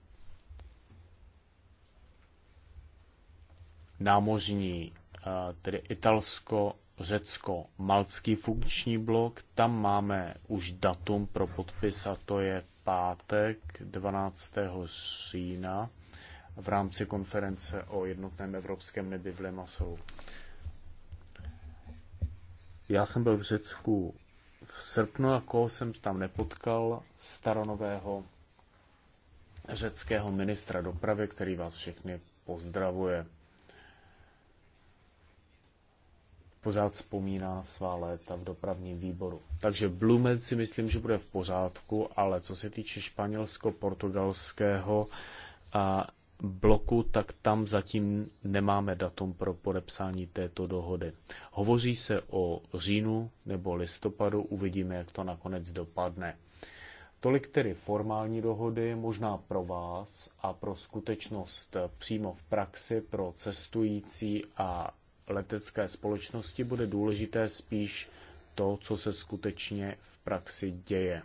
Námořní, tedy Italsko řecko-malcký funkční blok. Tam máme už datum pro podpis a to je pátek 12. října v rámci konference o jednotném evropském nebi v Lemasou. Já jsem byl v Řecku v srpnu a koho jsem tam nepotkal, staronového řeckého ministra dopravy, který vás všechny pozdravuje. pořád vzpomíná svá léta v dopravním výboru. Takže Blumet si myslím, že bude v pořádku, ale co se týče španělsko-portugalského bloku, tak tam zatím nemáme datum pro podepsání této dohody. Hovoří se o říjnu nebo listopadu, uvidíme, jak to nakonec dopadne. Tolik tedy formální dohody, možná pro vás a pro skutečnost přímo v praxi, pro cestující a letecké společnosti bude důležité spíš to, co se skutečně v praxi děje.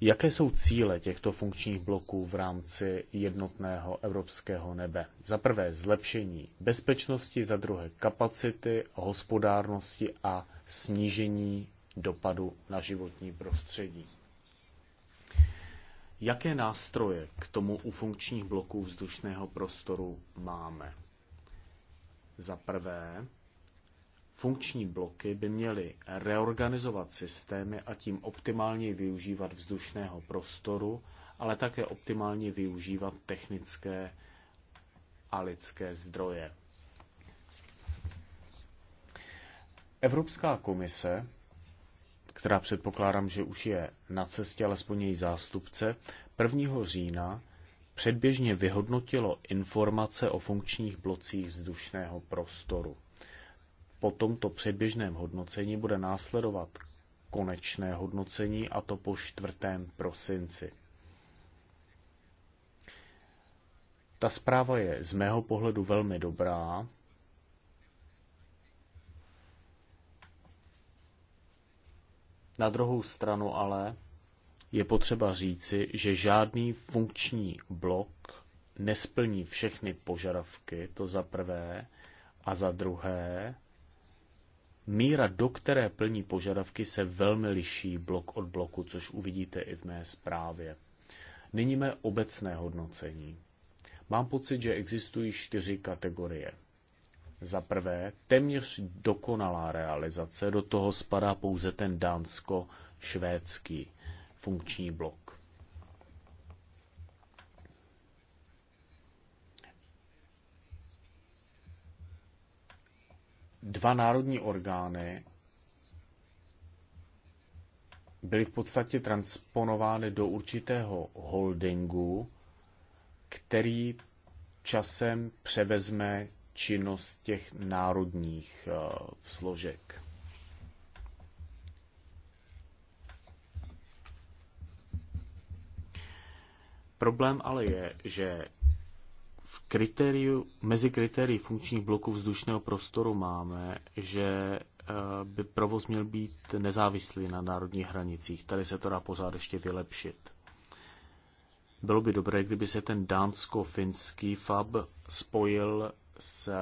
Jaké jsou cíle těchto funkčních bloků v rámci jednotného evropského nebe? Za prvé zlepšení bezpečnosti, za druhé kapacity, hospodárnosti a snížení dopadu na životní prostředí. Jaké nástroje k tomu u funkčních bloků vzdušného prostoru máme? Za prvé, funkční bloky by měly reorganizovat systémy a tím optimálně využívat vzdušného prostoru, ale také optimálně využívat technické a lidské zdroje. Evropská komise která předpokládám, že už je na cestě, alespoň její zástupce, 1. října předběžně vyhodnotilo informace o funkčních blocích vzdušného prostoru. Po tomto předběžném hodnocení bude následovat konečné hodnocení, a to po 4. prosinci. Ta zpráva je z mého pohledu velmi dobrá, Na druhou stranu ale je potřeba říci, že žádný funkční blok nesplní všechny požadavky, to za prvé, a za druhé, míra, do které plní požadavky, se velmi liší blok od bloku, což uvidíte i v mé zprávě. Nyní mé obecné hodnocení. Mám pocit, že existují čtyři kategorie. Za prvé, téměř dokonalá realizace, do toho spadá pouze ten dánsko-švédský funkční blok. Dva národní orgány byly v podstatě transponovány do určitého holdingu, který časem převezme činnost těch národních eh, složek. Problém ale je, že v kritériu, mezi kritérií funkčních bloků vzdušného prostoru máme, že eh, by provoz měl být nezávislý na národních hranicích. Tady se to dá pořád ještě vylepšit. Bylo by dobré, kdyby se ten dánsko-finský FAB spojil s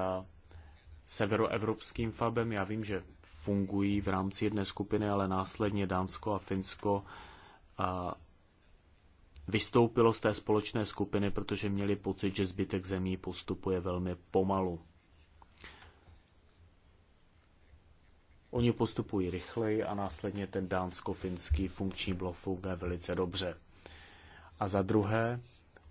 severoevropským FABem. Já vím, že fungují v rámci jedné skupiny, ale následně Dánsko a Finsko a vystoupilo z té společné skupiny, protože měli pocit, že zbytek zemí postupuje velmi pomalu. Oni postupují rychleji a následně ten dánsko-finský funkční blok funguje velice dobře. A za druhé,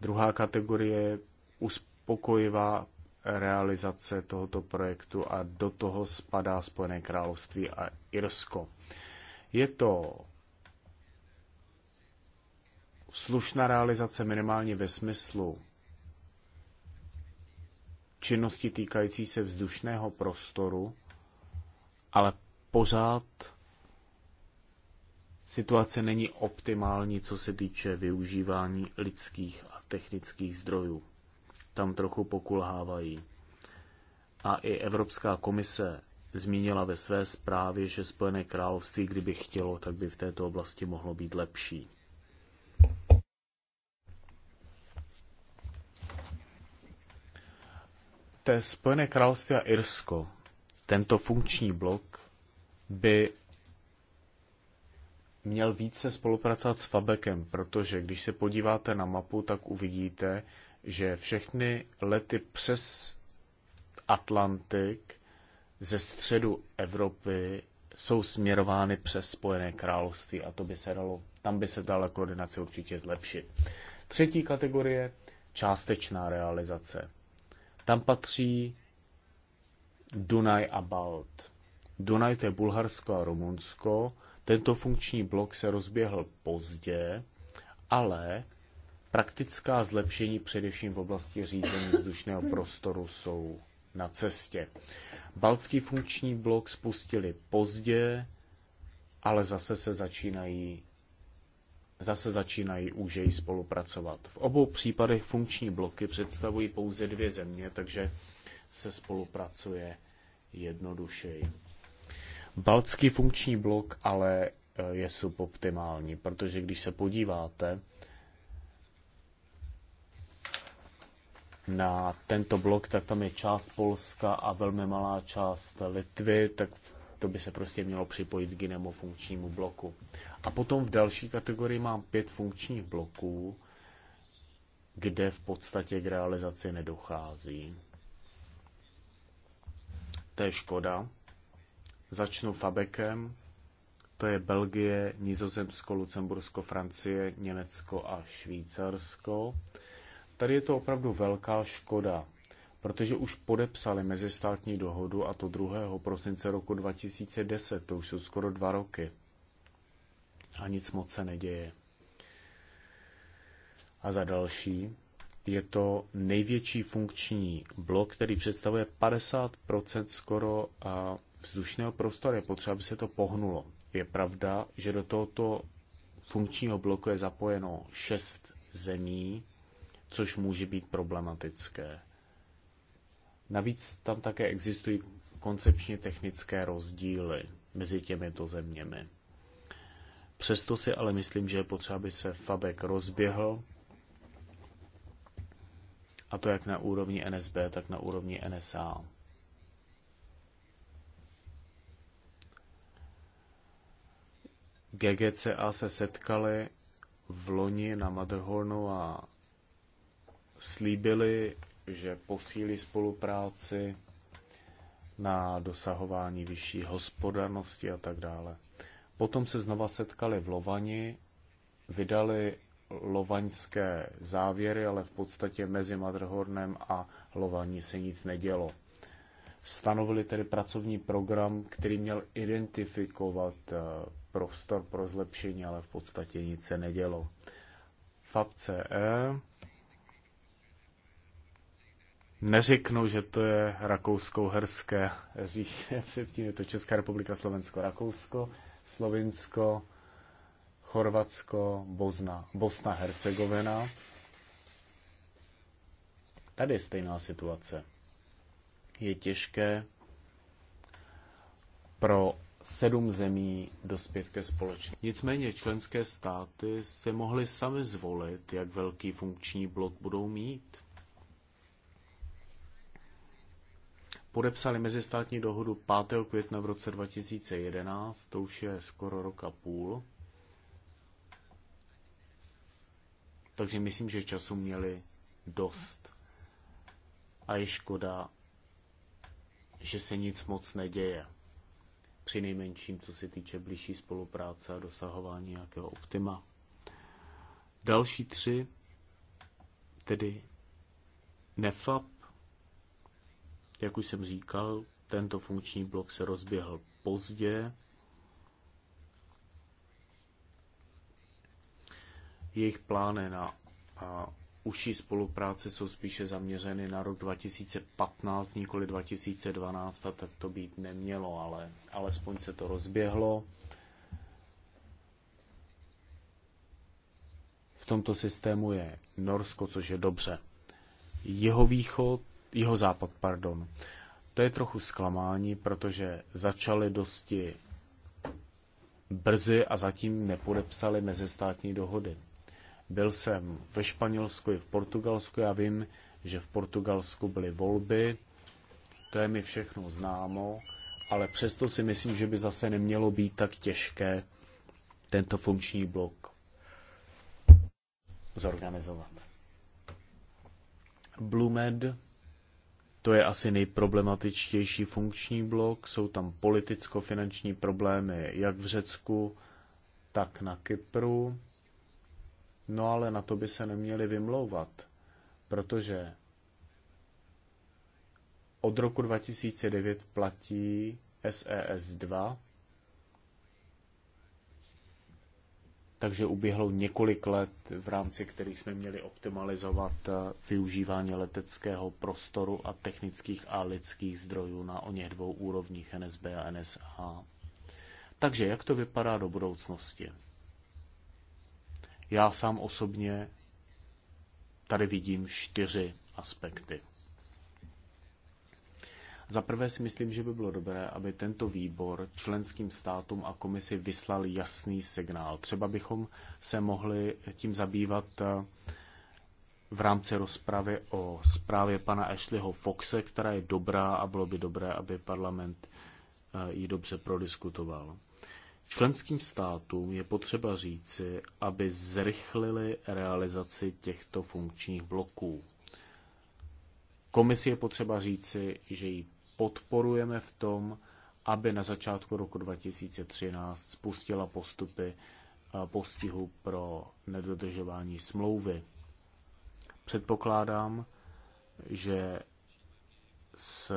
druhá kategorie je uspokojivá realizace tohoto projektu a do toho spadá Spojené království a Irsko. Je to slušná realizace minimálně ve smyslu činnosti týkající se vzdušného prostoru, ale pořád situace není optimální, co se týče využívání lidských a technických zdrojů tam trochu pokulhávají. A i Evropská komise zmínila ve své zprávě, že Spojené království, kdyby chtělo, tak by v této oblasti mohlo být lepší. Te Spojené království a Irsko, tento funkční blok by měl více spolupracovat s Fabekem, protože když se podíváte na mapu, tak uvidíte, že všechny lety přes Atlantik ze středu Evropy jsou směrovány přes Spojené království a to by se dalo, tam by se dala koordinace určitě zlepšit. Třetí kategorie, částečná realizace. Tam patří Dunaj a Balt. Dunaj to je Bulharsko a Rumunsko. Tento funkční blok se rozběhl pozdě, ale Praktická zlepšení především v oblasti řízení vzdušného prostoru jsou na cestě. Balcký funkční blok spustili pozdě, ale zase se začínají zase začínají úžej spolupracovat. V obou případech funkční bloky představují pouze dvě země, takže se spolupracuje jednodušeji. Balcký funkční blok ale eh, je suboptimální, protože když se podíváte, na tento blok, tak tam je část Polska a velmi malá část Litvy, tak to by se prostě mělo připojit k jinému funkčnímu bloku. A potom v další kategorii mám pět funkčních bloků, kde v podstatě k realizaci nedochází. To je škoda. Začnu Fabekem, to je Belgie, Nizozemsko, Lucembursko, Francie, Německo a Švýcarsko. Tady je to opravdu velká škoda, protože už podepsali mezistátní dohodu a to 2. prosince roku 2010, to už jsou skoro dva roky. A nic moc se neděje. A za další, je to největší funkční blok, který představuje 50% skoro a vzdušného prostoru. Je potřeba, aby se to pohnulo. Je pravda, že do tohoto funkčního bloku je zapojeno šest zemí, což může být problematické. Navíc tam také existují koncepčně technické rozdíly mezi těmito zeměmi. Přesto si ale myslím, že je potřeba, aby se Fabek rozběhl, a to jak na úrovni NSB, tak na úrovni NSA. GGCA se setkali v loni na Matterhornu a slíbili, že posílí spolupráci na dosahování vyšší hospodarnosti a tak dále. Potom se znova setkali v Lovani, vydali lovaňské závěry, ale v podstatě mezi Madrhornem a Lovaní se nic nedělo. Stanovili tedy pracovní program, který měl identifikovat eh, prostor pro zlepšení, ale v podstatě nic se nedělo. FAPCE neřeknu, že to je rakousko-herské říše, předtím je to Česká republika, Slovensko, Rakousko, Slovinsko, Chorvatsko, Bosna, Bosna, Hercegovina. Tady je stejná situace. Je těžké pro sedm zemí dospět ke společnosti. Nicméně členské státy se mohly sami zvolit, jak velký funkční blok budou mít. podepsali mezistátní dohodu 5. května v roce 2011, to už je skoro rok a půl. Takže myslím, že času měli dost. A je škoda, že se nic moc neděje. Při nejmenším, co se týče blížší spolupráce a dosahování nějakého optima. Další tři, tedy NEFAP, jak už jsem říkal, tento funkční blok se rozběhl pozdě. Jejich plány na a, užší spolupráce jsou spíše zaměřeny na rok 2015, nikoli 2012, a tak to být nemělo, ale alespoň se to rozběhlo. V tomto systému je Norsko, což je dobře. Jeho východ jeho západ, pardon. To je trochu zklamání, protože začali dosti brzy a zatím nepodepsali mezistátní dohody. Byl jsem ve Španělsku i v Portugalsku, já vím, že v Portugalsku byly volby, to je mi všechno známo, ale přesto si myslím, že by zase nemělo být tak těžké tento funkční blok zorganizovat. Blumed to je asi nejproblematičtější funkční blok. Jsou tam politicko-finanční problémy jak v Řecku, tak na Kypru. No ale na to by se neměli vymlouvat, protože od roku 2009 platí SES 2, e takže uběhlo několik let, v rámci kterých jsme měli optimalizovat eh, využívání leteckého prostoru a technických a lidských zdrojů na o něch dvou úrovních NSB a NSA. Takže jak to vypadá do budoucnosti? Já sám osobně tady vidím čtyři aspekty. Za prvé si myslím, že by bylo dobré, aby tento výbor členským státům a komisi vyslal jasný signál. Třeba bychom se mohli tím zabývat eh, v rámci rozpravy o zprávě pana Ashleyho Foxe, která je dobrá a bylo by dobré, aby parlament eh, ji dobře prodiskutoval. Členským státům je potřeba říci, aby zrychlili realizaci těchto funkčních bloků. Komisi je potřeba říci, že jí podporujeme v tom, aby na začátku roku 2013 spustila postupy eh, postihu pro nedodržování smlouvy. Předpokládám, že z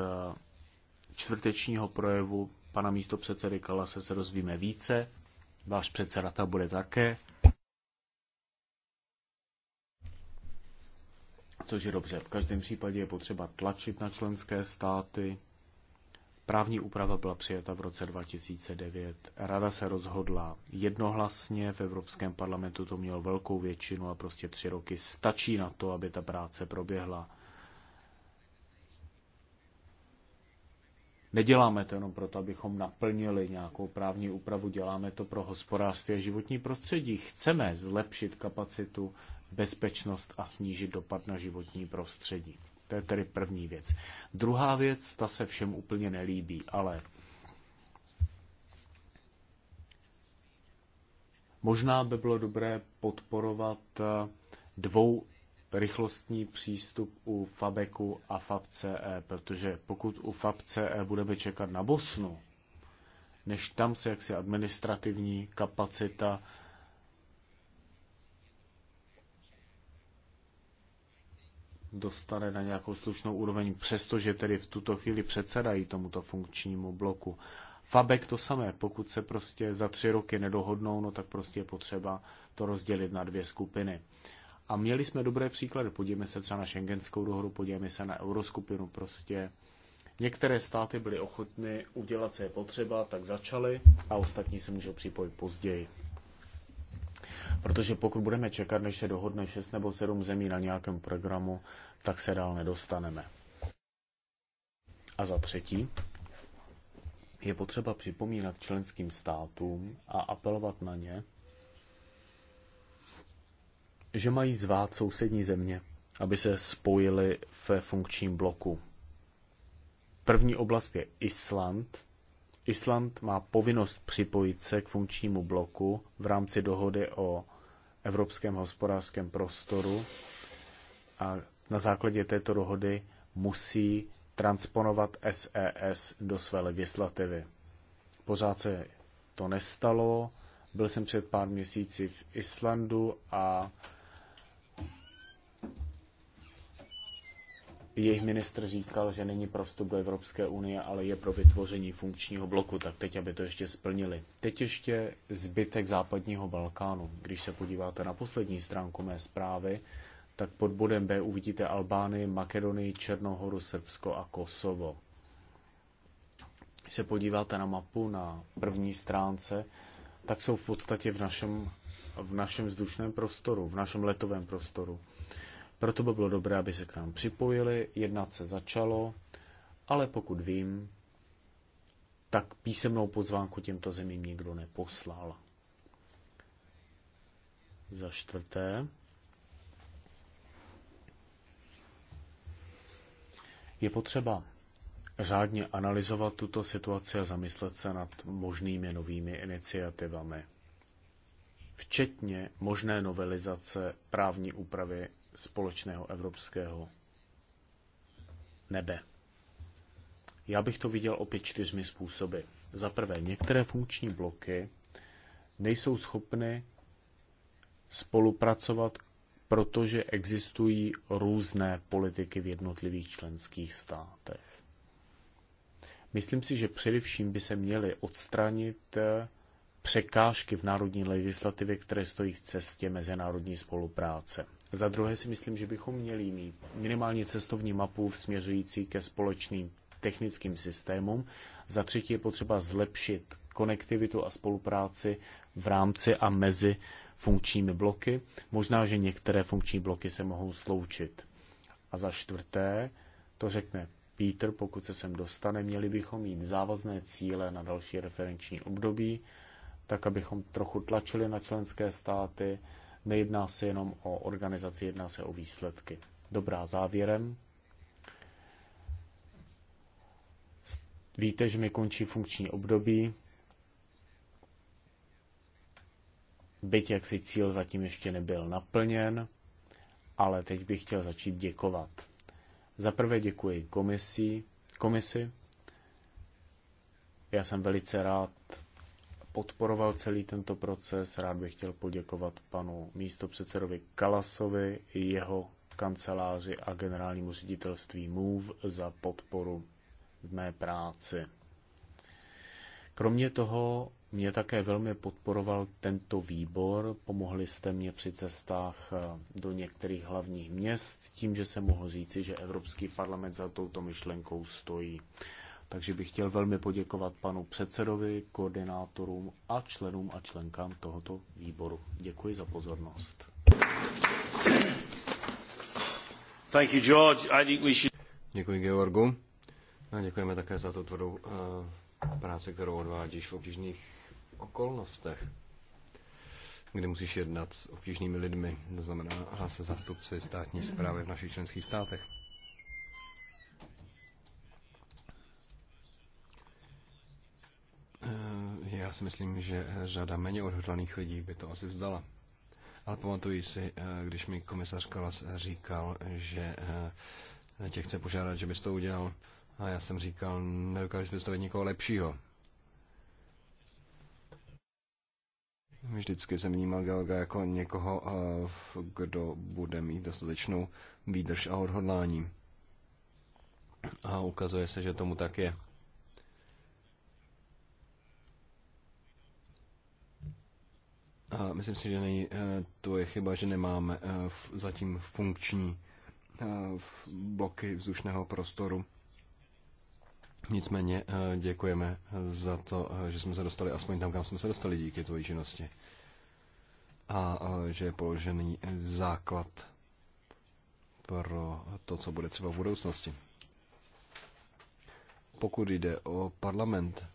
čtvrtečního projevu pana předsedy Kalase se rozvíme více. Váš předseda ta bude také. Což je dobře. V každém případě je potřeba tlačit na členské státy, Právní úprava byla přijata v roce 2009. Rada se rozhodla jednohlasně, v Evropském parlamentu to mělo velkou většinu a prostě tři roky stačí na to, aby ta práce proběhla. Neděláme to jenom proto, abychom naplnili nějakou právní úpravu, děláme to pro hospodářství a životní prostředí. Chceme zlepšit kapacitu, bezpečnost a snížit dopad na životní prostředí. To je tedy první věc. Druhá věc, ta se všem úplně nelíbí, ale možná by bylo dobré podporovat eh, dvou rychlostní přístup u Fabeku a FabCE, protože pokud u FabCE budeme čekat na Bosnu, než tam se jaksi administrativní kapacita dostane na nějakou slušnou úroveň, přestože tedy v tuto chvíli předsedají tomuto funkčnímu bloku. Fabek to samé, pokud se prostě za tři roky nedohodnou, no tak prostě je potřeba to rozdělit na dvě skupiny. A měli jsme dobré příklady, podívejme se třeba na šengenskou dohodu, podívejme se na euroskupinu, prostě některé státy byly ochotny udělat, co je potřeba, tak začaly a ostatní se můžou připojit později. Protože pokud budeme čekat, než se dohodne 6 nebo 7 zemí na nějakém programu, tak se dál nedostaneme. A za třetí, je potřeba připomínat členským státům a apelovat na ně, že mají zvát sousední země, aby se spojili ve funkčním bloku. První oblast je Island, Island má povinnost připojit se k funkčnímu bloku v rámci dohody o evropském hospodářském prostoru a na základě této dohody musí transponovat SES e do své legislativy. Pořád se to nestalo. Byl jsem před pár měsíci v Islandu a jejich ministr říkal, že není pro vstup do Evropské unie, ale je pro vytvoření funkčního bloku, tak teď, aby to ještě splnili. Teď ještě zbytek západního Balkánu. Když se podíváte na poslední stránku mé zprávy, tak pod bodem B uvidíte Albánii, Makedonii, Černohoru, Srbsko a Kosovo. Když se podíváte na mapu na první stránce, tak jsou v podstatě v našem, v našem vzdušném prostoru, v našem letovém prostoru. Proto by bylo dobré, aby se k nám připojili, jednat se začalo, ale pokud vím, tak písemnou pozvánku těmto zemím nikdo neposlal. Za čtvrté, je potřeba řádně analyzovat tuto situaci a zamyslet se nad možnými novými iniciativami, včetně možné novelizace právní úpravy společného evropského nebe. Já bych to viděl opět čtyřmi způsoby. Za prvé, některé funkční bloky nejsou schopny spolupracovat, protože existují různé politiky v jednotlivých členských státech. Myslím si, že především by se měly odstranit eh, překážky v národní legislativě, které stojí v cestě mezinárodní spolupráce. Za druhé si myslím, že bychom měli mít minimálně cestovní mapu směřující ke společným technickým systémům. Za třetí je potřeba zlepšit konektivitu a spolupráci v rámci a mezi funkčními bloky. Možná, že některé funkční bloky se mohou sloučit. A za čtvrté, to řekne Peter, pokud se sem dostane, měli bychom mít závazné cíle na další referenční období, tak abychom trochu tlačili na členské státy, Nejedná se jenom o organizaci, jedná se o výsledky. Dobrá, závěrem. Víte, že mi končí funkční období. Byť jaksi cíl zatím ještě nebyl naplněn, ale teď bych chtěl začít děkovat. Za prvé děkuji komisi, komisi. Já jsem velice rád, podporoval celý tento proces. Rád bych chtěl poděkovat panu místopředsedovi Kalasovi, jeho kanceláři a generálnímu ředitelství MOVE za podporu v mé práci. Kromě toho mě také velmi podporoval tento výbor. Pomohli jste mě při cestách eh, do některých hlavních měst tím, že se mohl říci, že Evropský parlament za touto myšlenkou stojí. Takže bych chtěl velmi poděkovat panu předsedovi, koordinátorům a členům a členkám tohoto výboru. Děkuji za pozornost. Thank you, George. I think we should...
Děkuji, Georgu. A děkujeme také za tu tvrdou uh, práci, kterou odvádíš v obtížných okolnostech, kdy musíš jednat s obtížnými lidmi, to znamená se zastupci státní zprávy v našich členských státech. si myslím, že řada méně odhodlaných lidí by to asi vzdala. Ale pamatuji si, eh, když mi komisař Kalas říkal, že eh, tě chce požádat, že bys to udělal. A já jsem říkal, nedokážeš představit někoho lepšího. Vždycky jsem vnímal Georga jako někoho, eh, kdo bude mít dostatečnou výdrž a odhodlání. A ukazuje se, že tomu tak je. A myslím si, že nej, eh, to je chyba, že nemáme eh, zatím funkční eh, bloky vzdušného prostoru. Nicméně děkujeme za to, že jsme se dostali aspoň tam, kam jsme se dostali díky tvojí činnosti. A že je položený základ pro to, co bude třeba v budoucnosti. Pokud jde o parlament,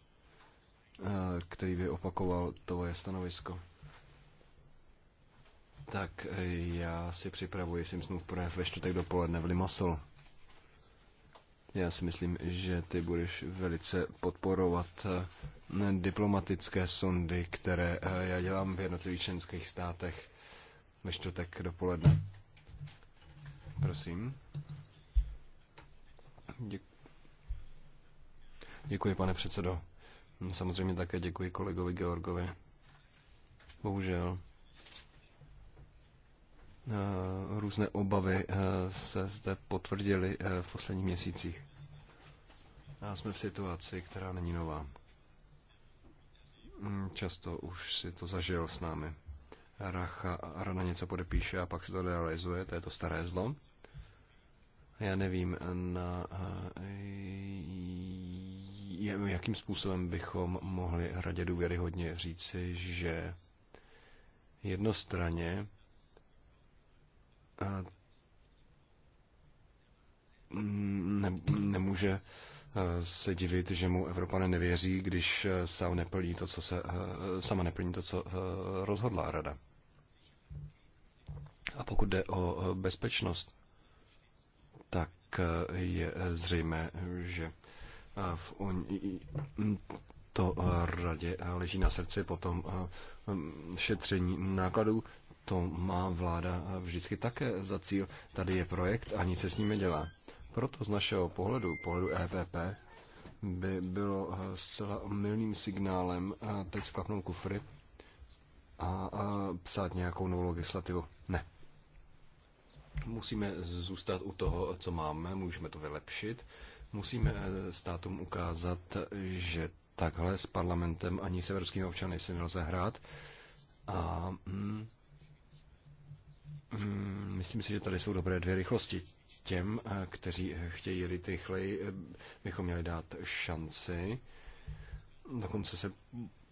který by opakoval tvoje stanovisko, tak eh, já si připravuji Simpsonův projev ve čtvrtek dopoledne v Limasol. Já si myslím, že ty budeš velice podporovat eh, diplomatické sondy, které eh, já dělám v jednotlivých členských státech ve čtvrtek dopoledne. Prosím. Děkuji. Děkuji, pane předsedo. Samozřejmě také děkuji kolegovi Georgovi. Bohužel Eh, různé obavy eh, se zde potvrdily eh, v posledních měsících. A jsme v situaci, která není nová. Mm, často už si to zažil s námi. Racha, rana něco podepíše a pak se to realizuje, to je to staré zlo. Já nevím, na, jakým způsobem bychom mohli radě hodně říci, že jednostranně Mm, ne, nemůže se divit, že mu Evropané nevěří, když sám neplní to, co se, sama neplní to, co rozhodla rada. A pokud jde o bezpečnost, tak je zřejmé, že v to radě leží na srdci potom šetření nákladů to má vláda vždycky také za cíl. Tady je projekt a nic se s ním nedělá. Proto z našeho pohledu, pohledu EVP, by bylo eh, zcela milným signálem eh, teď sklapnout kufry a, psát nějakou novou legislativu. Ne. Musíme zůstat u toho, co máme, můžeme to vylepšit. Musíme eh, státům ukázat, že takhle s parlamentem ani s evropskými občany si nelze hrát. A mm, Mm, myslím si, že tady jsou dobré dvě rychlosti. Těm, eh, kteří eh, chtějí jít rychleji, eh, bychom měli dát šanci. Dokonce se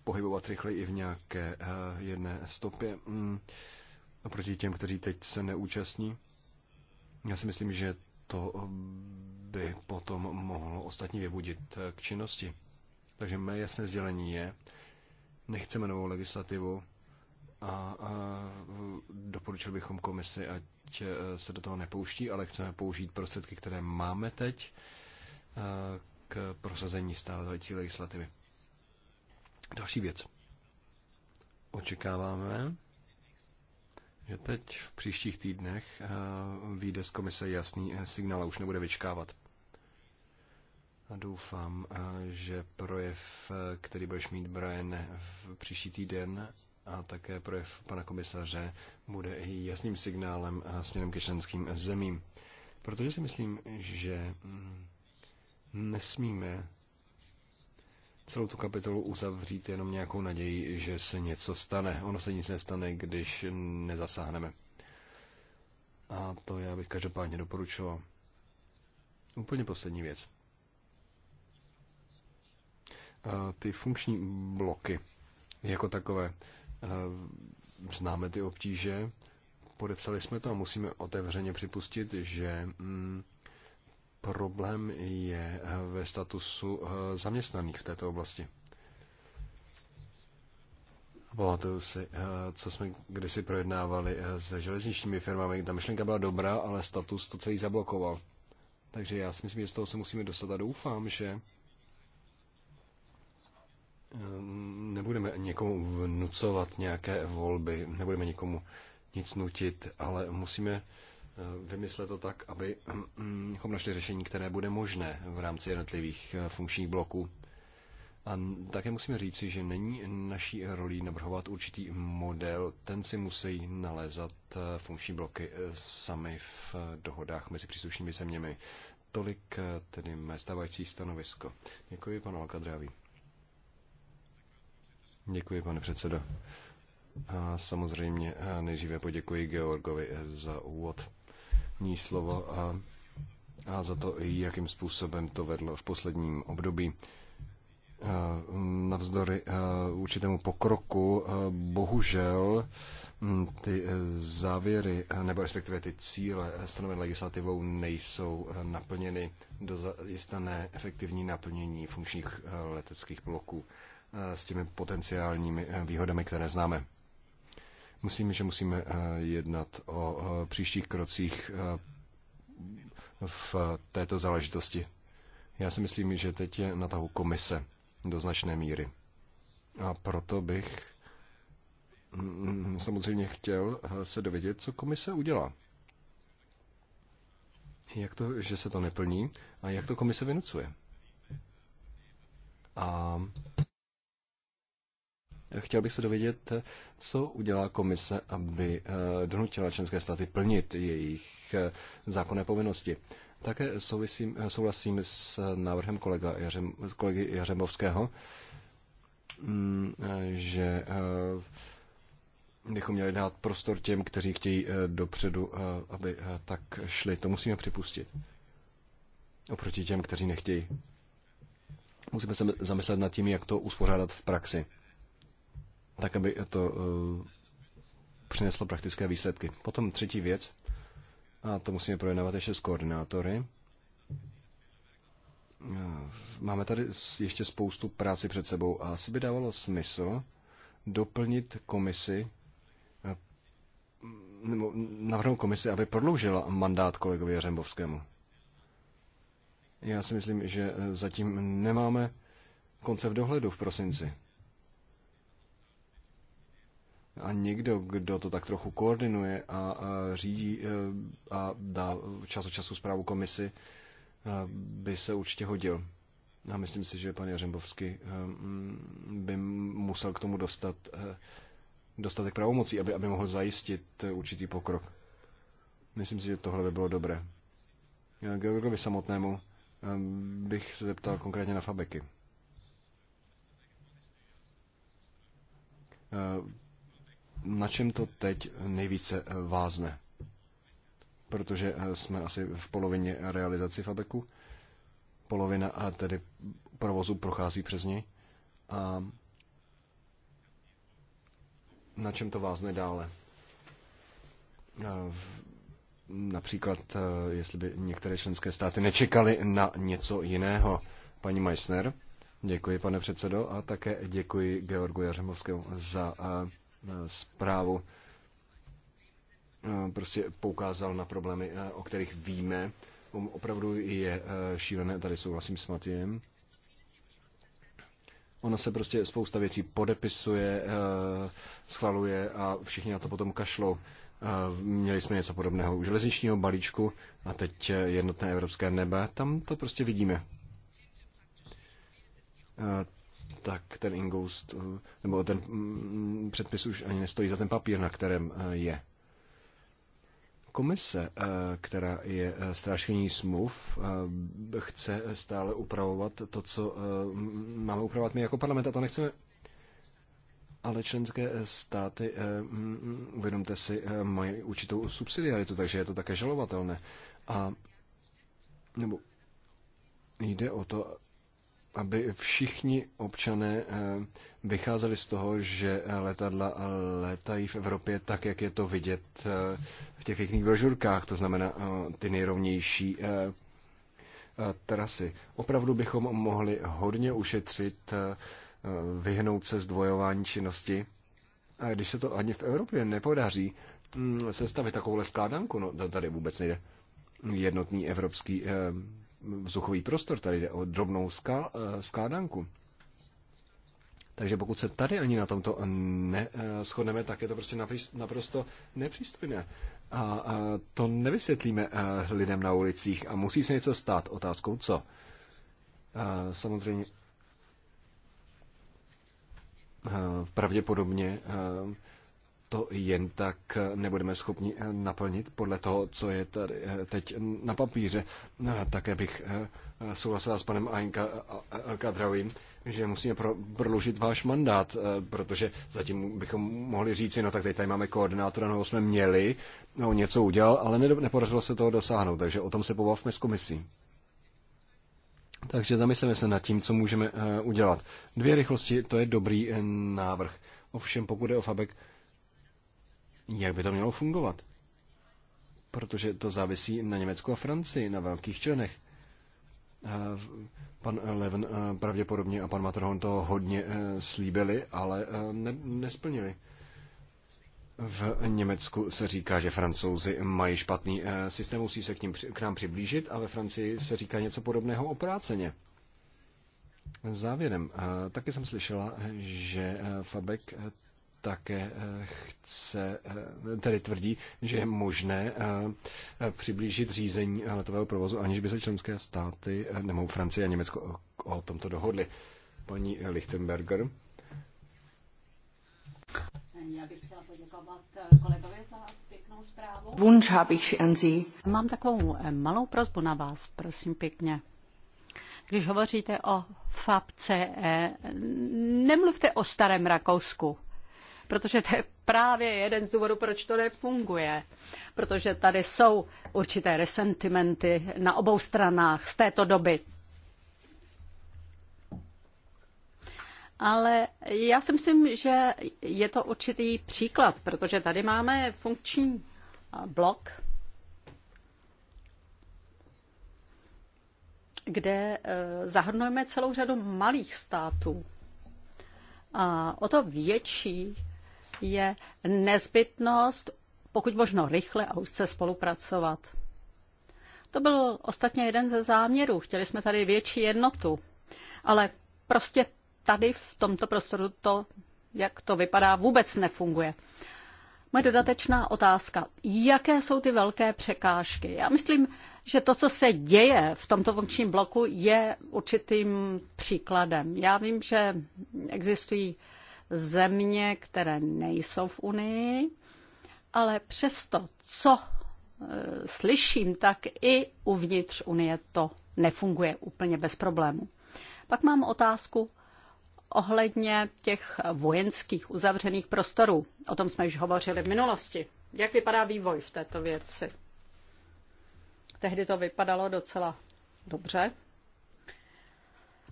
pohybovat rychleji i v nějaké jedné stopě. Mm, oproti těm, kteří teď se neúčastní. Já si myslím, že to by potom mohlo ostatní vybudit k činnosti. Takže mé jasné sdělení je, nechceme novou legislativu, a, doporučil bychom komisi, ať e, se do toho nepouští, ale chceme použít prostředky, které máme teď e, k prosazení stávající legislativy. Další věc. Očekáváme, že teď v příštích týdnech e, vyjde z komise jasný signál a už nebude vyčkávat. A doufám, že projev, který budeš mít, Brian, v příští týden a také projev pana komisaře bude i jasným signálem eh, směrem ke členským zemím. Protože si myslím, že mm, nesmíme celou tu kapitolu uzavřít jenom nějakou naději, že se něco stane. Ono se nic nestane, když nezasáhneme. A to já bych každopádně doporučoval. Úplně poslední věc. Eh, ty funkční bloky jako takové. Eh, známe ty obtíže, podepsali jsme to a musíme otevřeně připustit, že mm, problém je eh, ve statusu eh, zaměstnaných v této oblasti. Pamatuju si, co jsme kdysi projednávali se železničními firmami. Ta myšlenka byla dobrá, ale status to celý zablokoval. Takže já si myslím, že z toho se musíme dostat a doufám, že Ehm, nebudeme někomu vnucovat nějaké volby, nebudeme někomu nic nutit, ale musíme eh, vymyslet to tak, ehm, abychom našli řešení, které bude možné v rámci jednotlivých eh, funkčních bloků. A také musíme říci, že není naší rolí navrhovat určitý model, ten si musí nalézat eh, funkční bloky sami v dohodách mezi příslušnými zeměmi. Tolik tedy mé stávající stanovisko. Děkuji panu Alkadrávi. Děkuji, pane předsedo. A samozřejmě nejdříve poděkuji Georgovi za úvod ní slovo a, a za to, jakým způsobem to vedlo v posledním období. Navzdory určitému pokroku, bohužel ty závěry, nebo respektive ty cíle stanovené legislativou nejsou naplněny do zajistané efektivní naplnění funkčních leteckých bloků s těmi potenciálními eh, výhodami, které známe. Myslím, že musíme eh, jednat o eh, příštích krocích v této záležitosti. Já si myslím, že teď je na tahu komise do značné míry. A proto bych mm, samozřejmě chtěl se dovědět, co komise udělá. Jak to, že se to neplní a jak to komise vynucuje. A Chtěl bych se dovědět, co udělá komise, aby eh, donutila členské státy plnit jejich eh, zákonné povinnosti. Také souvisím, eh, souhlasím s návrhem kolega Jařem, kolegy Jařemovského, mm, že bychom měli dát prostor těm, kteří chtějí dopředu, aby tak šli. To musíme připustit. Oproti těm, kteří nechtějí. Musíme se zamyslet nad tím, jak to uspořádat v praxi tak aby to eh, přineslo praktické výsledky. Potom třetí věc, a to musíme projednávat ještě s koordinátory. Eh, máme tady ještě spoustu práci před sebou a asi by dávalo smysl doplnit komisi, eh, nebo navrhnout komisi, aby prodloužila mandát kolegovi Jařembovskému. Já si myslím, že zatím nemáme konce v dohledu v prosinci a někdo, kdo to tak trochu koordinuje a, a řídí e, a dá čas od času zprávu komisi, e, by se určitě hodil. A myslím si, že pan Jařembovský e, by musel k tomu dostat dostatek pravomocí, aby, aby mohl zajistit určitý pokrok. Myslím si, že tohle by bylo dobré. Georgovi samotnému bych se zeptal konkrétně na Fabeky na čem to teď nejvíce eh, vázne? Protože eh, jsme asi v polovině realizaci Fabeku, polovina a eh, tedy provozu prochází přes něj. A na čem to vázne dále? Například, jestli by některé členské státy nečekaly na něco jiného. Paní Meissner, děkuji, pane předsedo, a také děkuji Georgu Jařemovskému za zprávu, eh, prostě poukázal na problémy, eh, o kterých víme. Opravdu je eh, šílené, tady souhlasím s Matějem. Ono se prostě spousta věcí podepisuje, schvaluje a všichni na to potom kašlou. Měli jsme něco podobného u železničního balíčku a teď jednotné evropské nebe. Tam to prostě vidíme tak ten ingoust, eh, nebo ten mm, předpis už ani nestojí za ten papír, na kterém eh, je. Komise, eh, která je strážkyní smluv, chce stále upravovat to, co máme upravovat my jako parlament, a to nechceme. Ale členské státy, uvědomte si, mají určitou subsidiaritu, takže je to také žalovatelné. A nebo jde o to, aby všichni občané eh, vycházeli z toho, že eh, letadla eh, létají v Evropě tak, jak je to vidět v těch pěkných brožurkách, to znamená ty nejrovnější trasy. Opravdu bychom mohli hodně ušetřit, vyhnout se zdvojování činnosti. A když se to ani v Evropě nepodaří hm, sestavit takovouhle skládanku, no to tady vůbec nejde jednotný evropský vzduchový prostor, tady jde o drobnou eh, skládanku. Takže pokud se tady ani na tomto neschodneme, eh, tak je to prostě naprosto nepřístupné. A to nevysvětlíme eh, lidem na ulicích a musí se něco stát. Otázkou co? Samozřejmě pravděpodobně to jen tak nebudeme schopni eh, naplnit podle toho, co je tady eh, teď na papíře. No, také bych eh, souhlasila s panem Ainka Alcadravým, že musíme pro, prodloužit váš mandát, protože zatím bychom mohli říci, no tak teď tady máme koordinátora, no jsme měli, no něco udělal, ale nepodařilo se toho dosáhnout, takže o tom se pobavme s komisí. Takže zamysleme se nad tím, co můžeme udělat. Dvě rychlosti, to je dobrý návrh. Ovšem, pokud je o Fabek, jak by to mělo fungovat. Protože to závisí na Německu a Francii, na velkých členech. Eh, pan Levin eh, pravděpodobně a pan Matrhon to hodně eh, slíbili, ale ne, nesplnili. V Německu se říká, že francouzi mají špatný systém, musí se k, ním, k nám přiblížit a ve Francii se říká něco podobného o práceně. Závěrem, taky jsem slyšela, že Fabek také eh, chce, eh, tedy tvrdí, že je možné eh, přiblížit řízení letového provozu, aniž by se členské státy, nebo Francie a Německo o tomto dohodli. Paní Lichtenberger.
Já bych chtěla poděkovat kolegovi za pěknou zprávu. Mám takovou malou prozbu na vás, prosím pěkně. Když hovoříte o FAPCE, nemluvte o starém Rakousku protože to je právě jeden z důvodů, proč to nefunguje. Protože tady jsou určité resentimenty na obou stranách z této doby. Ale já si myslím, že je to určitý příklad, protože tady máme funkční blok, kde eh, zahrnujeme celou řadu malých států. A o to větší je nezbytnost pokud možno rychle a úzce spolupracovat. To byl ostatně jeden ze záměrů. Chtěli jsme tady větší jednotu, ale prostě tady v tomto prostoru to, jak to vypadá, vůbec nefunguje. Moje dodatečná otázka. Jaké jsou ty velké překážky? Já myslím, že to, co se děje v tomto funkčním bloku, je určitým příkladem. Já vím, že existují země, které nejsou v Unii, ale přesto, co e, slyším, tak i uvnitř Unie to nefunguje úplně bez problému. Pak mám otázku ohledně těch vojenských uzavřených prostorů. O tom jsme již hovořili v minulosti. Jak vypadá vývoj v této věci? Tehdy to vypadalo docela dobře.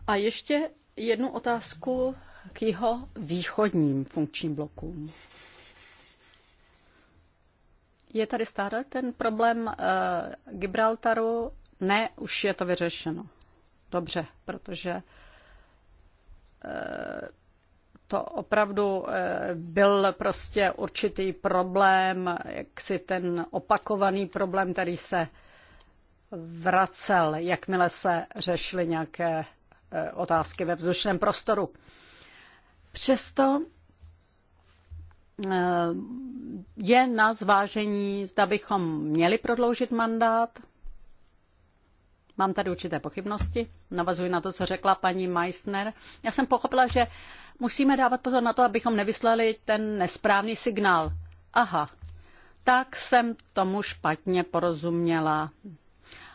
A ještě jednu otázku k jeho východním funkčním blokům. Je tady stále ten problém uh, Gibraltaru? Ne, už je to vyřešeno. Dobře, protože eh, to opravdu eh, byl prostě určitý problém, jaksi ten opakovaný problém, který se vracel, jakmile se řešily nějaké Eh, otázky ve vzdušném prostoru. Přesto eh, je na zvážení, zda bychom měli prodloužit mandát. Mám tady určité pochybnosti. Navazuji na to, co řekla paní Meissner. Já jsem pochopila, že musíme dávat pozor na to, abychom nevyslali ten nesprávný signál. Aha, tak jsem tomu špatně porozuměla.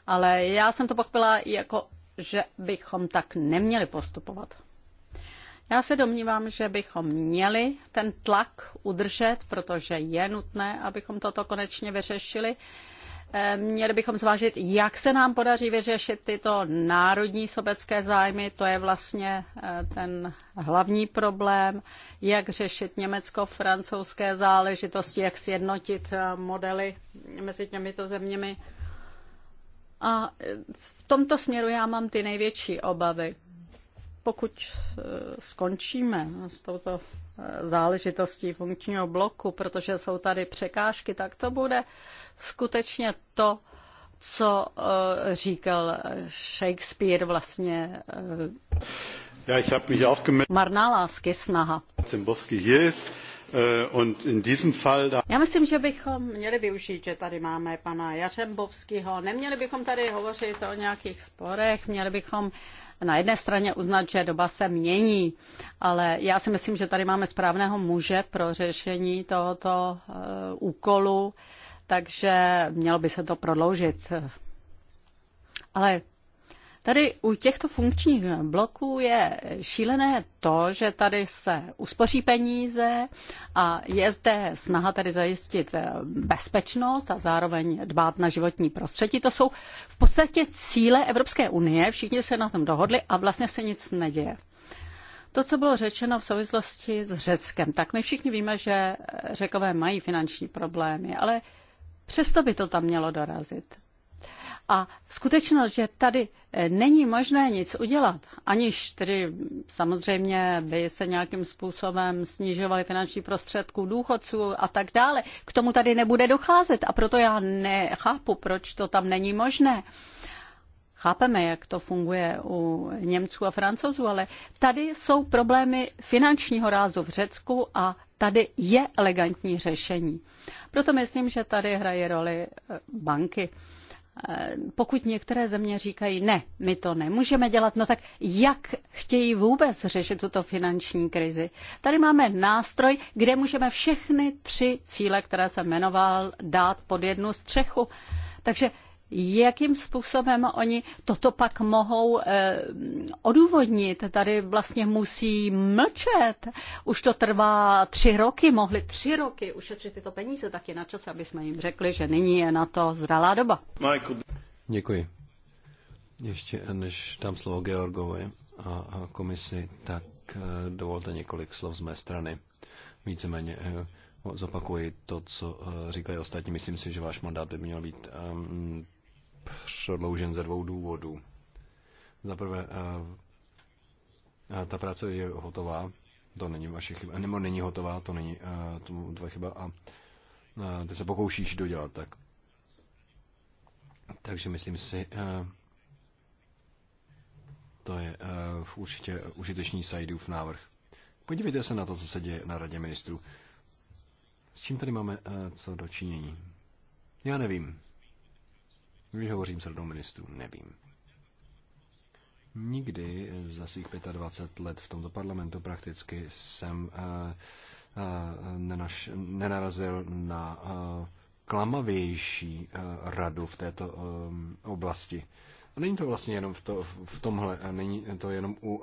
Ale já jsem to pochopila jako že bychom tak neměli postupovat. Já se domnívám, že bychom měli ten tlak udržet, protože je nutné, abychom toto konečně vyřešili. Eh, měli bychom zvážit, jak se nám podaří vyřešit tyto národní sobecké zájmy. To je vlastně eh, ten hlavní problém, jak řešit německo-francouzské záležitosti, jak sjednotit eh, modely mezi těmito zeměmi. A e, v tomto směru já mám ty největší obavy. Pokud e, skončíme s touto e, záležitostí funkčního bloku, protože jsou tady překážky, tak to bude skutečně to, co říkal Shakespeare vlastně. Marná lásky snaha.
Eh, já
myslím, že bychom měli využít, že tady máme pana Jařembovského. Neměli bychom tady hovořit o nějakých sporech, měli bychom na jedné straně uznat, že doba se mění, ale já si myslím, že tady máme správného muže pro řešení tohoto eh, úkolu, takže mělo by se to prodloužit. Ale Tady u těchto funkčních bloků je šílené to, že tady se uspoří peníze a je zde snaha tady zajistit eh, bezpečnost a zároveň dbát na životní prostředí. To jsou v podstatě cíle Evropské unie, všichni se na tom dohodli a vlastně se nic neděje. To, co bylo řečeno v souvislosti s Řeckem, tak my všichni víme, že Řekové mají finanční problémy, ale přesto by to tam mělo dorazit. A skutečnost, že tady eh, není možné nic udělat, aniž tedy samozřejmě by se nějakým způsobem snižovaly finanční prostředků důchodců a tak dále, k tomu tady nebude docházet a proto já nechápu, proč to tam není možné. Chápeme, jak to funguje u Němců a Francouzů, ale tady jsou problémy finančního rázu v Řecku a tady je elegantní řešení. Proto myslím, že tady hraje roli eh, banky. Eh, pokud některé země říkají, ne, my to nemůžeme dělat, no tak jak chtějí vůbec řešit tuto finanční krizi? Tady máme nástroj, kde můžeme všechny tři cíle, které jsem jmenoval, dát pod jednu střechu. Takže jakým způsobem oni toto pak mohou eh, odůvodnit. Tady vlastně musí mlčet. Už to trvá tři roky, mohli tři roky ušetřit tyto peníze, tak je na čas, aby jsme jim řekli, že nyní je na to zralá doba. Michael.
Děkuji. Ještě než dám slovo Georgovi a komisi, tak eh, dovolte několik slov z mé strany. Víceméně eh, zopakuji to, co říkali ostatní. Myslím si, že váš mandát by měl být ehm, prodloužen ze dvou důvodů. Za prvé, eh, eh, ta práce je hotová, to není vaše chyba, nebo není hotová, to není uh, tvoje chyba a ty se pokoušíš dodělat tak. Takže myslím si, to je určitě užitečný v návrh. Podívejte se na to, co se děje na radě ministrů. S čím tady máme co dočinění? Já nevím. Když hovořím s radou ministrů, nevím. Nikdy za svých 25 let v tomto parlamentu prakticky jsem eh, eh, nenaš, nenarazil na eh, klamavější radu v této oblasti. A není to vlastně jenom v, to, v tomhle, a není to jenom u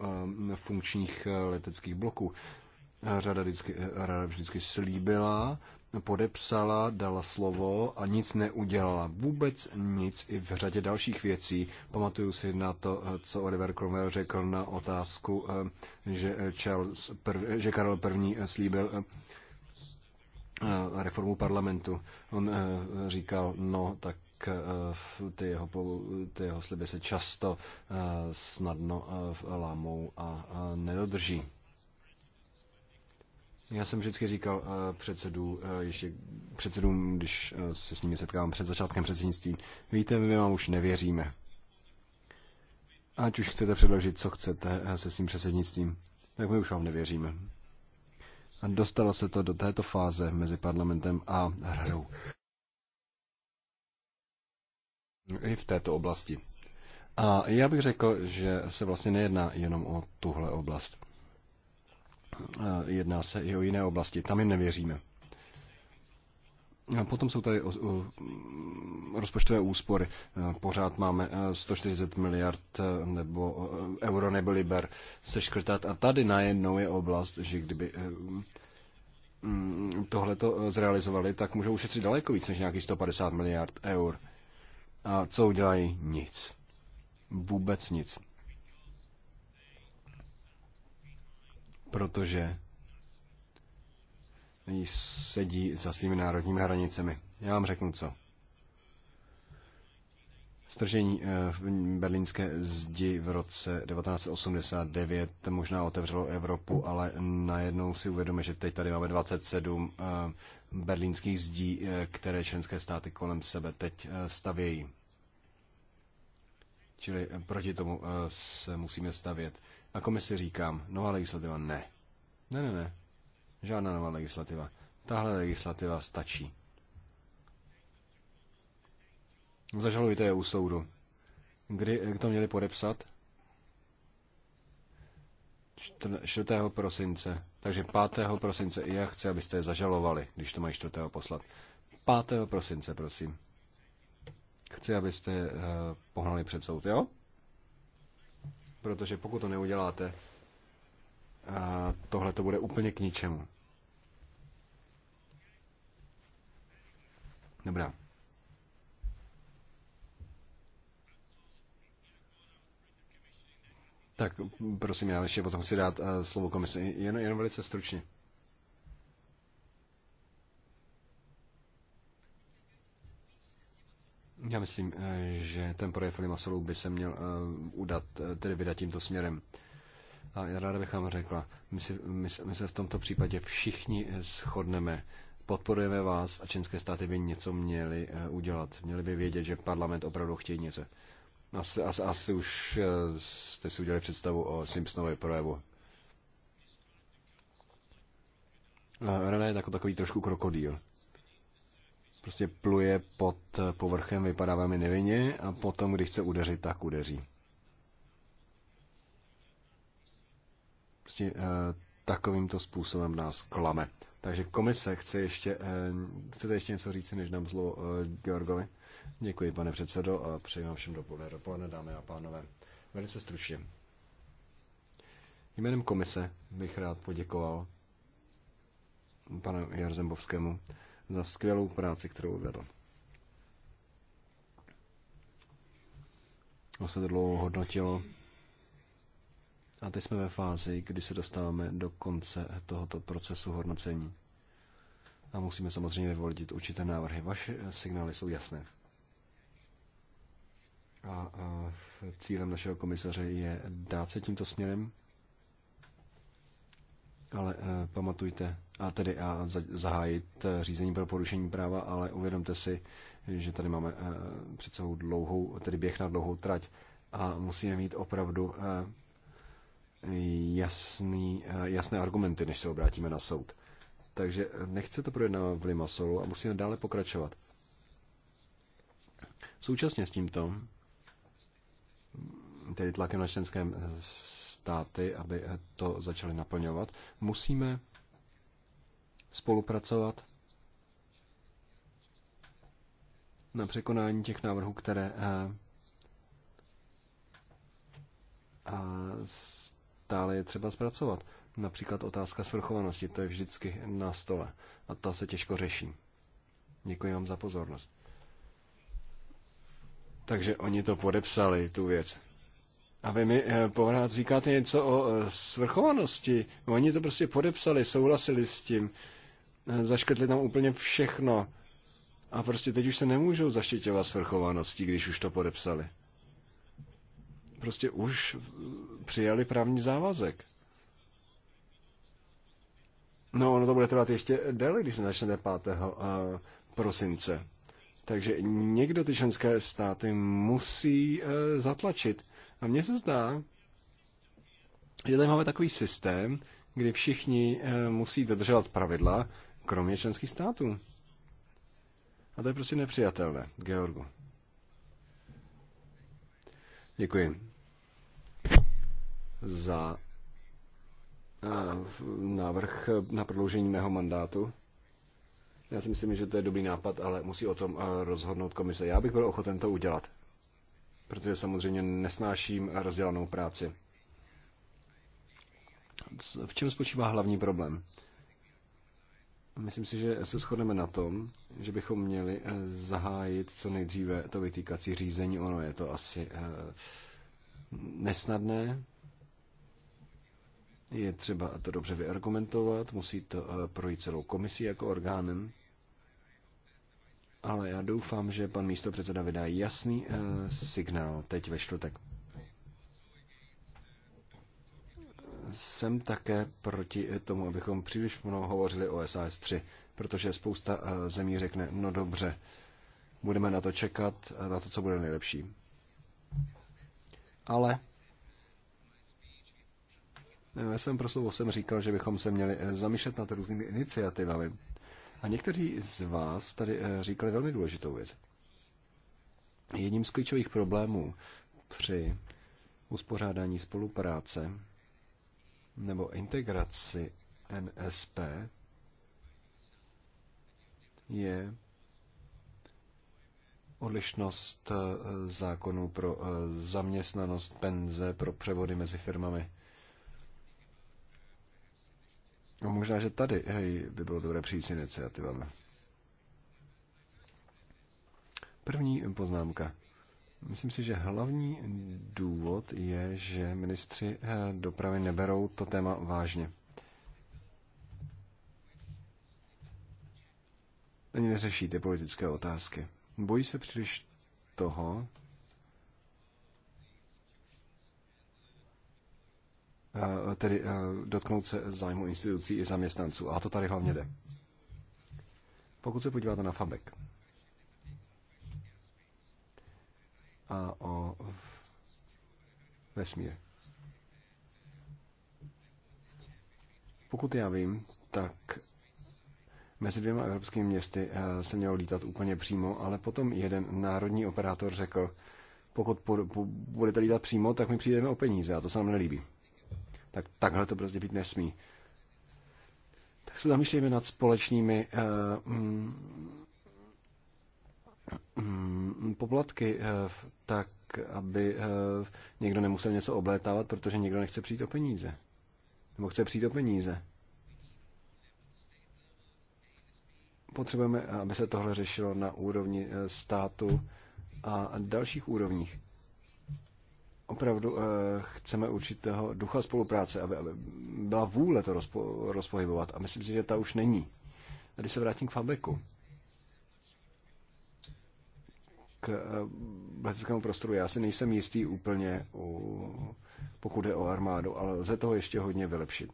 funkčních leteckých bloků. Řada vždycky, rada vždycky slíbila, podepsala, dala slovo a nic neudělala. Vůbec nic i v řadě dalších věcí. Pamatuju si na to, co Oliver Cromwell řekl na otázku, eh, že, eh, Charles, že Karel I. Eh, slíbil reformu parlamentu. On říkal, no tak ty jeho, ty jeho sliby se často snadno lámou a nedodrží. Já jsem vždycky říkal uh, ještě předsedům, když eh, se s nimi setkávám před začátkem předsednictví, víte, my vám už nevěříme. Ať už chcete předložit, co chcete se s tím předsednictvím, tak my už vám nevěříme. A dostalo se to do této fáze mezi parlamentem a radou. I v této oblasti. A já bych řekl, že se vlastně nejedná jenom o tuhle oblast jedná se i o jiné oblasti. Tam jim nevěříme. Potom jsou tady rozpočtové úspory. Pořád máme 140 e, miliard e, nebo e, euro nebo liber seškrtat a tady najednou je oblast, že kdyby mm, tohle to zrealizovali, tak můžou ušetřit daleko víc než nějakých 150 miliard eur. A co udělají? Nic. Vůbec nic. protože sedí za svými národními hranicemi. Já vám řeknu co. Stržení eh, berlínské zdi v roce 1989 možná otevřelo Evropu, ale najednou si uvědomíme, že teď tady máme 27 eh, berlínských zdí, eh, které členské státy kolem sebe teď stavějí. Čili proti tomu se musíme stavět. A komisi říkám, nová legislativa ne. Ne, ne, ne. Žádná nová legislativa. Tahle legislativa stačí. Zažalujte je u soudu. Kdy to měli podepsat? 4. prosince. Takže 5. prosince i já chci, abyste je zažalovali, když to mají 4. poslat. 5. prosince, prosím. Chci, abyste uh, pohnali před soud, jo? Protože pokud to neuděláte, tohle to bude úplně k ničemu. Dobrá. Tak prosím, já ještě potom chci dát eh, slovo komisi. Jen, jenom velice stručně. Já myslím, eh, že ten projev Limasolů by se měl eh, udat, eh, tedy vydat tímto směrem. A já ráda bych vám řekla, my, si, my, my se v tomto případě všichni shodneme, podporujeme vás a české státy by něco měly udělat. Měli by vědět, že parlament opravdu chtějí něco. Asi, asi, asi už jste si udělali představu o Simpsonově projevu. René je jako takový trošku krokodýl prostě pluje pod eh, povrchem, vypadá velmi nevinně a potom, když chce udeřit, tak udeří. Prostě eh, takovýmto způsobem nás klame. Takže komise chce ještě, eh, chcete ještě něco říct, než nám zlo Georgovi? Děkuji, pane předsedo, a přeji vám všem dopoledne, dopoledne, dámy a pánové. Velice stručně. Jménem komise bych rád poděkoval panu Jarzembovskému za skvělou práci, kterou vedl. To se to dlouho hodnotilo. A teď jsme ve fázi, kdy se dostáváme do konce tohoto procesu hodnocení. A musíme samozřejmě vyvolit určité návrhy. Vaše signály jsou jasné. A, a cílem našeho komisaře je dát se tímto směrem ale eh, pamatujte, a tedy a zahájit eh, řízení pro porušení práva, ale uvědomte si, že tady máme eh, před sebou dlouhou, tedy běh na dlouhou trať a musíme mít opravdu jasný, jasné argumenty, než se obrátíme na soud. Takže nechce to projednávat v Limasolu a musíme dále pokračovat. Současně s tímto, tedy tlakem na členské státy, aby to začaly naplňovat. Musíme spolupracovat na překonání těch návrhů, které eh, eh, stále je třeba zpracovat. Například otázka svrchovanosti, to je vždycky na stole a ta se těžko řeší. Děkuji vám za pozornost. Takže oni to podepsali, tu věc. A vy mi eh, pořád říkáte něco o eh, svrchovanosti. Oni to prostě podepsali, souhlasili s tím, eh, zaškrtli tam úplně všechno. A prostě teď už se nemůžou zaštiťovat svrchovaností, když už to podepsali. Prostě už přijali právní závazek. No, ono to bude trvat ještě déle, když začnete 5. prosince. Takže někdo ty členské státy musí zatlačit a mně se zdá, že tady máme takový systém, kdy všichni eh, musí dodržovat pravidla, kromě členských států. A to je prostě nepřijatelné, Georgu. Děkuji za eh, návrh na prodloužení mého mandátu. Já si myslím, že to je dobrý nápad, ale musí o tom eh, rozhodnout komise. Já bych byl ochoten to udělat protože samozřejmě nesnáším rozdělanou práci. V čem spočívá hlavní problém? Myslím si, že se shodneme na tom, že bychom měli eh, zahájit co nejdříve to vytýkací řízení. Ono je to asi eh, nesnadné. Je třeba to dobře vyargumentovat, musí to eh, projít celou komisí jako orgánem ale já doufám, že pan místo předseda vydá jasný uh, signál teď ve čtvrtek. Jsem také proti tomu, abychom příliš mnoho hovořili o SAS 3, protože spousta uh, zemí řekne, no dobře, budeme na to čekat, eh, na to, co bude nejlepší. Ale já jsem pro slovo, jsem říkal, že bychom se měli zamýšlet nad různými iniciativami a někteří z vás tady eh, říkali velmi důležitou věc. Jedním z klíčových problémů při uspořádání spolupráce nebo integraci NSP je odlišnost eh, zákonů pro eh, zaměstnanost, penze, pro převody mezi firmami. No možná, že tady hej, by bylo dobré přijít s iniciativami. První poznámka. Myslím si, že hlavní důvod je, že ministři eh, dopravy neberou to téma vážně. Ani neřeší ty politické otázky. Bojí se příliš toho, Eh, tedy eh, dotknout se zájmu institucí i zaměstnanců. A to tady hlavně jde. Pokud se podíváte na FABEC a o vesmír. Pokud já vím, tak mezi dvěma evropskými městy eh, se mělo lítat úplně přímo, ale potom jeden národní operátor řekl, pokud budete lítat přímo, tak mi přijdeme o peníze a to se nám nelíbí tak takhle to prostě být nesmí. Tak se zamýšlejme nad společnými uh, mm, mm, poplatky, uh, tak aby uh, někdo nemusel něco oblétávat, protože někdo nechce přijít o peníze. Nebo chce přijít o peníze. Potřebujeme, aby se tohle řešilo na úrovni státu a dalších úrovních opravdu eh, chceme určitého ducha spolupráce, aby, aby byla vůle to rozpo, rozpohybovat. A myslím si, že ta už není. Tady se vrátím k Fabeku. K eh, leteckému prostoru. Já si nejsem jistý úplně, u, pokud je o armádu, ale lze toho ještě hodně vylepšit.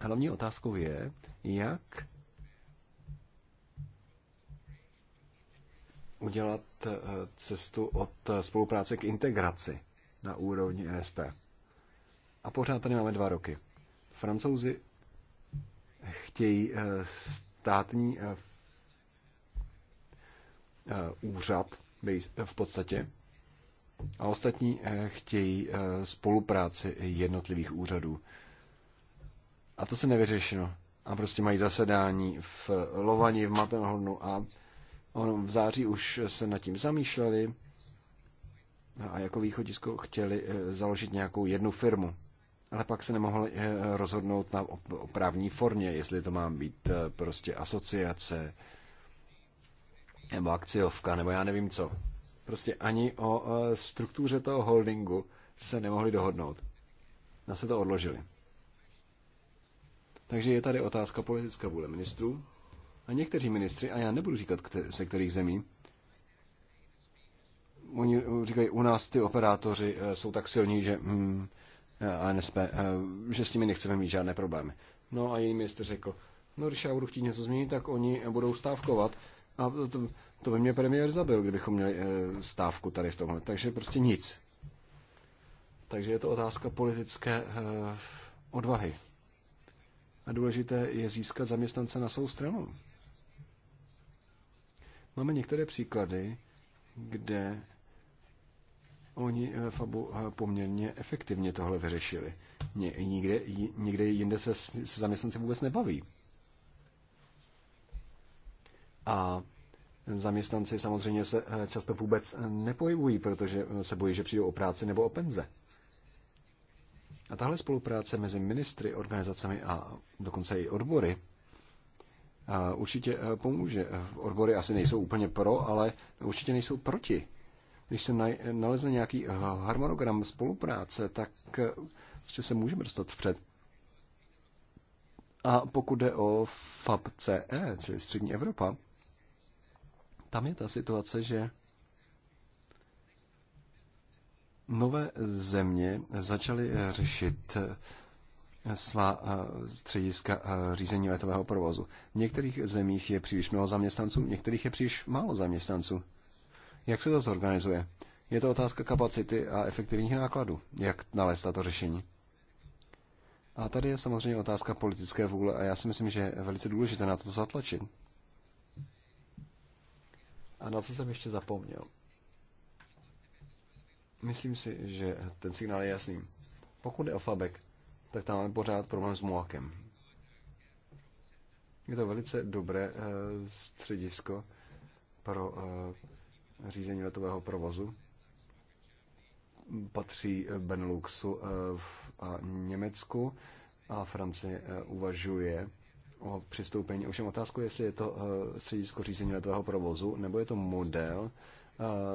Hlavní otázkou je, jak udělat eh, cestu od eh, spolupráce k integraci na úrovni ESP. A pořád tady máme dva roky. Francouzi chtějí eh, státní úřad v podstatě a ostatní chtějí spolupráci jednotlivých úřadů. A to se nevyřešilo. A prostě mají zasedání v Lovani, v Matenhornu a On v září už se nad tím zamýšleli a jako východisko chtěli eh, založit nějakou jednu firmu. Ale pak se nemohli eh, rozhodnout na právní formě, jestli to má být eh, prostě asociace nebo akciovka, nebo já nevím co. Prostě ani o struktuře toho holdingu se nemohli dohodnout. Na se to odložili. Takže je tady otázka politická vůle ministrů. A někteří ministři, a já nebudu říkat se kterých zemí, oni říkají, u nás ty operátoři eh, jsou tak silní, že hmm, ANSP, eh, že s nimi nechceme mít žádné problémy. No a její minister řekl, no když já budu chtít něco změnit, tak oni budou stávkovat. A to, to, to by mě premiér zabil, kdybychom měli eh, stávku tady v tomhle. Takže prostě nic. Takže je to otázka politické odvahy. A důležité je získat zaměstnance na svou stranu. Máme některé příklady, kde oni eh, FABu eh, poměrně efektivně tohle vyřešili. Nikde, nikde jinde se, se zaměstnanci vůbec nebaví. A zaměstnanci samozřejmě se eh, často vůbec nepohybují, protože se bojí, že přijdou o práci nebo o penze. A tahle spolupráce mezi ministry, organizacemi a dokonce i odbory určitě eh, pomůže. Odbory asi nejsou úplně pro, ale určitě nejsou proti. Když se nalezne nějaký eh, harmonogram spolupráce, tak eh, prostě se můžeme dostat vpřed. A pokud jde o FAPCE, čili Střední Evropa, tam je ta situace, že nové země začaly řešit svá eh, střediska eh, řízení letového provozu. V některých zemích je příliš mnoho zaměstnanců, v některých je příliš málo zaměstnanců. Jak se to zorganizuje? Je to otázka kapacity a efektivních nákladů. Jak nalézt tato řešení? A tady je samozřejmě otázka politické vůle a já si myslím, že je velice důležité na to zatlačit. A na co jsem ještě zapomněl? Myslím si, že ten signál je jasný. Pokud je o Fabek, tak tam máme pořád problém s Moakem. Je to velice dobré eh, středisko pro eh, řízení letového provozu. Patří eh, Beneluxu a Německu a Francie uvažuje o přistoupení. Ovšem otázku, jestli je to středisko řízení letového provozu, nebo je to model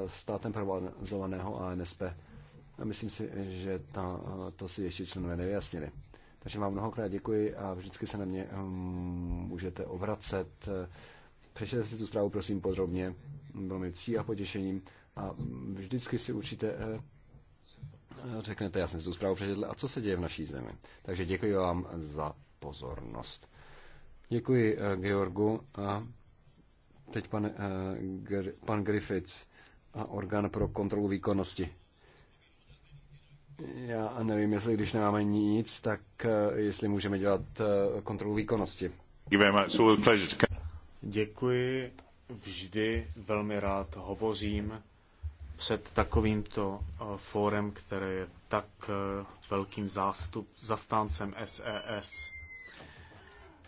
státem provozovaného ANSP a myslím si, že ta, to si ještě členové nevyjasnili. Takže vám mnohokrát děkuji a vždycky se na mě hm, můžete obracet. Přečtěte si tu zprávu, prosím, podrobně. Bylo mi cí a potěšením. A vždycky si určitě eh, řeknete, já jsem si tu zprávu přečetl, a co se děje v naší zemi. Takže děkuji vám za pozornost. Děkuji, eh, Georgu. A teď pan, eh, pan Griffiths a orgán pro kontrolu výkonnosti. Já nevím, jestli když nemáme nic, tak eh, jestli můžeme dělat eh, kontrolu
výkonnosti. Děkuji. Vždy velmi rád hovořím před takovýmto eh, fórem, které je tak velkým zástup, zastáncem SES. E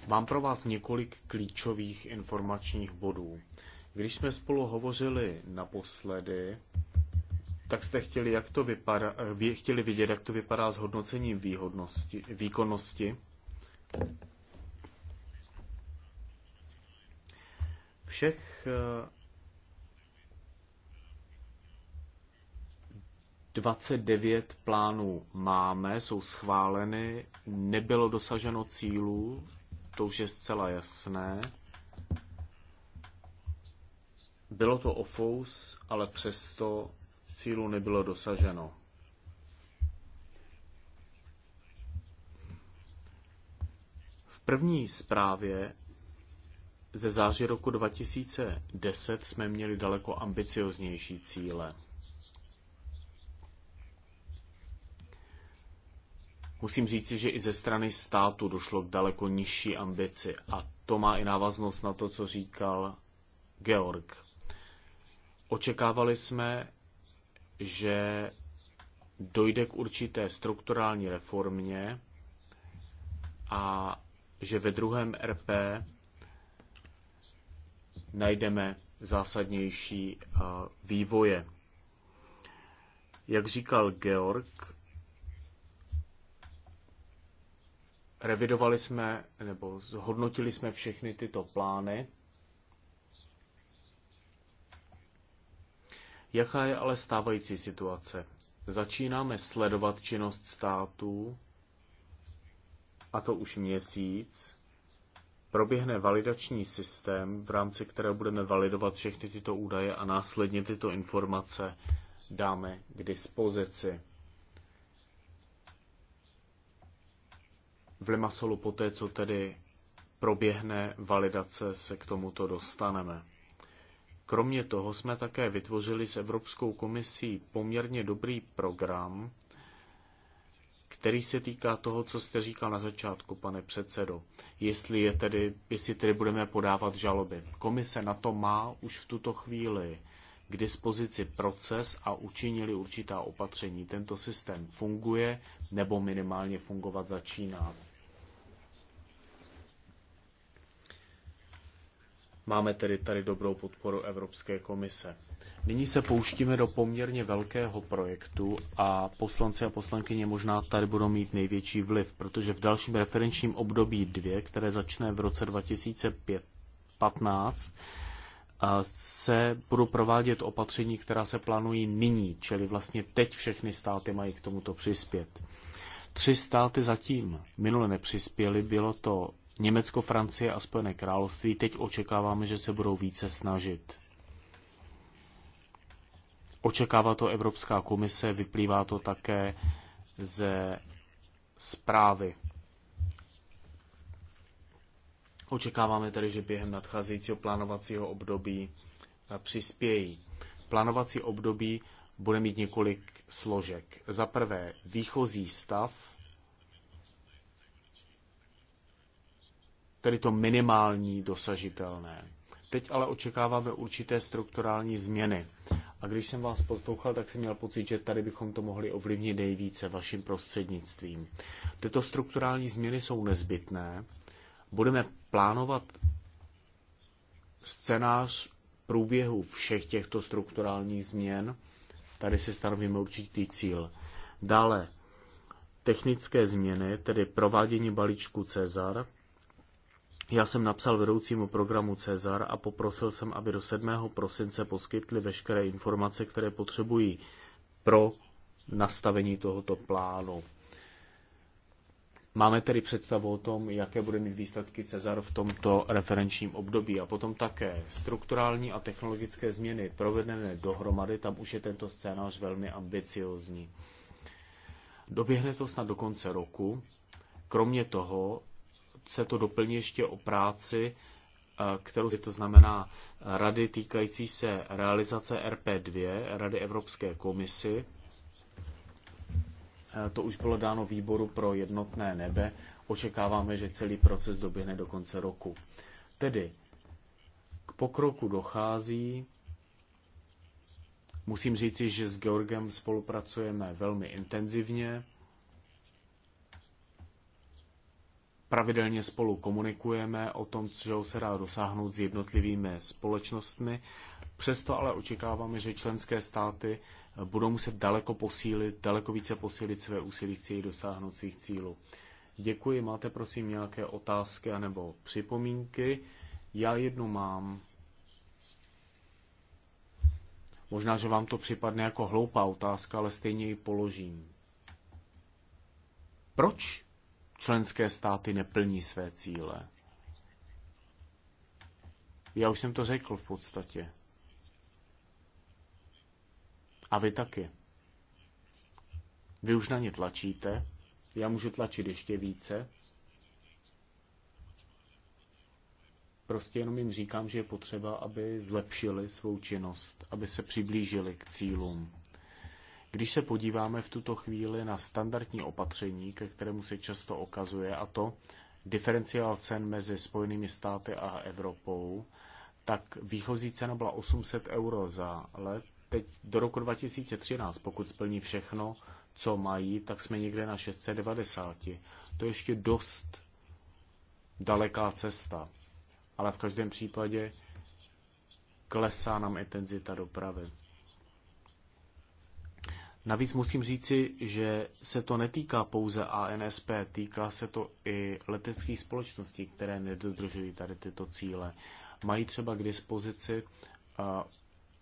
Mám pro vás několik klíčových informačních bodů. Když jsme spolu hovořili naposledy, tak jste chtěli, jak to vypadá, chtěli vidět, jak to vypadá s hodnocením výhodnosti, výkonnosti. Všech 29 eh, plánů máme, jsou schváleny, nebylo dosaženo cílů, to už je zcela jasné. Bylo to ofous, ale přesto cílu nebylo dosaženo. V první zprávě ze září roku 2010 jsme měli daleko ambicioznější cíle. Musím říci, že i ze strany státu došlo k daleko nižší ambici a to má i návaznost na to, co říkal Georg. Očekávali jsme, že dojde k určité strukturální reformě a že ve druhém RP najdeme zásadnější eh, vývoje. Jak říkal Georg, revidovali jsme nebo zhodnotili jsme všechny tyto plány Jaká je ale stávající situace? Začínáme sledovat činnost států, a to už měsíc. Proběhne validační systém, v rámci které budeme validovat všechny tyto údaje a následně tyto informace dáme k dispozici. V Limasolu poté, co tedy proběhne validace, se k tomuto dostaneme. Kromě toho jsme také vytvořili s Evropskou komisí poměrně dobrý program, který se týká toho, co jste říkal na začátku, pane předsedo. Jestli, je tedy, jestli tedy budeme podávat žaloby. Komise na to má už v tuto chvíli k dispozici proces a učinili určitá opatření. Tento systém funguje nebo minimálně fungovat začíná. Máme tedy tady dobrou podporu Evropské komise. Nyní se pouštíme do poměrně velkého projektu a poslanci a poslankyně možná tady budou mít největší vliv, protože v dalším referenčním období dvě, které začne v roce 2015, se budou provádět opatření, která se plánují nyní, čili vlastně teď všechny státy mají k tomuto přispět. Tři státy zatím minule nepřispěly, bylo to Německo, Francie a Spojené království teď očekáváme, že se budou více snažit. Očekává to Evropská komise, vyplývá to také ze zprávy. Očekáváme tedy, že během nadcházejícího plánovacího období eh, přispějí. Plánovací období bude mít několik složek. Za prvé výchozí stav, tedy to minimální dosažitelné. Teď ale očekáváme určité strukturální změny. A když jsem vás poslouchal, tak jsem měl pocit, že tady bychom to mohli ovlivnit nejvíce vaším prostřednictvím. Tyto strukturální změny jsou nezbytné. Budeme plánovat scénář průběhu všech těchto strukturálních změn. Tady si stanovíme určitý cíl. Dále technické změny, tedy provádění balíčku Cezar, já jsem napsal vedoucímu programu Cezar a poprosil jsem, aby do 7. prosince poskytli veškeré informace, které potřebují pro nastavení tohoto plánu. Máme tedy představu o tom, jaké bude mít výsledky Cezar v tomto referenčním období a potom také strukturální a technologické změny provedené dohromady, tam už je tento scénář velmi ambiciozní. Doběhne to snad do konce roku. Kromě toho se to doplní ještě o práci, eh, kterou si to znamená eh, rady týkající se realizace RP2, Rady Evropské komisi. Eh, to už bylo dáno výboru pro jednotné nebe. Očekáváme, že celý proces doběhne do konce roku. Tedy k pokroku dochází. Musím říci, že s Georgem spolupracujeme velmi intenzivně. pravidelně spolu komunikujeme o tom, co se dá dosáhnout s jednotlivými společnostmi. Přesto ale očekáváme, že členské státy eh, budou muset daleko posílit, daleko více posílit své úsilí, chci dosáhnout svých cílů. Děkuji, máte prosím nějaké otázky anebo připomínky? Já jednu mám. Možná, že vám to připadne jako hloupá otázka, ale stejně ji položím. Proč členské státy neplní své cíle. Já už jsem to řekl v podstatě. A vy taky. Vy už na ně tlačíte, já můžu tlačit ještě více. Prostě jenom jim říkám, že je potřeba, aby zlepšili svou činnost, aby se přiblížili k cílům. Když se podíváme v tuto chvíli na standardní opatření, ke kterému se často okazuje, a to diferenciál cen mezi Spojenými státy a Evropou, tak výchozí cena byla 800 euro za let. Teď do roku 2013, pokud splní všechno, co mají, tak jsme někde na 690. To je ještě dost daleká cesta. Ale v každém případě klesá nám intenzita dopravy. Navíc musím říci, že se to netýká pouze ANSP, týká se to i leteckých společností, které nedodržují tady tyto cíle. Mají třeba k dispozici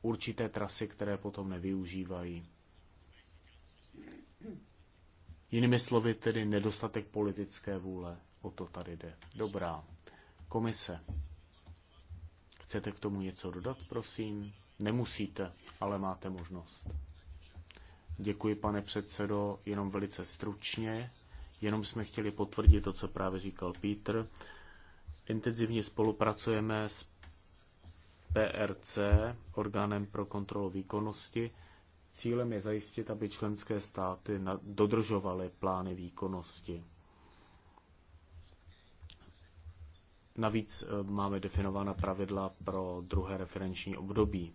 určité trasy, které potom nevyužívají. Jinými slovy tedy nedostatek politické vůle. O to tady jde. Dobrá. Komise. Chcete k tomu něco dodat, prosím? Nemusíte, ale máte možnost. Děkuji, pane předsedo, jenom velice stručně. Jenom jsme chtěli potvrdit to, co právě říkal Pítr. Intenzivně spolupracujeme s PRC, orgánem pro kontrolu výkonnosti. Cílem je zajistit, aby členské státy dodržovaly plány výkonnosti. Navíc e, máme definována pravidla pro druhé referenční období.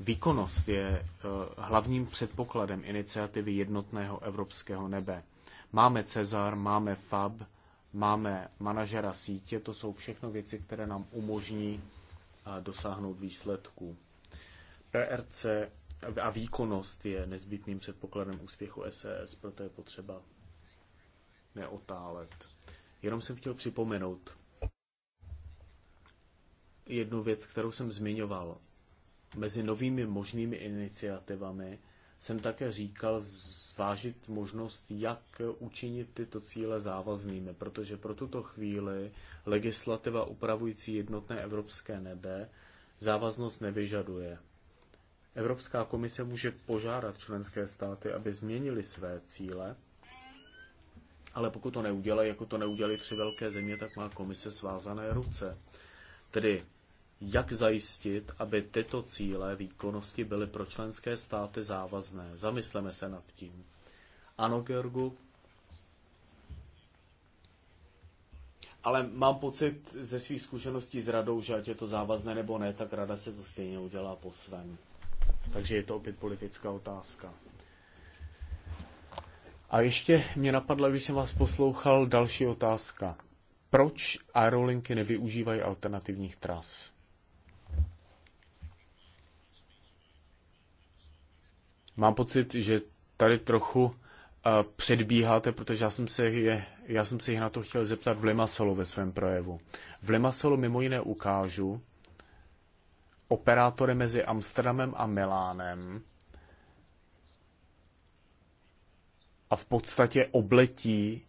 Výkonnost je eh, hlavním předpokladem iniciativy jednotného evropského nebe. Máme Cezar, máme FAB, máme manažera sítě, to jsou všechno věci, které nám umožní eh, dosáhnout výsledků. PRC a výkonnost je nezbytným předpokladem úspěchu SES, e proto je potřeba neotálet. Jenom jsem chtěl připomenout jednu věc, kterou jsem zmiňoval mezi novými možnými iniciativami jsem také říkal zvážit možnost, jak učinit tyto cíle závaznými, protože pro tuto chvíli legislativa upravující jednotné evropské nebe závaznost nevyžaduje. Evropská komise může požádat členské státy, aby změnili své cíle, ale pokud to neudělají, jako to neudělali tři velké země, tak má komise svázané ruce. Tedy jak zajistit, aby tyto cíle výkonnosti byly pro členské státy závazné. Zamysleme se nad tím. Ano, Georgu, ale mám pocit ze svých zkušeností s radou, že ať je to závazné nebo ne, tak rada se to stejně udělá po svém. Takže je to opět politická otázka. A ještě mě napadla, když jsem vás poslouchal, další otázka. Proč aerolinky nevyužívají alternativních tras? Mám pocit, že tady trochu eh, předbíháte, protože já jsem, se je, já jsem se jich na to chtěl zeptat v Limassolu ve svém projevu. V Limassolu mimo jiné ukážu operátory mezi Amsterdamem a Milánem a v podstatě obletí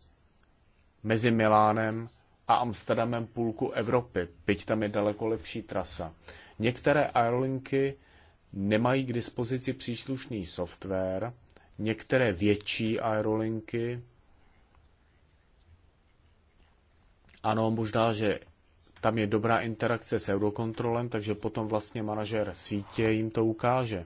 mezi Milánem a Amsterdamem půlku Evropy, byť tam je daleko lepší trasa. Některé aerolinky nemají k dispozici příslušný software, některé větší aerolinky. Ano, možná, že tam je dobrá interakce s eurokontrolem, takže potom vlastně manažer sítě jim to ukáže.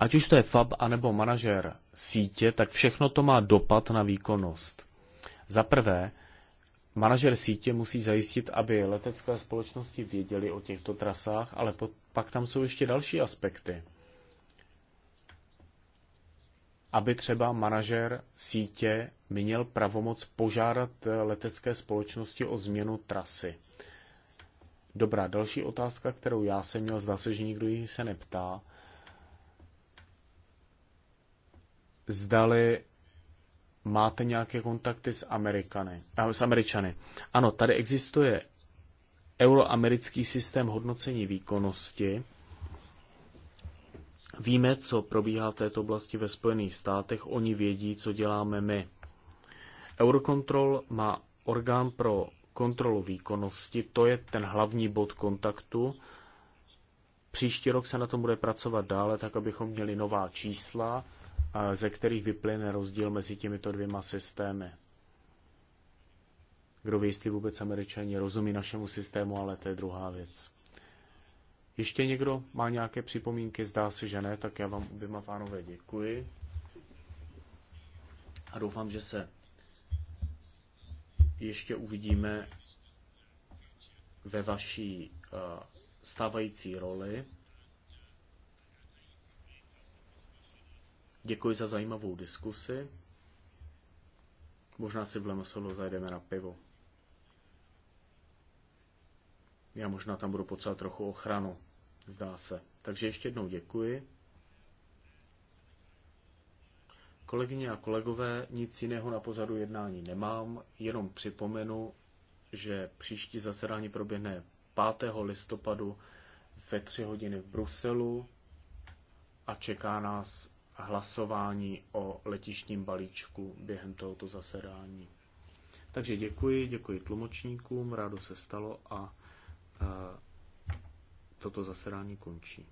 Ať už to je FAB anebo manažer sítě, tak všechno to má dopad na výkonnost. Za prvé, Manažer sítě musí zajistit, aby letecké společnosti věděly o těchto trasách, ale pak tam jsou ještě další aspekty. Aby třeba manažer sítě měl pravomoc požádat eh, letecké společnosti o změnu trasy. Dobrá, další otázka, kterou já jsem měl, zdá se, že nikdo jiný se neptá. Zdali máte nějaké kontakty s, Amerikany, s Američany. Ano, tady existuje euroamerický systém hodnocení výkonnosti. Víme, co probíhá v této oblasti ve Spojených státech, oni vědí, co děláme my. Eurocontrol má orgán pro kontrolu výkonnosti, to je ten hlavní bod kontaktu. Příští rok se na tom bude pracovat dále, tak abychom měli nová čísla, ze kterých vyplyne rozdíl mezi těmito dvěma systémy. Kdo ví, jestli vůbec američani rozumí našemu systému, ale to je druhá věc. Ještě někdo má nějaké připomínky? Zdá se, že ne, tak já vám oběma pánové děkuji. A doufám, že se ještě uvidíme ve vaší eh, stávající roli Děkuji za zajímavou diskusi. Možná si v Lemosolu zajdeme na pivo. Já možná tam budu potřebovat trochu ochranu, zdá se. Takže ještě jednou děkuji. Kolegyně a kolegové, nic jiného na pozadu jednání nemám, jenom připomenu, že příští zasedání proběhne 5. listopadu ve 3 hodiny v Bruselu a čeká nás hlasování o letišním balíčku během tohoto zasedání. Takže děkuji, děkuji tlumočníkům, rádo se stalo a, a e, toto zasedání končí.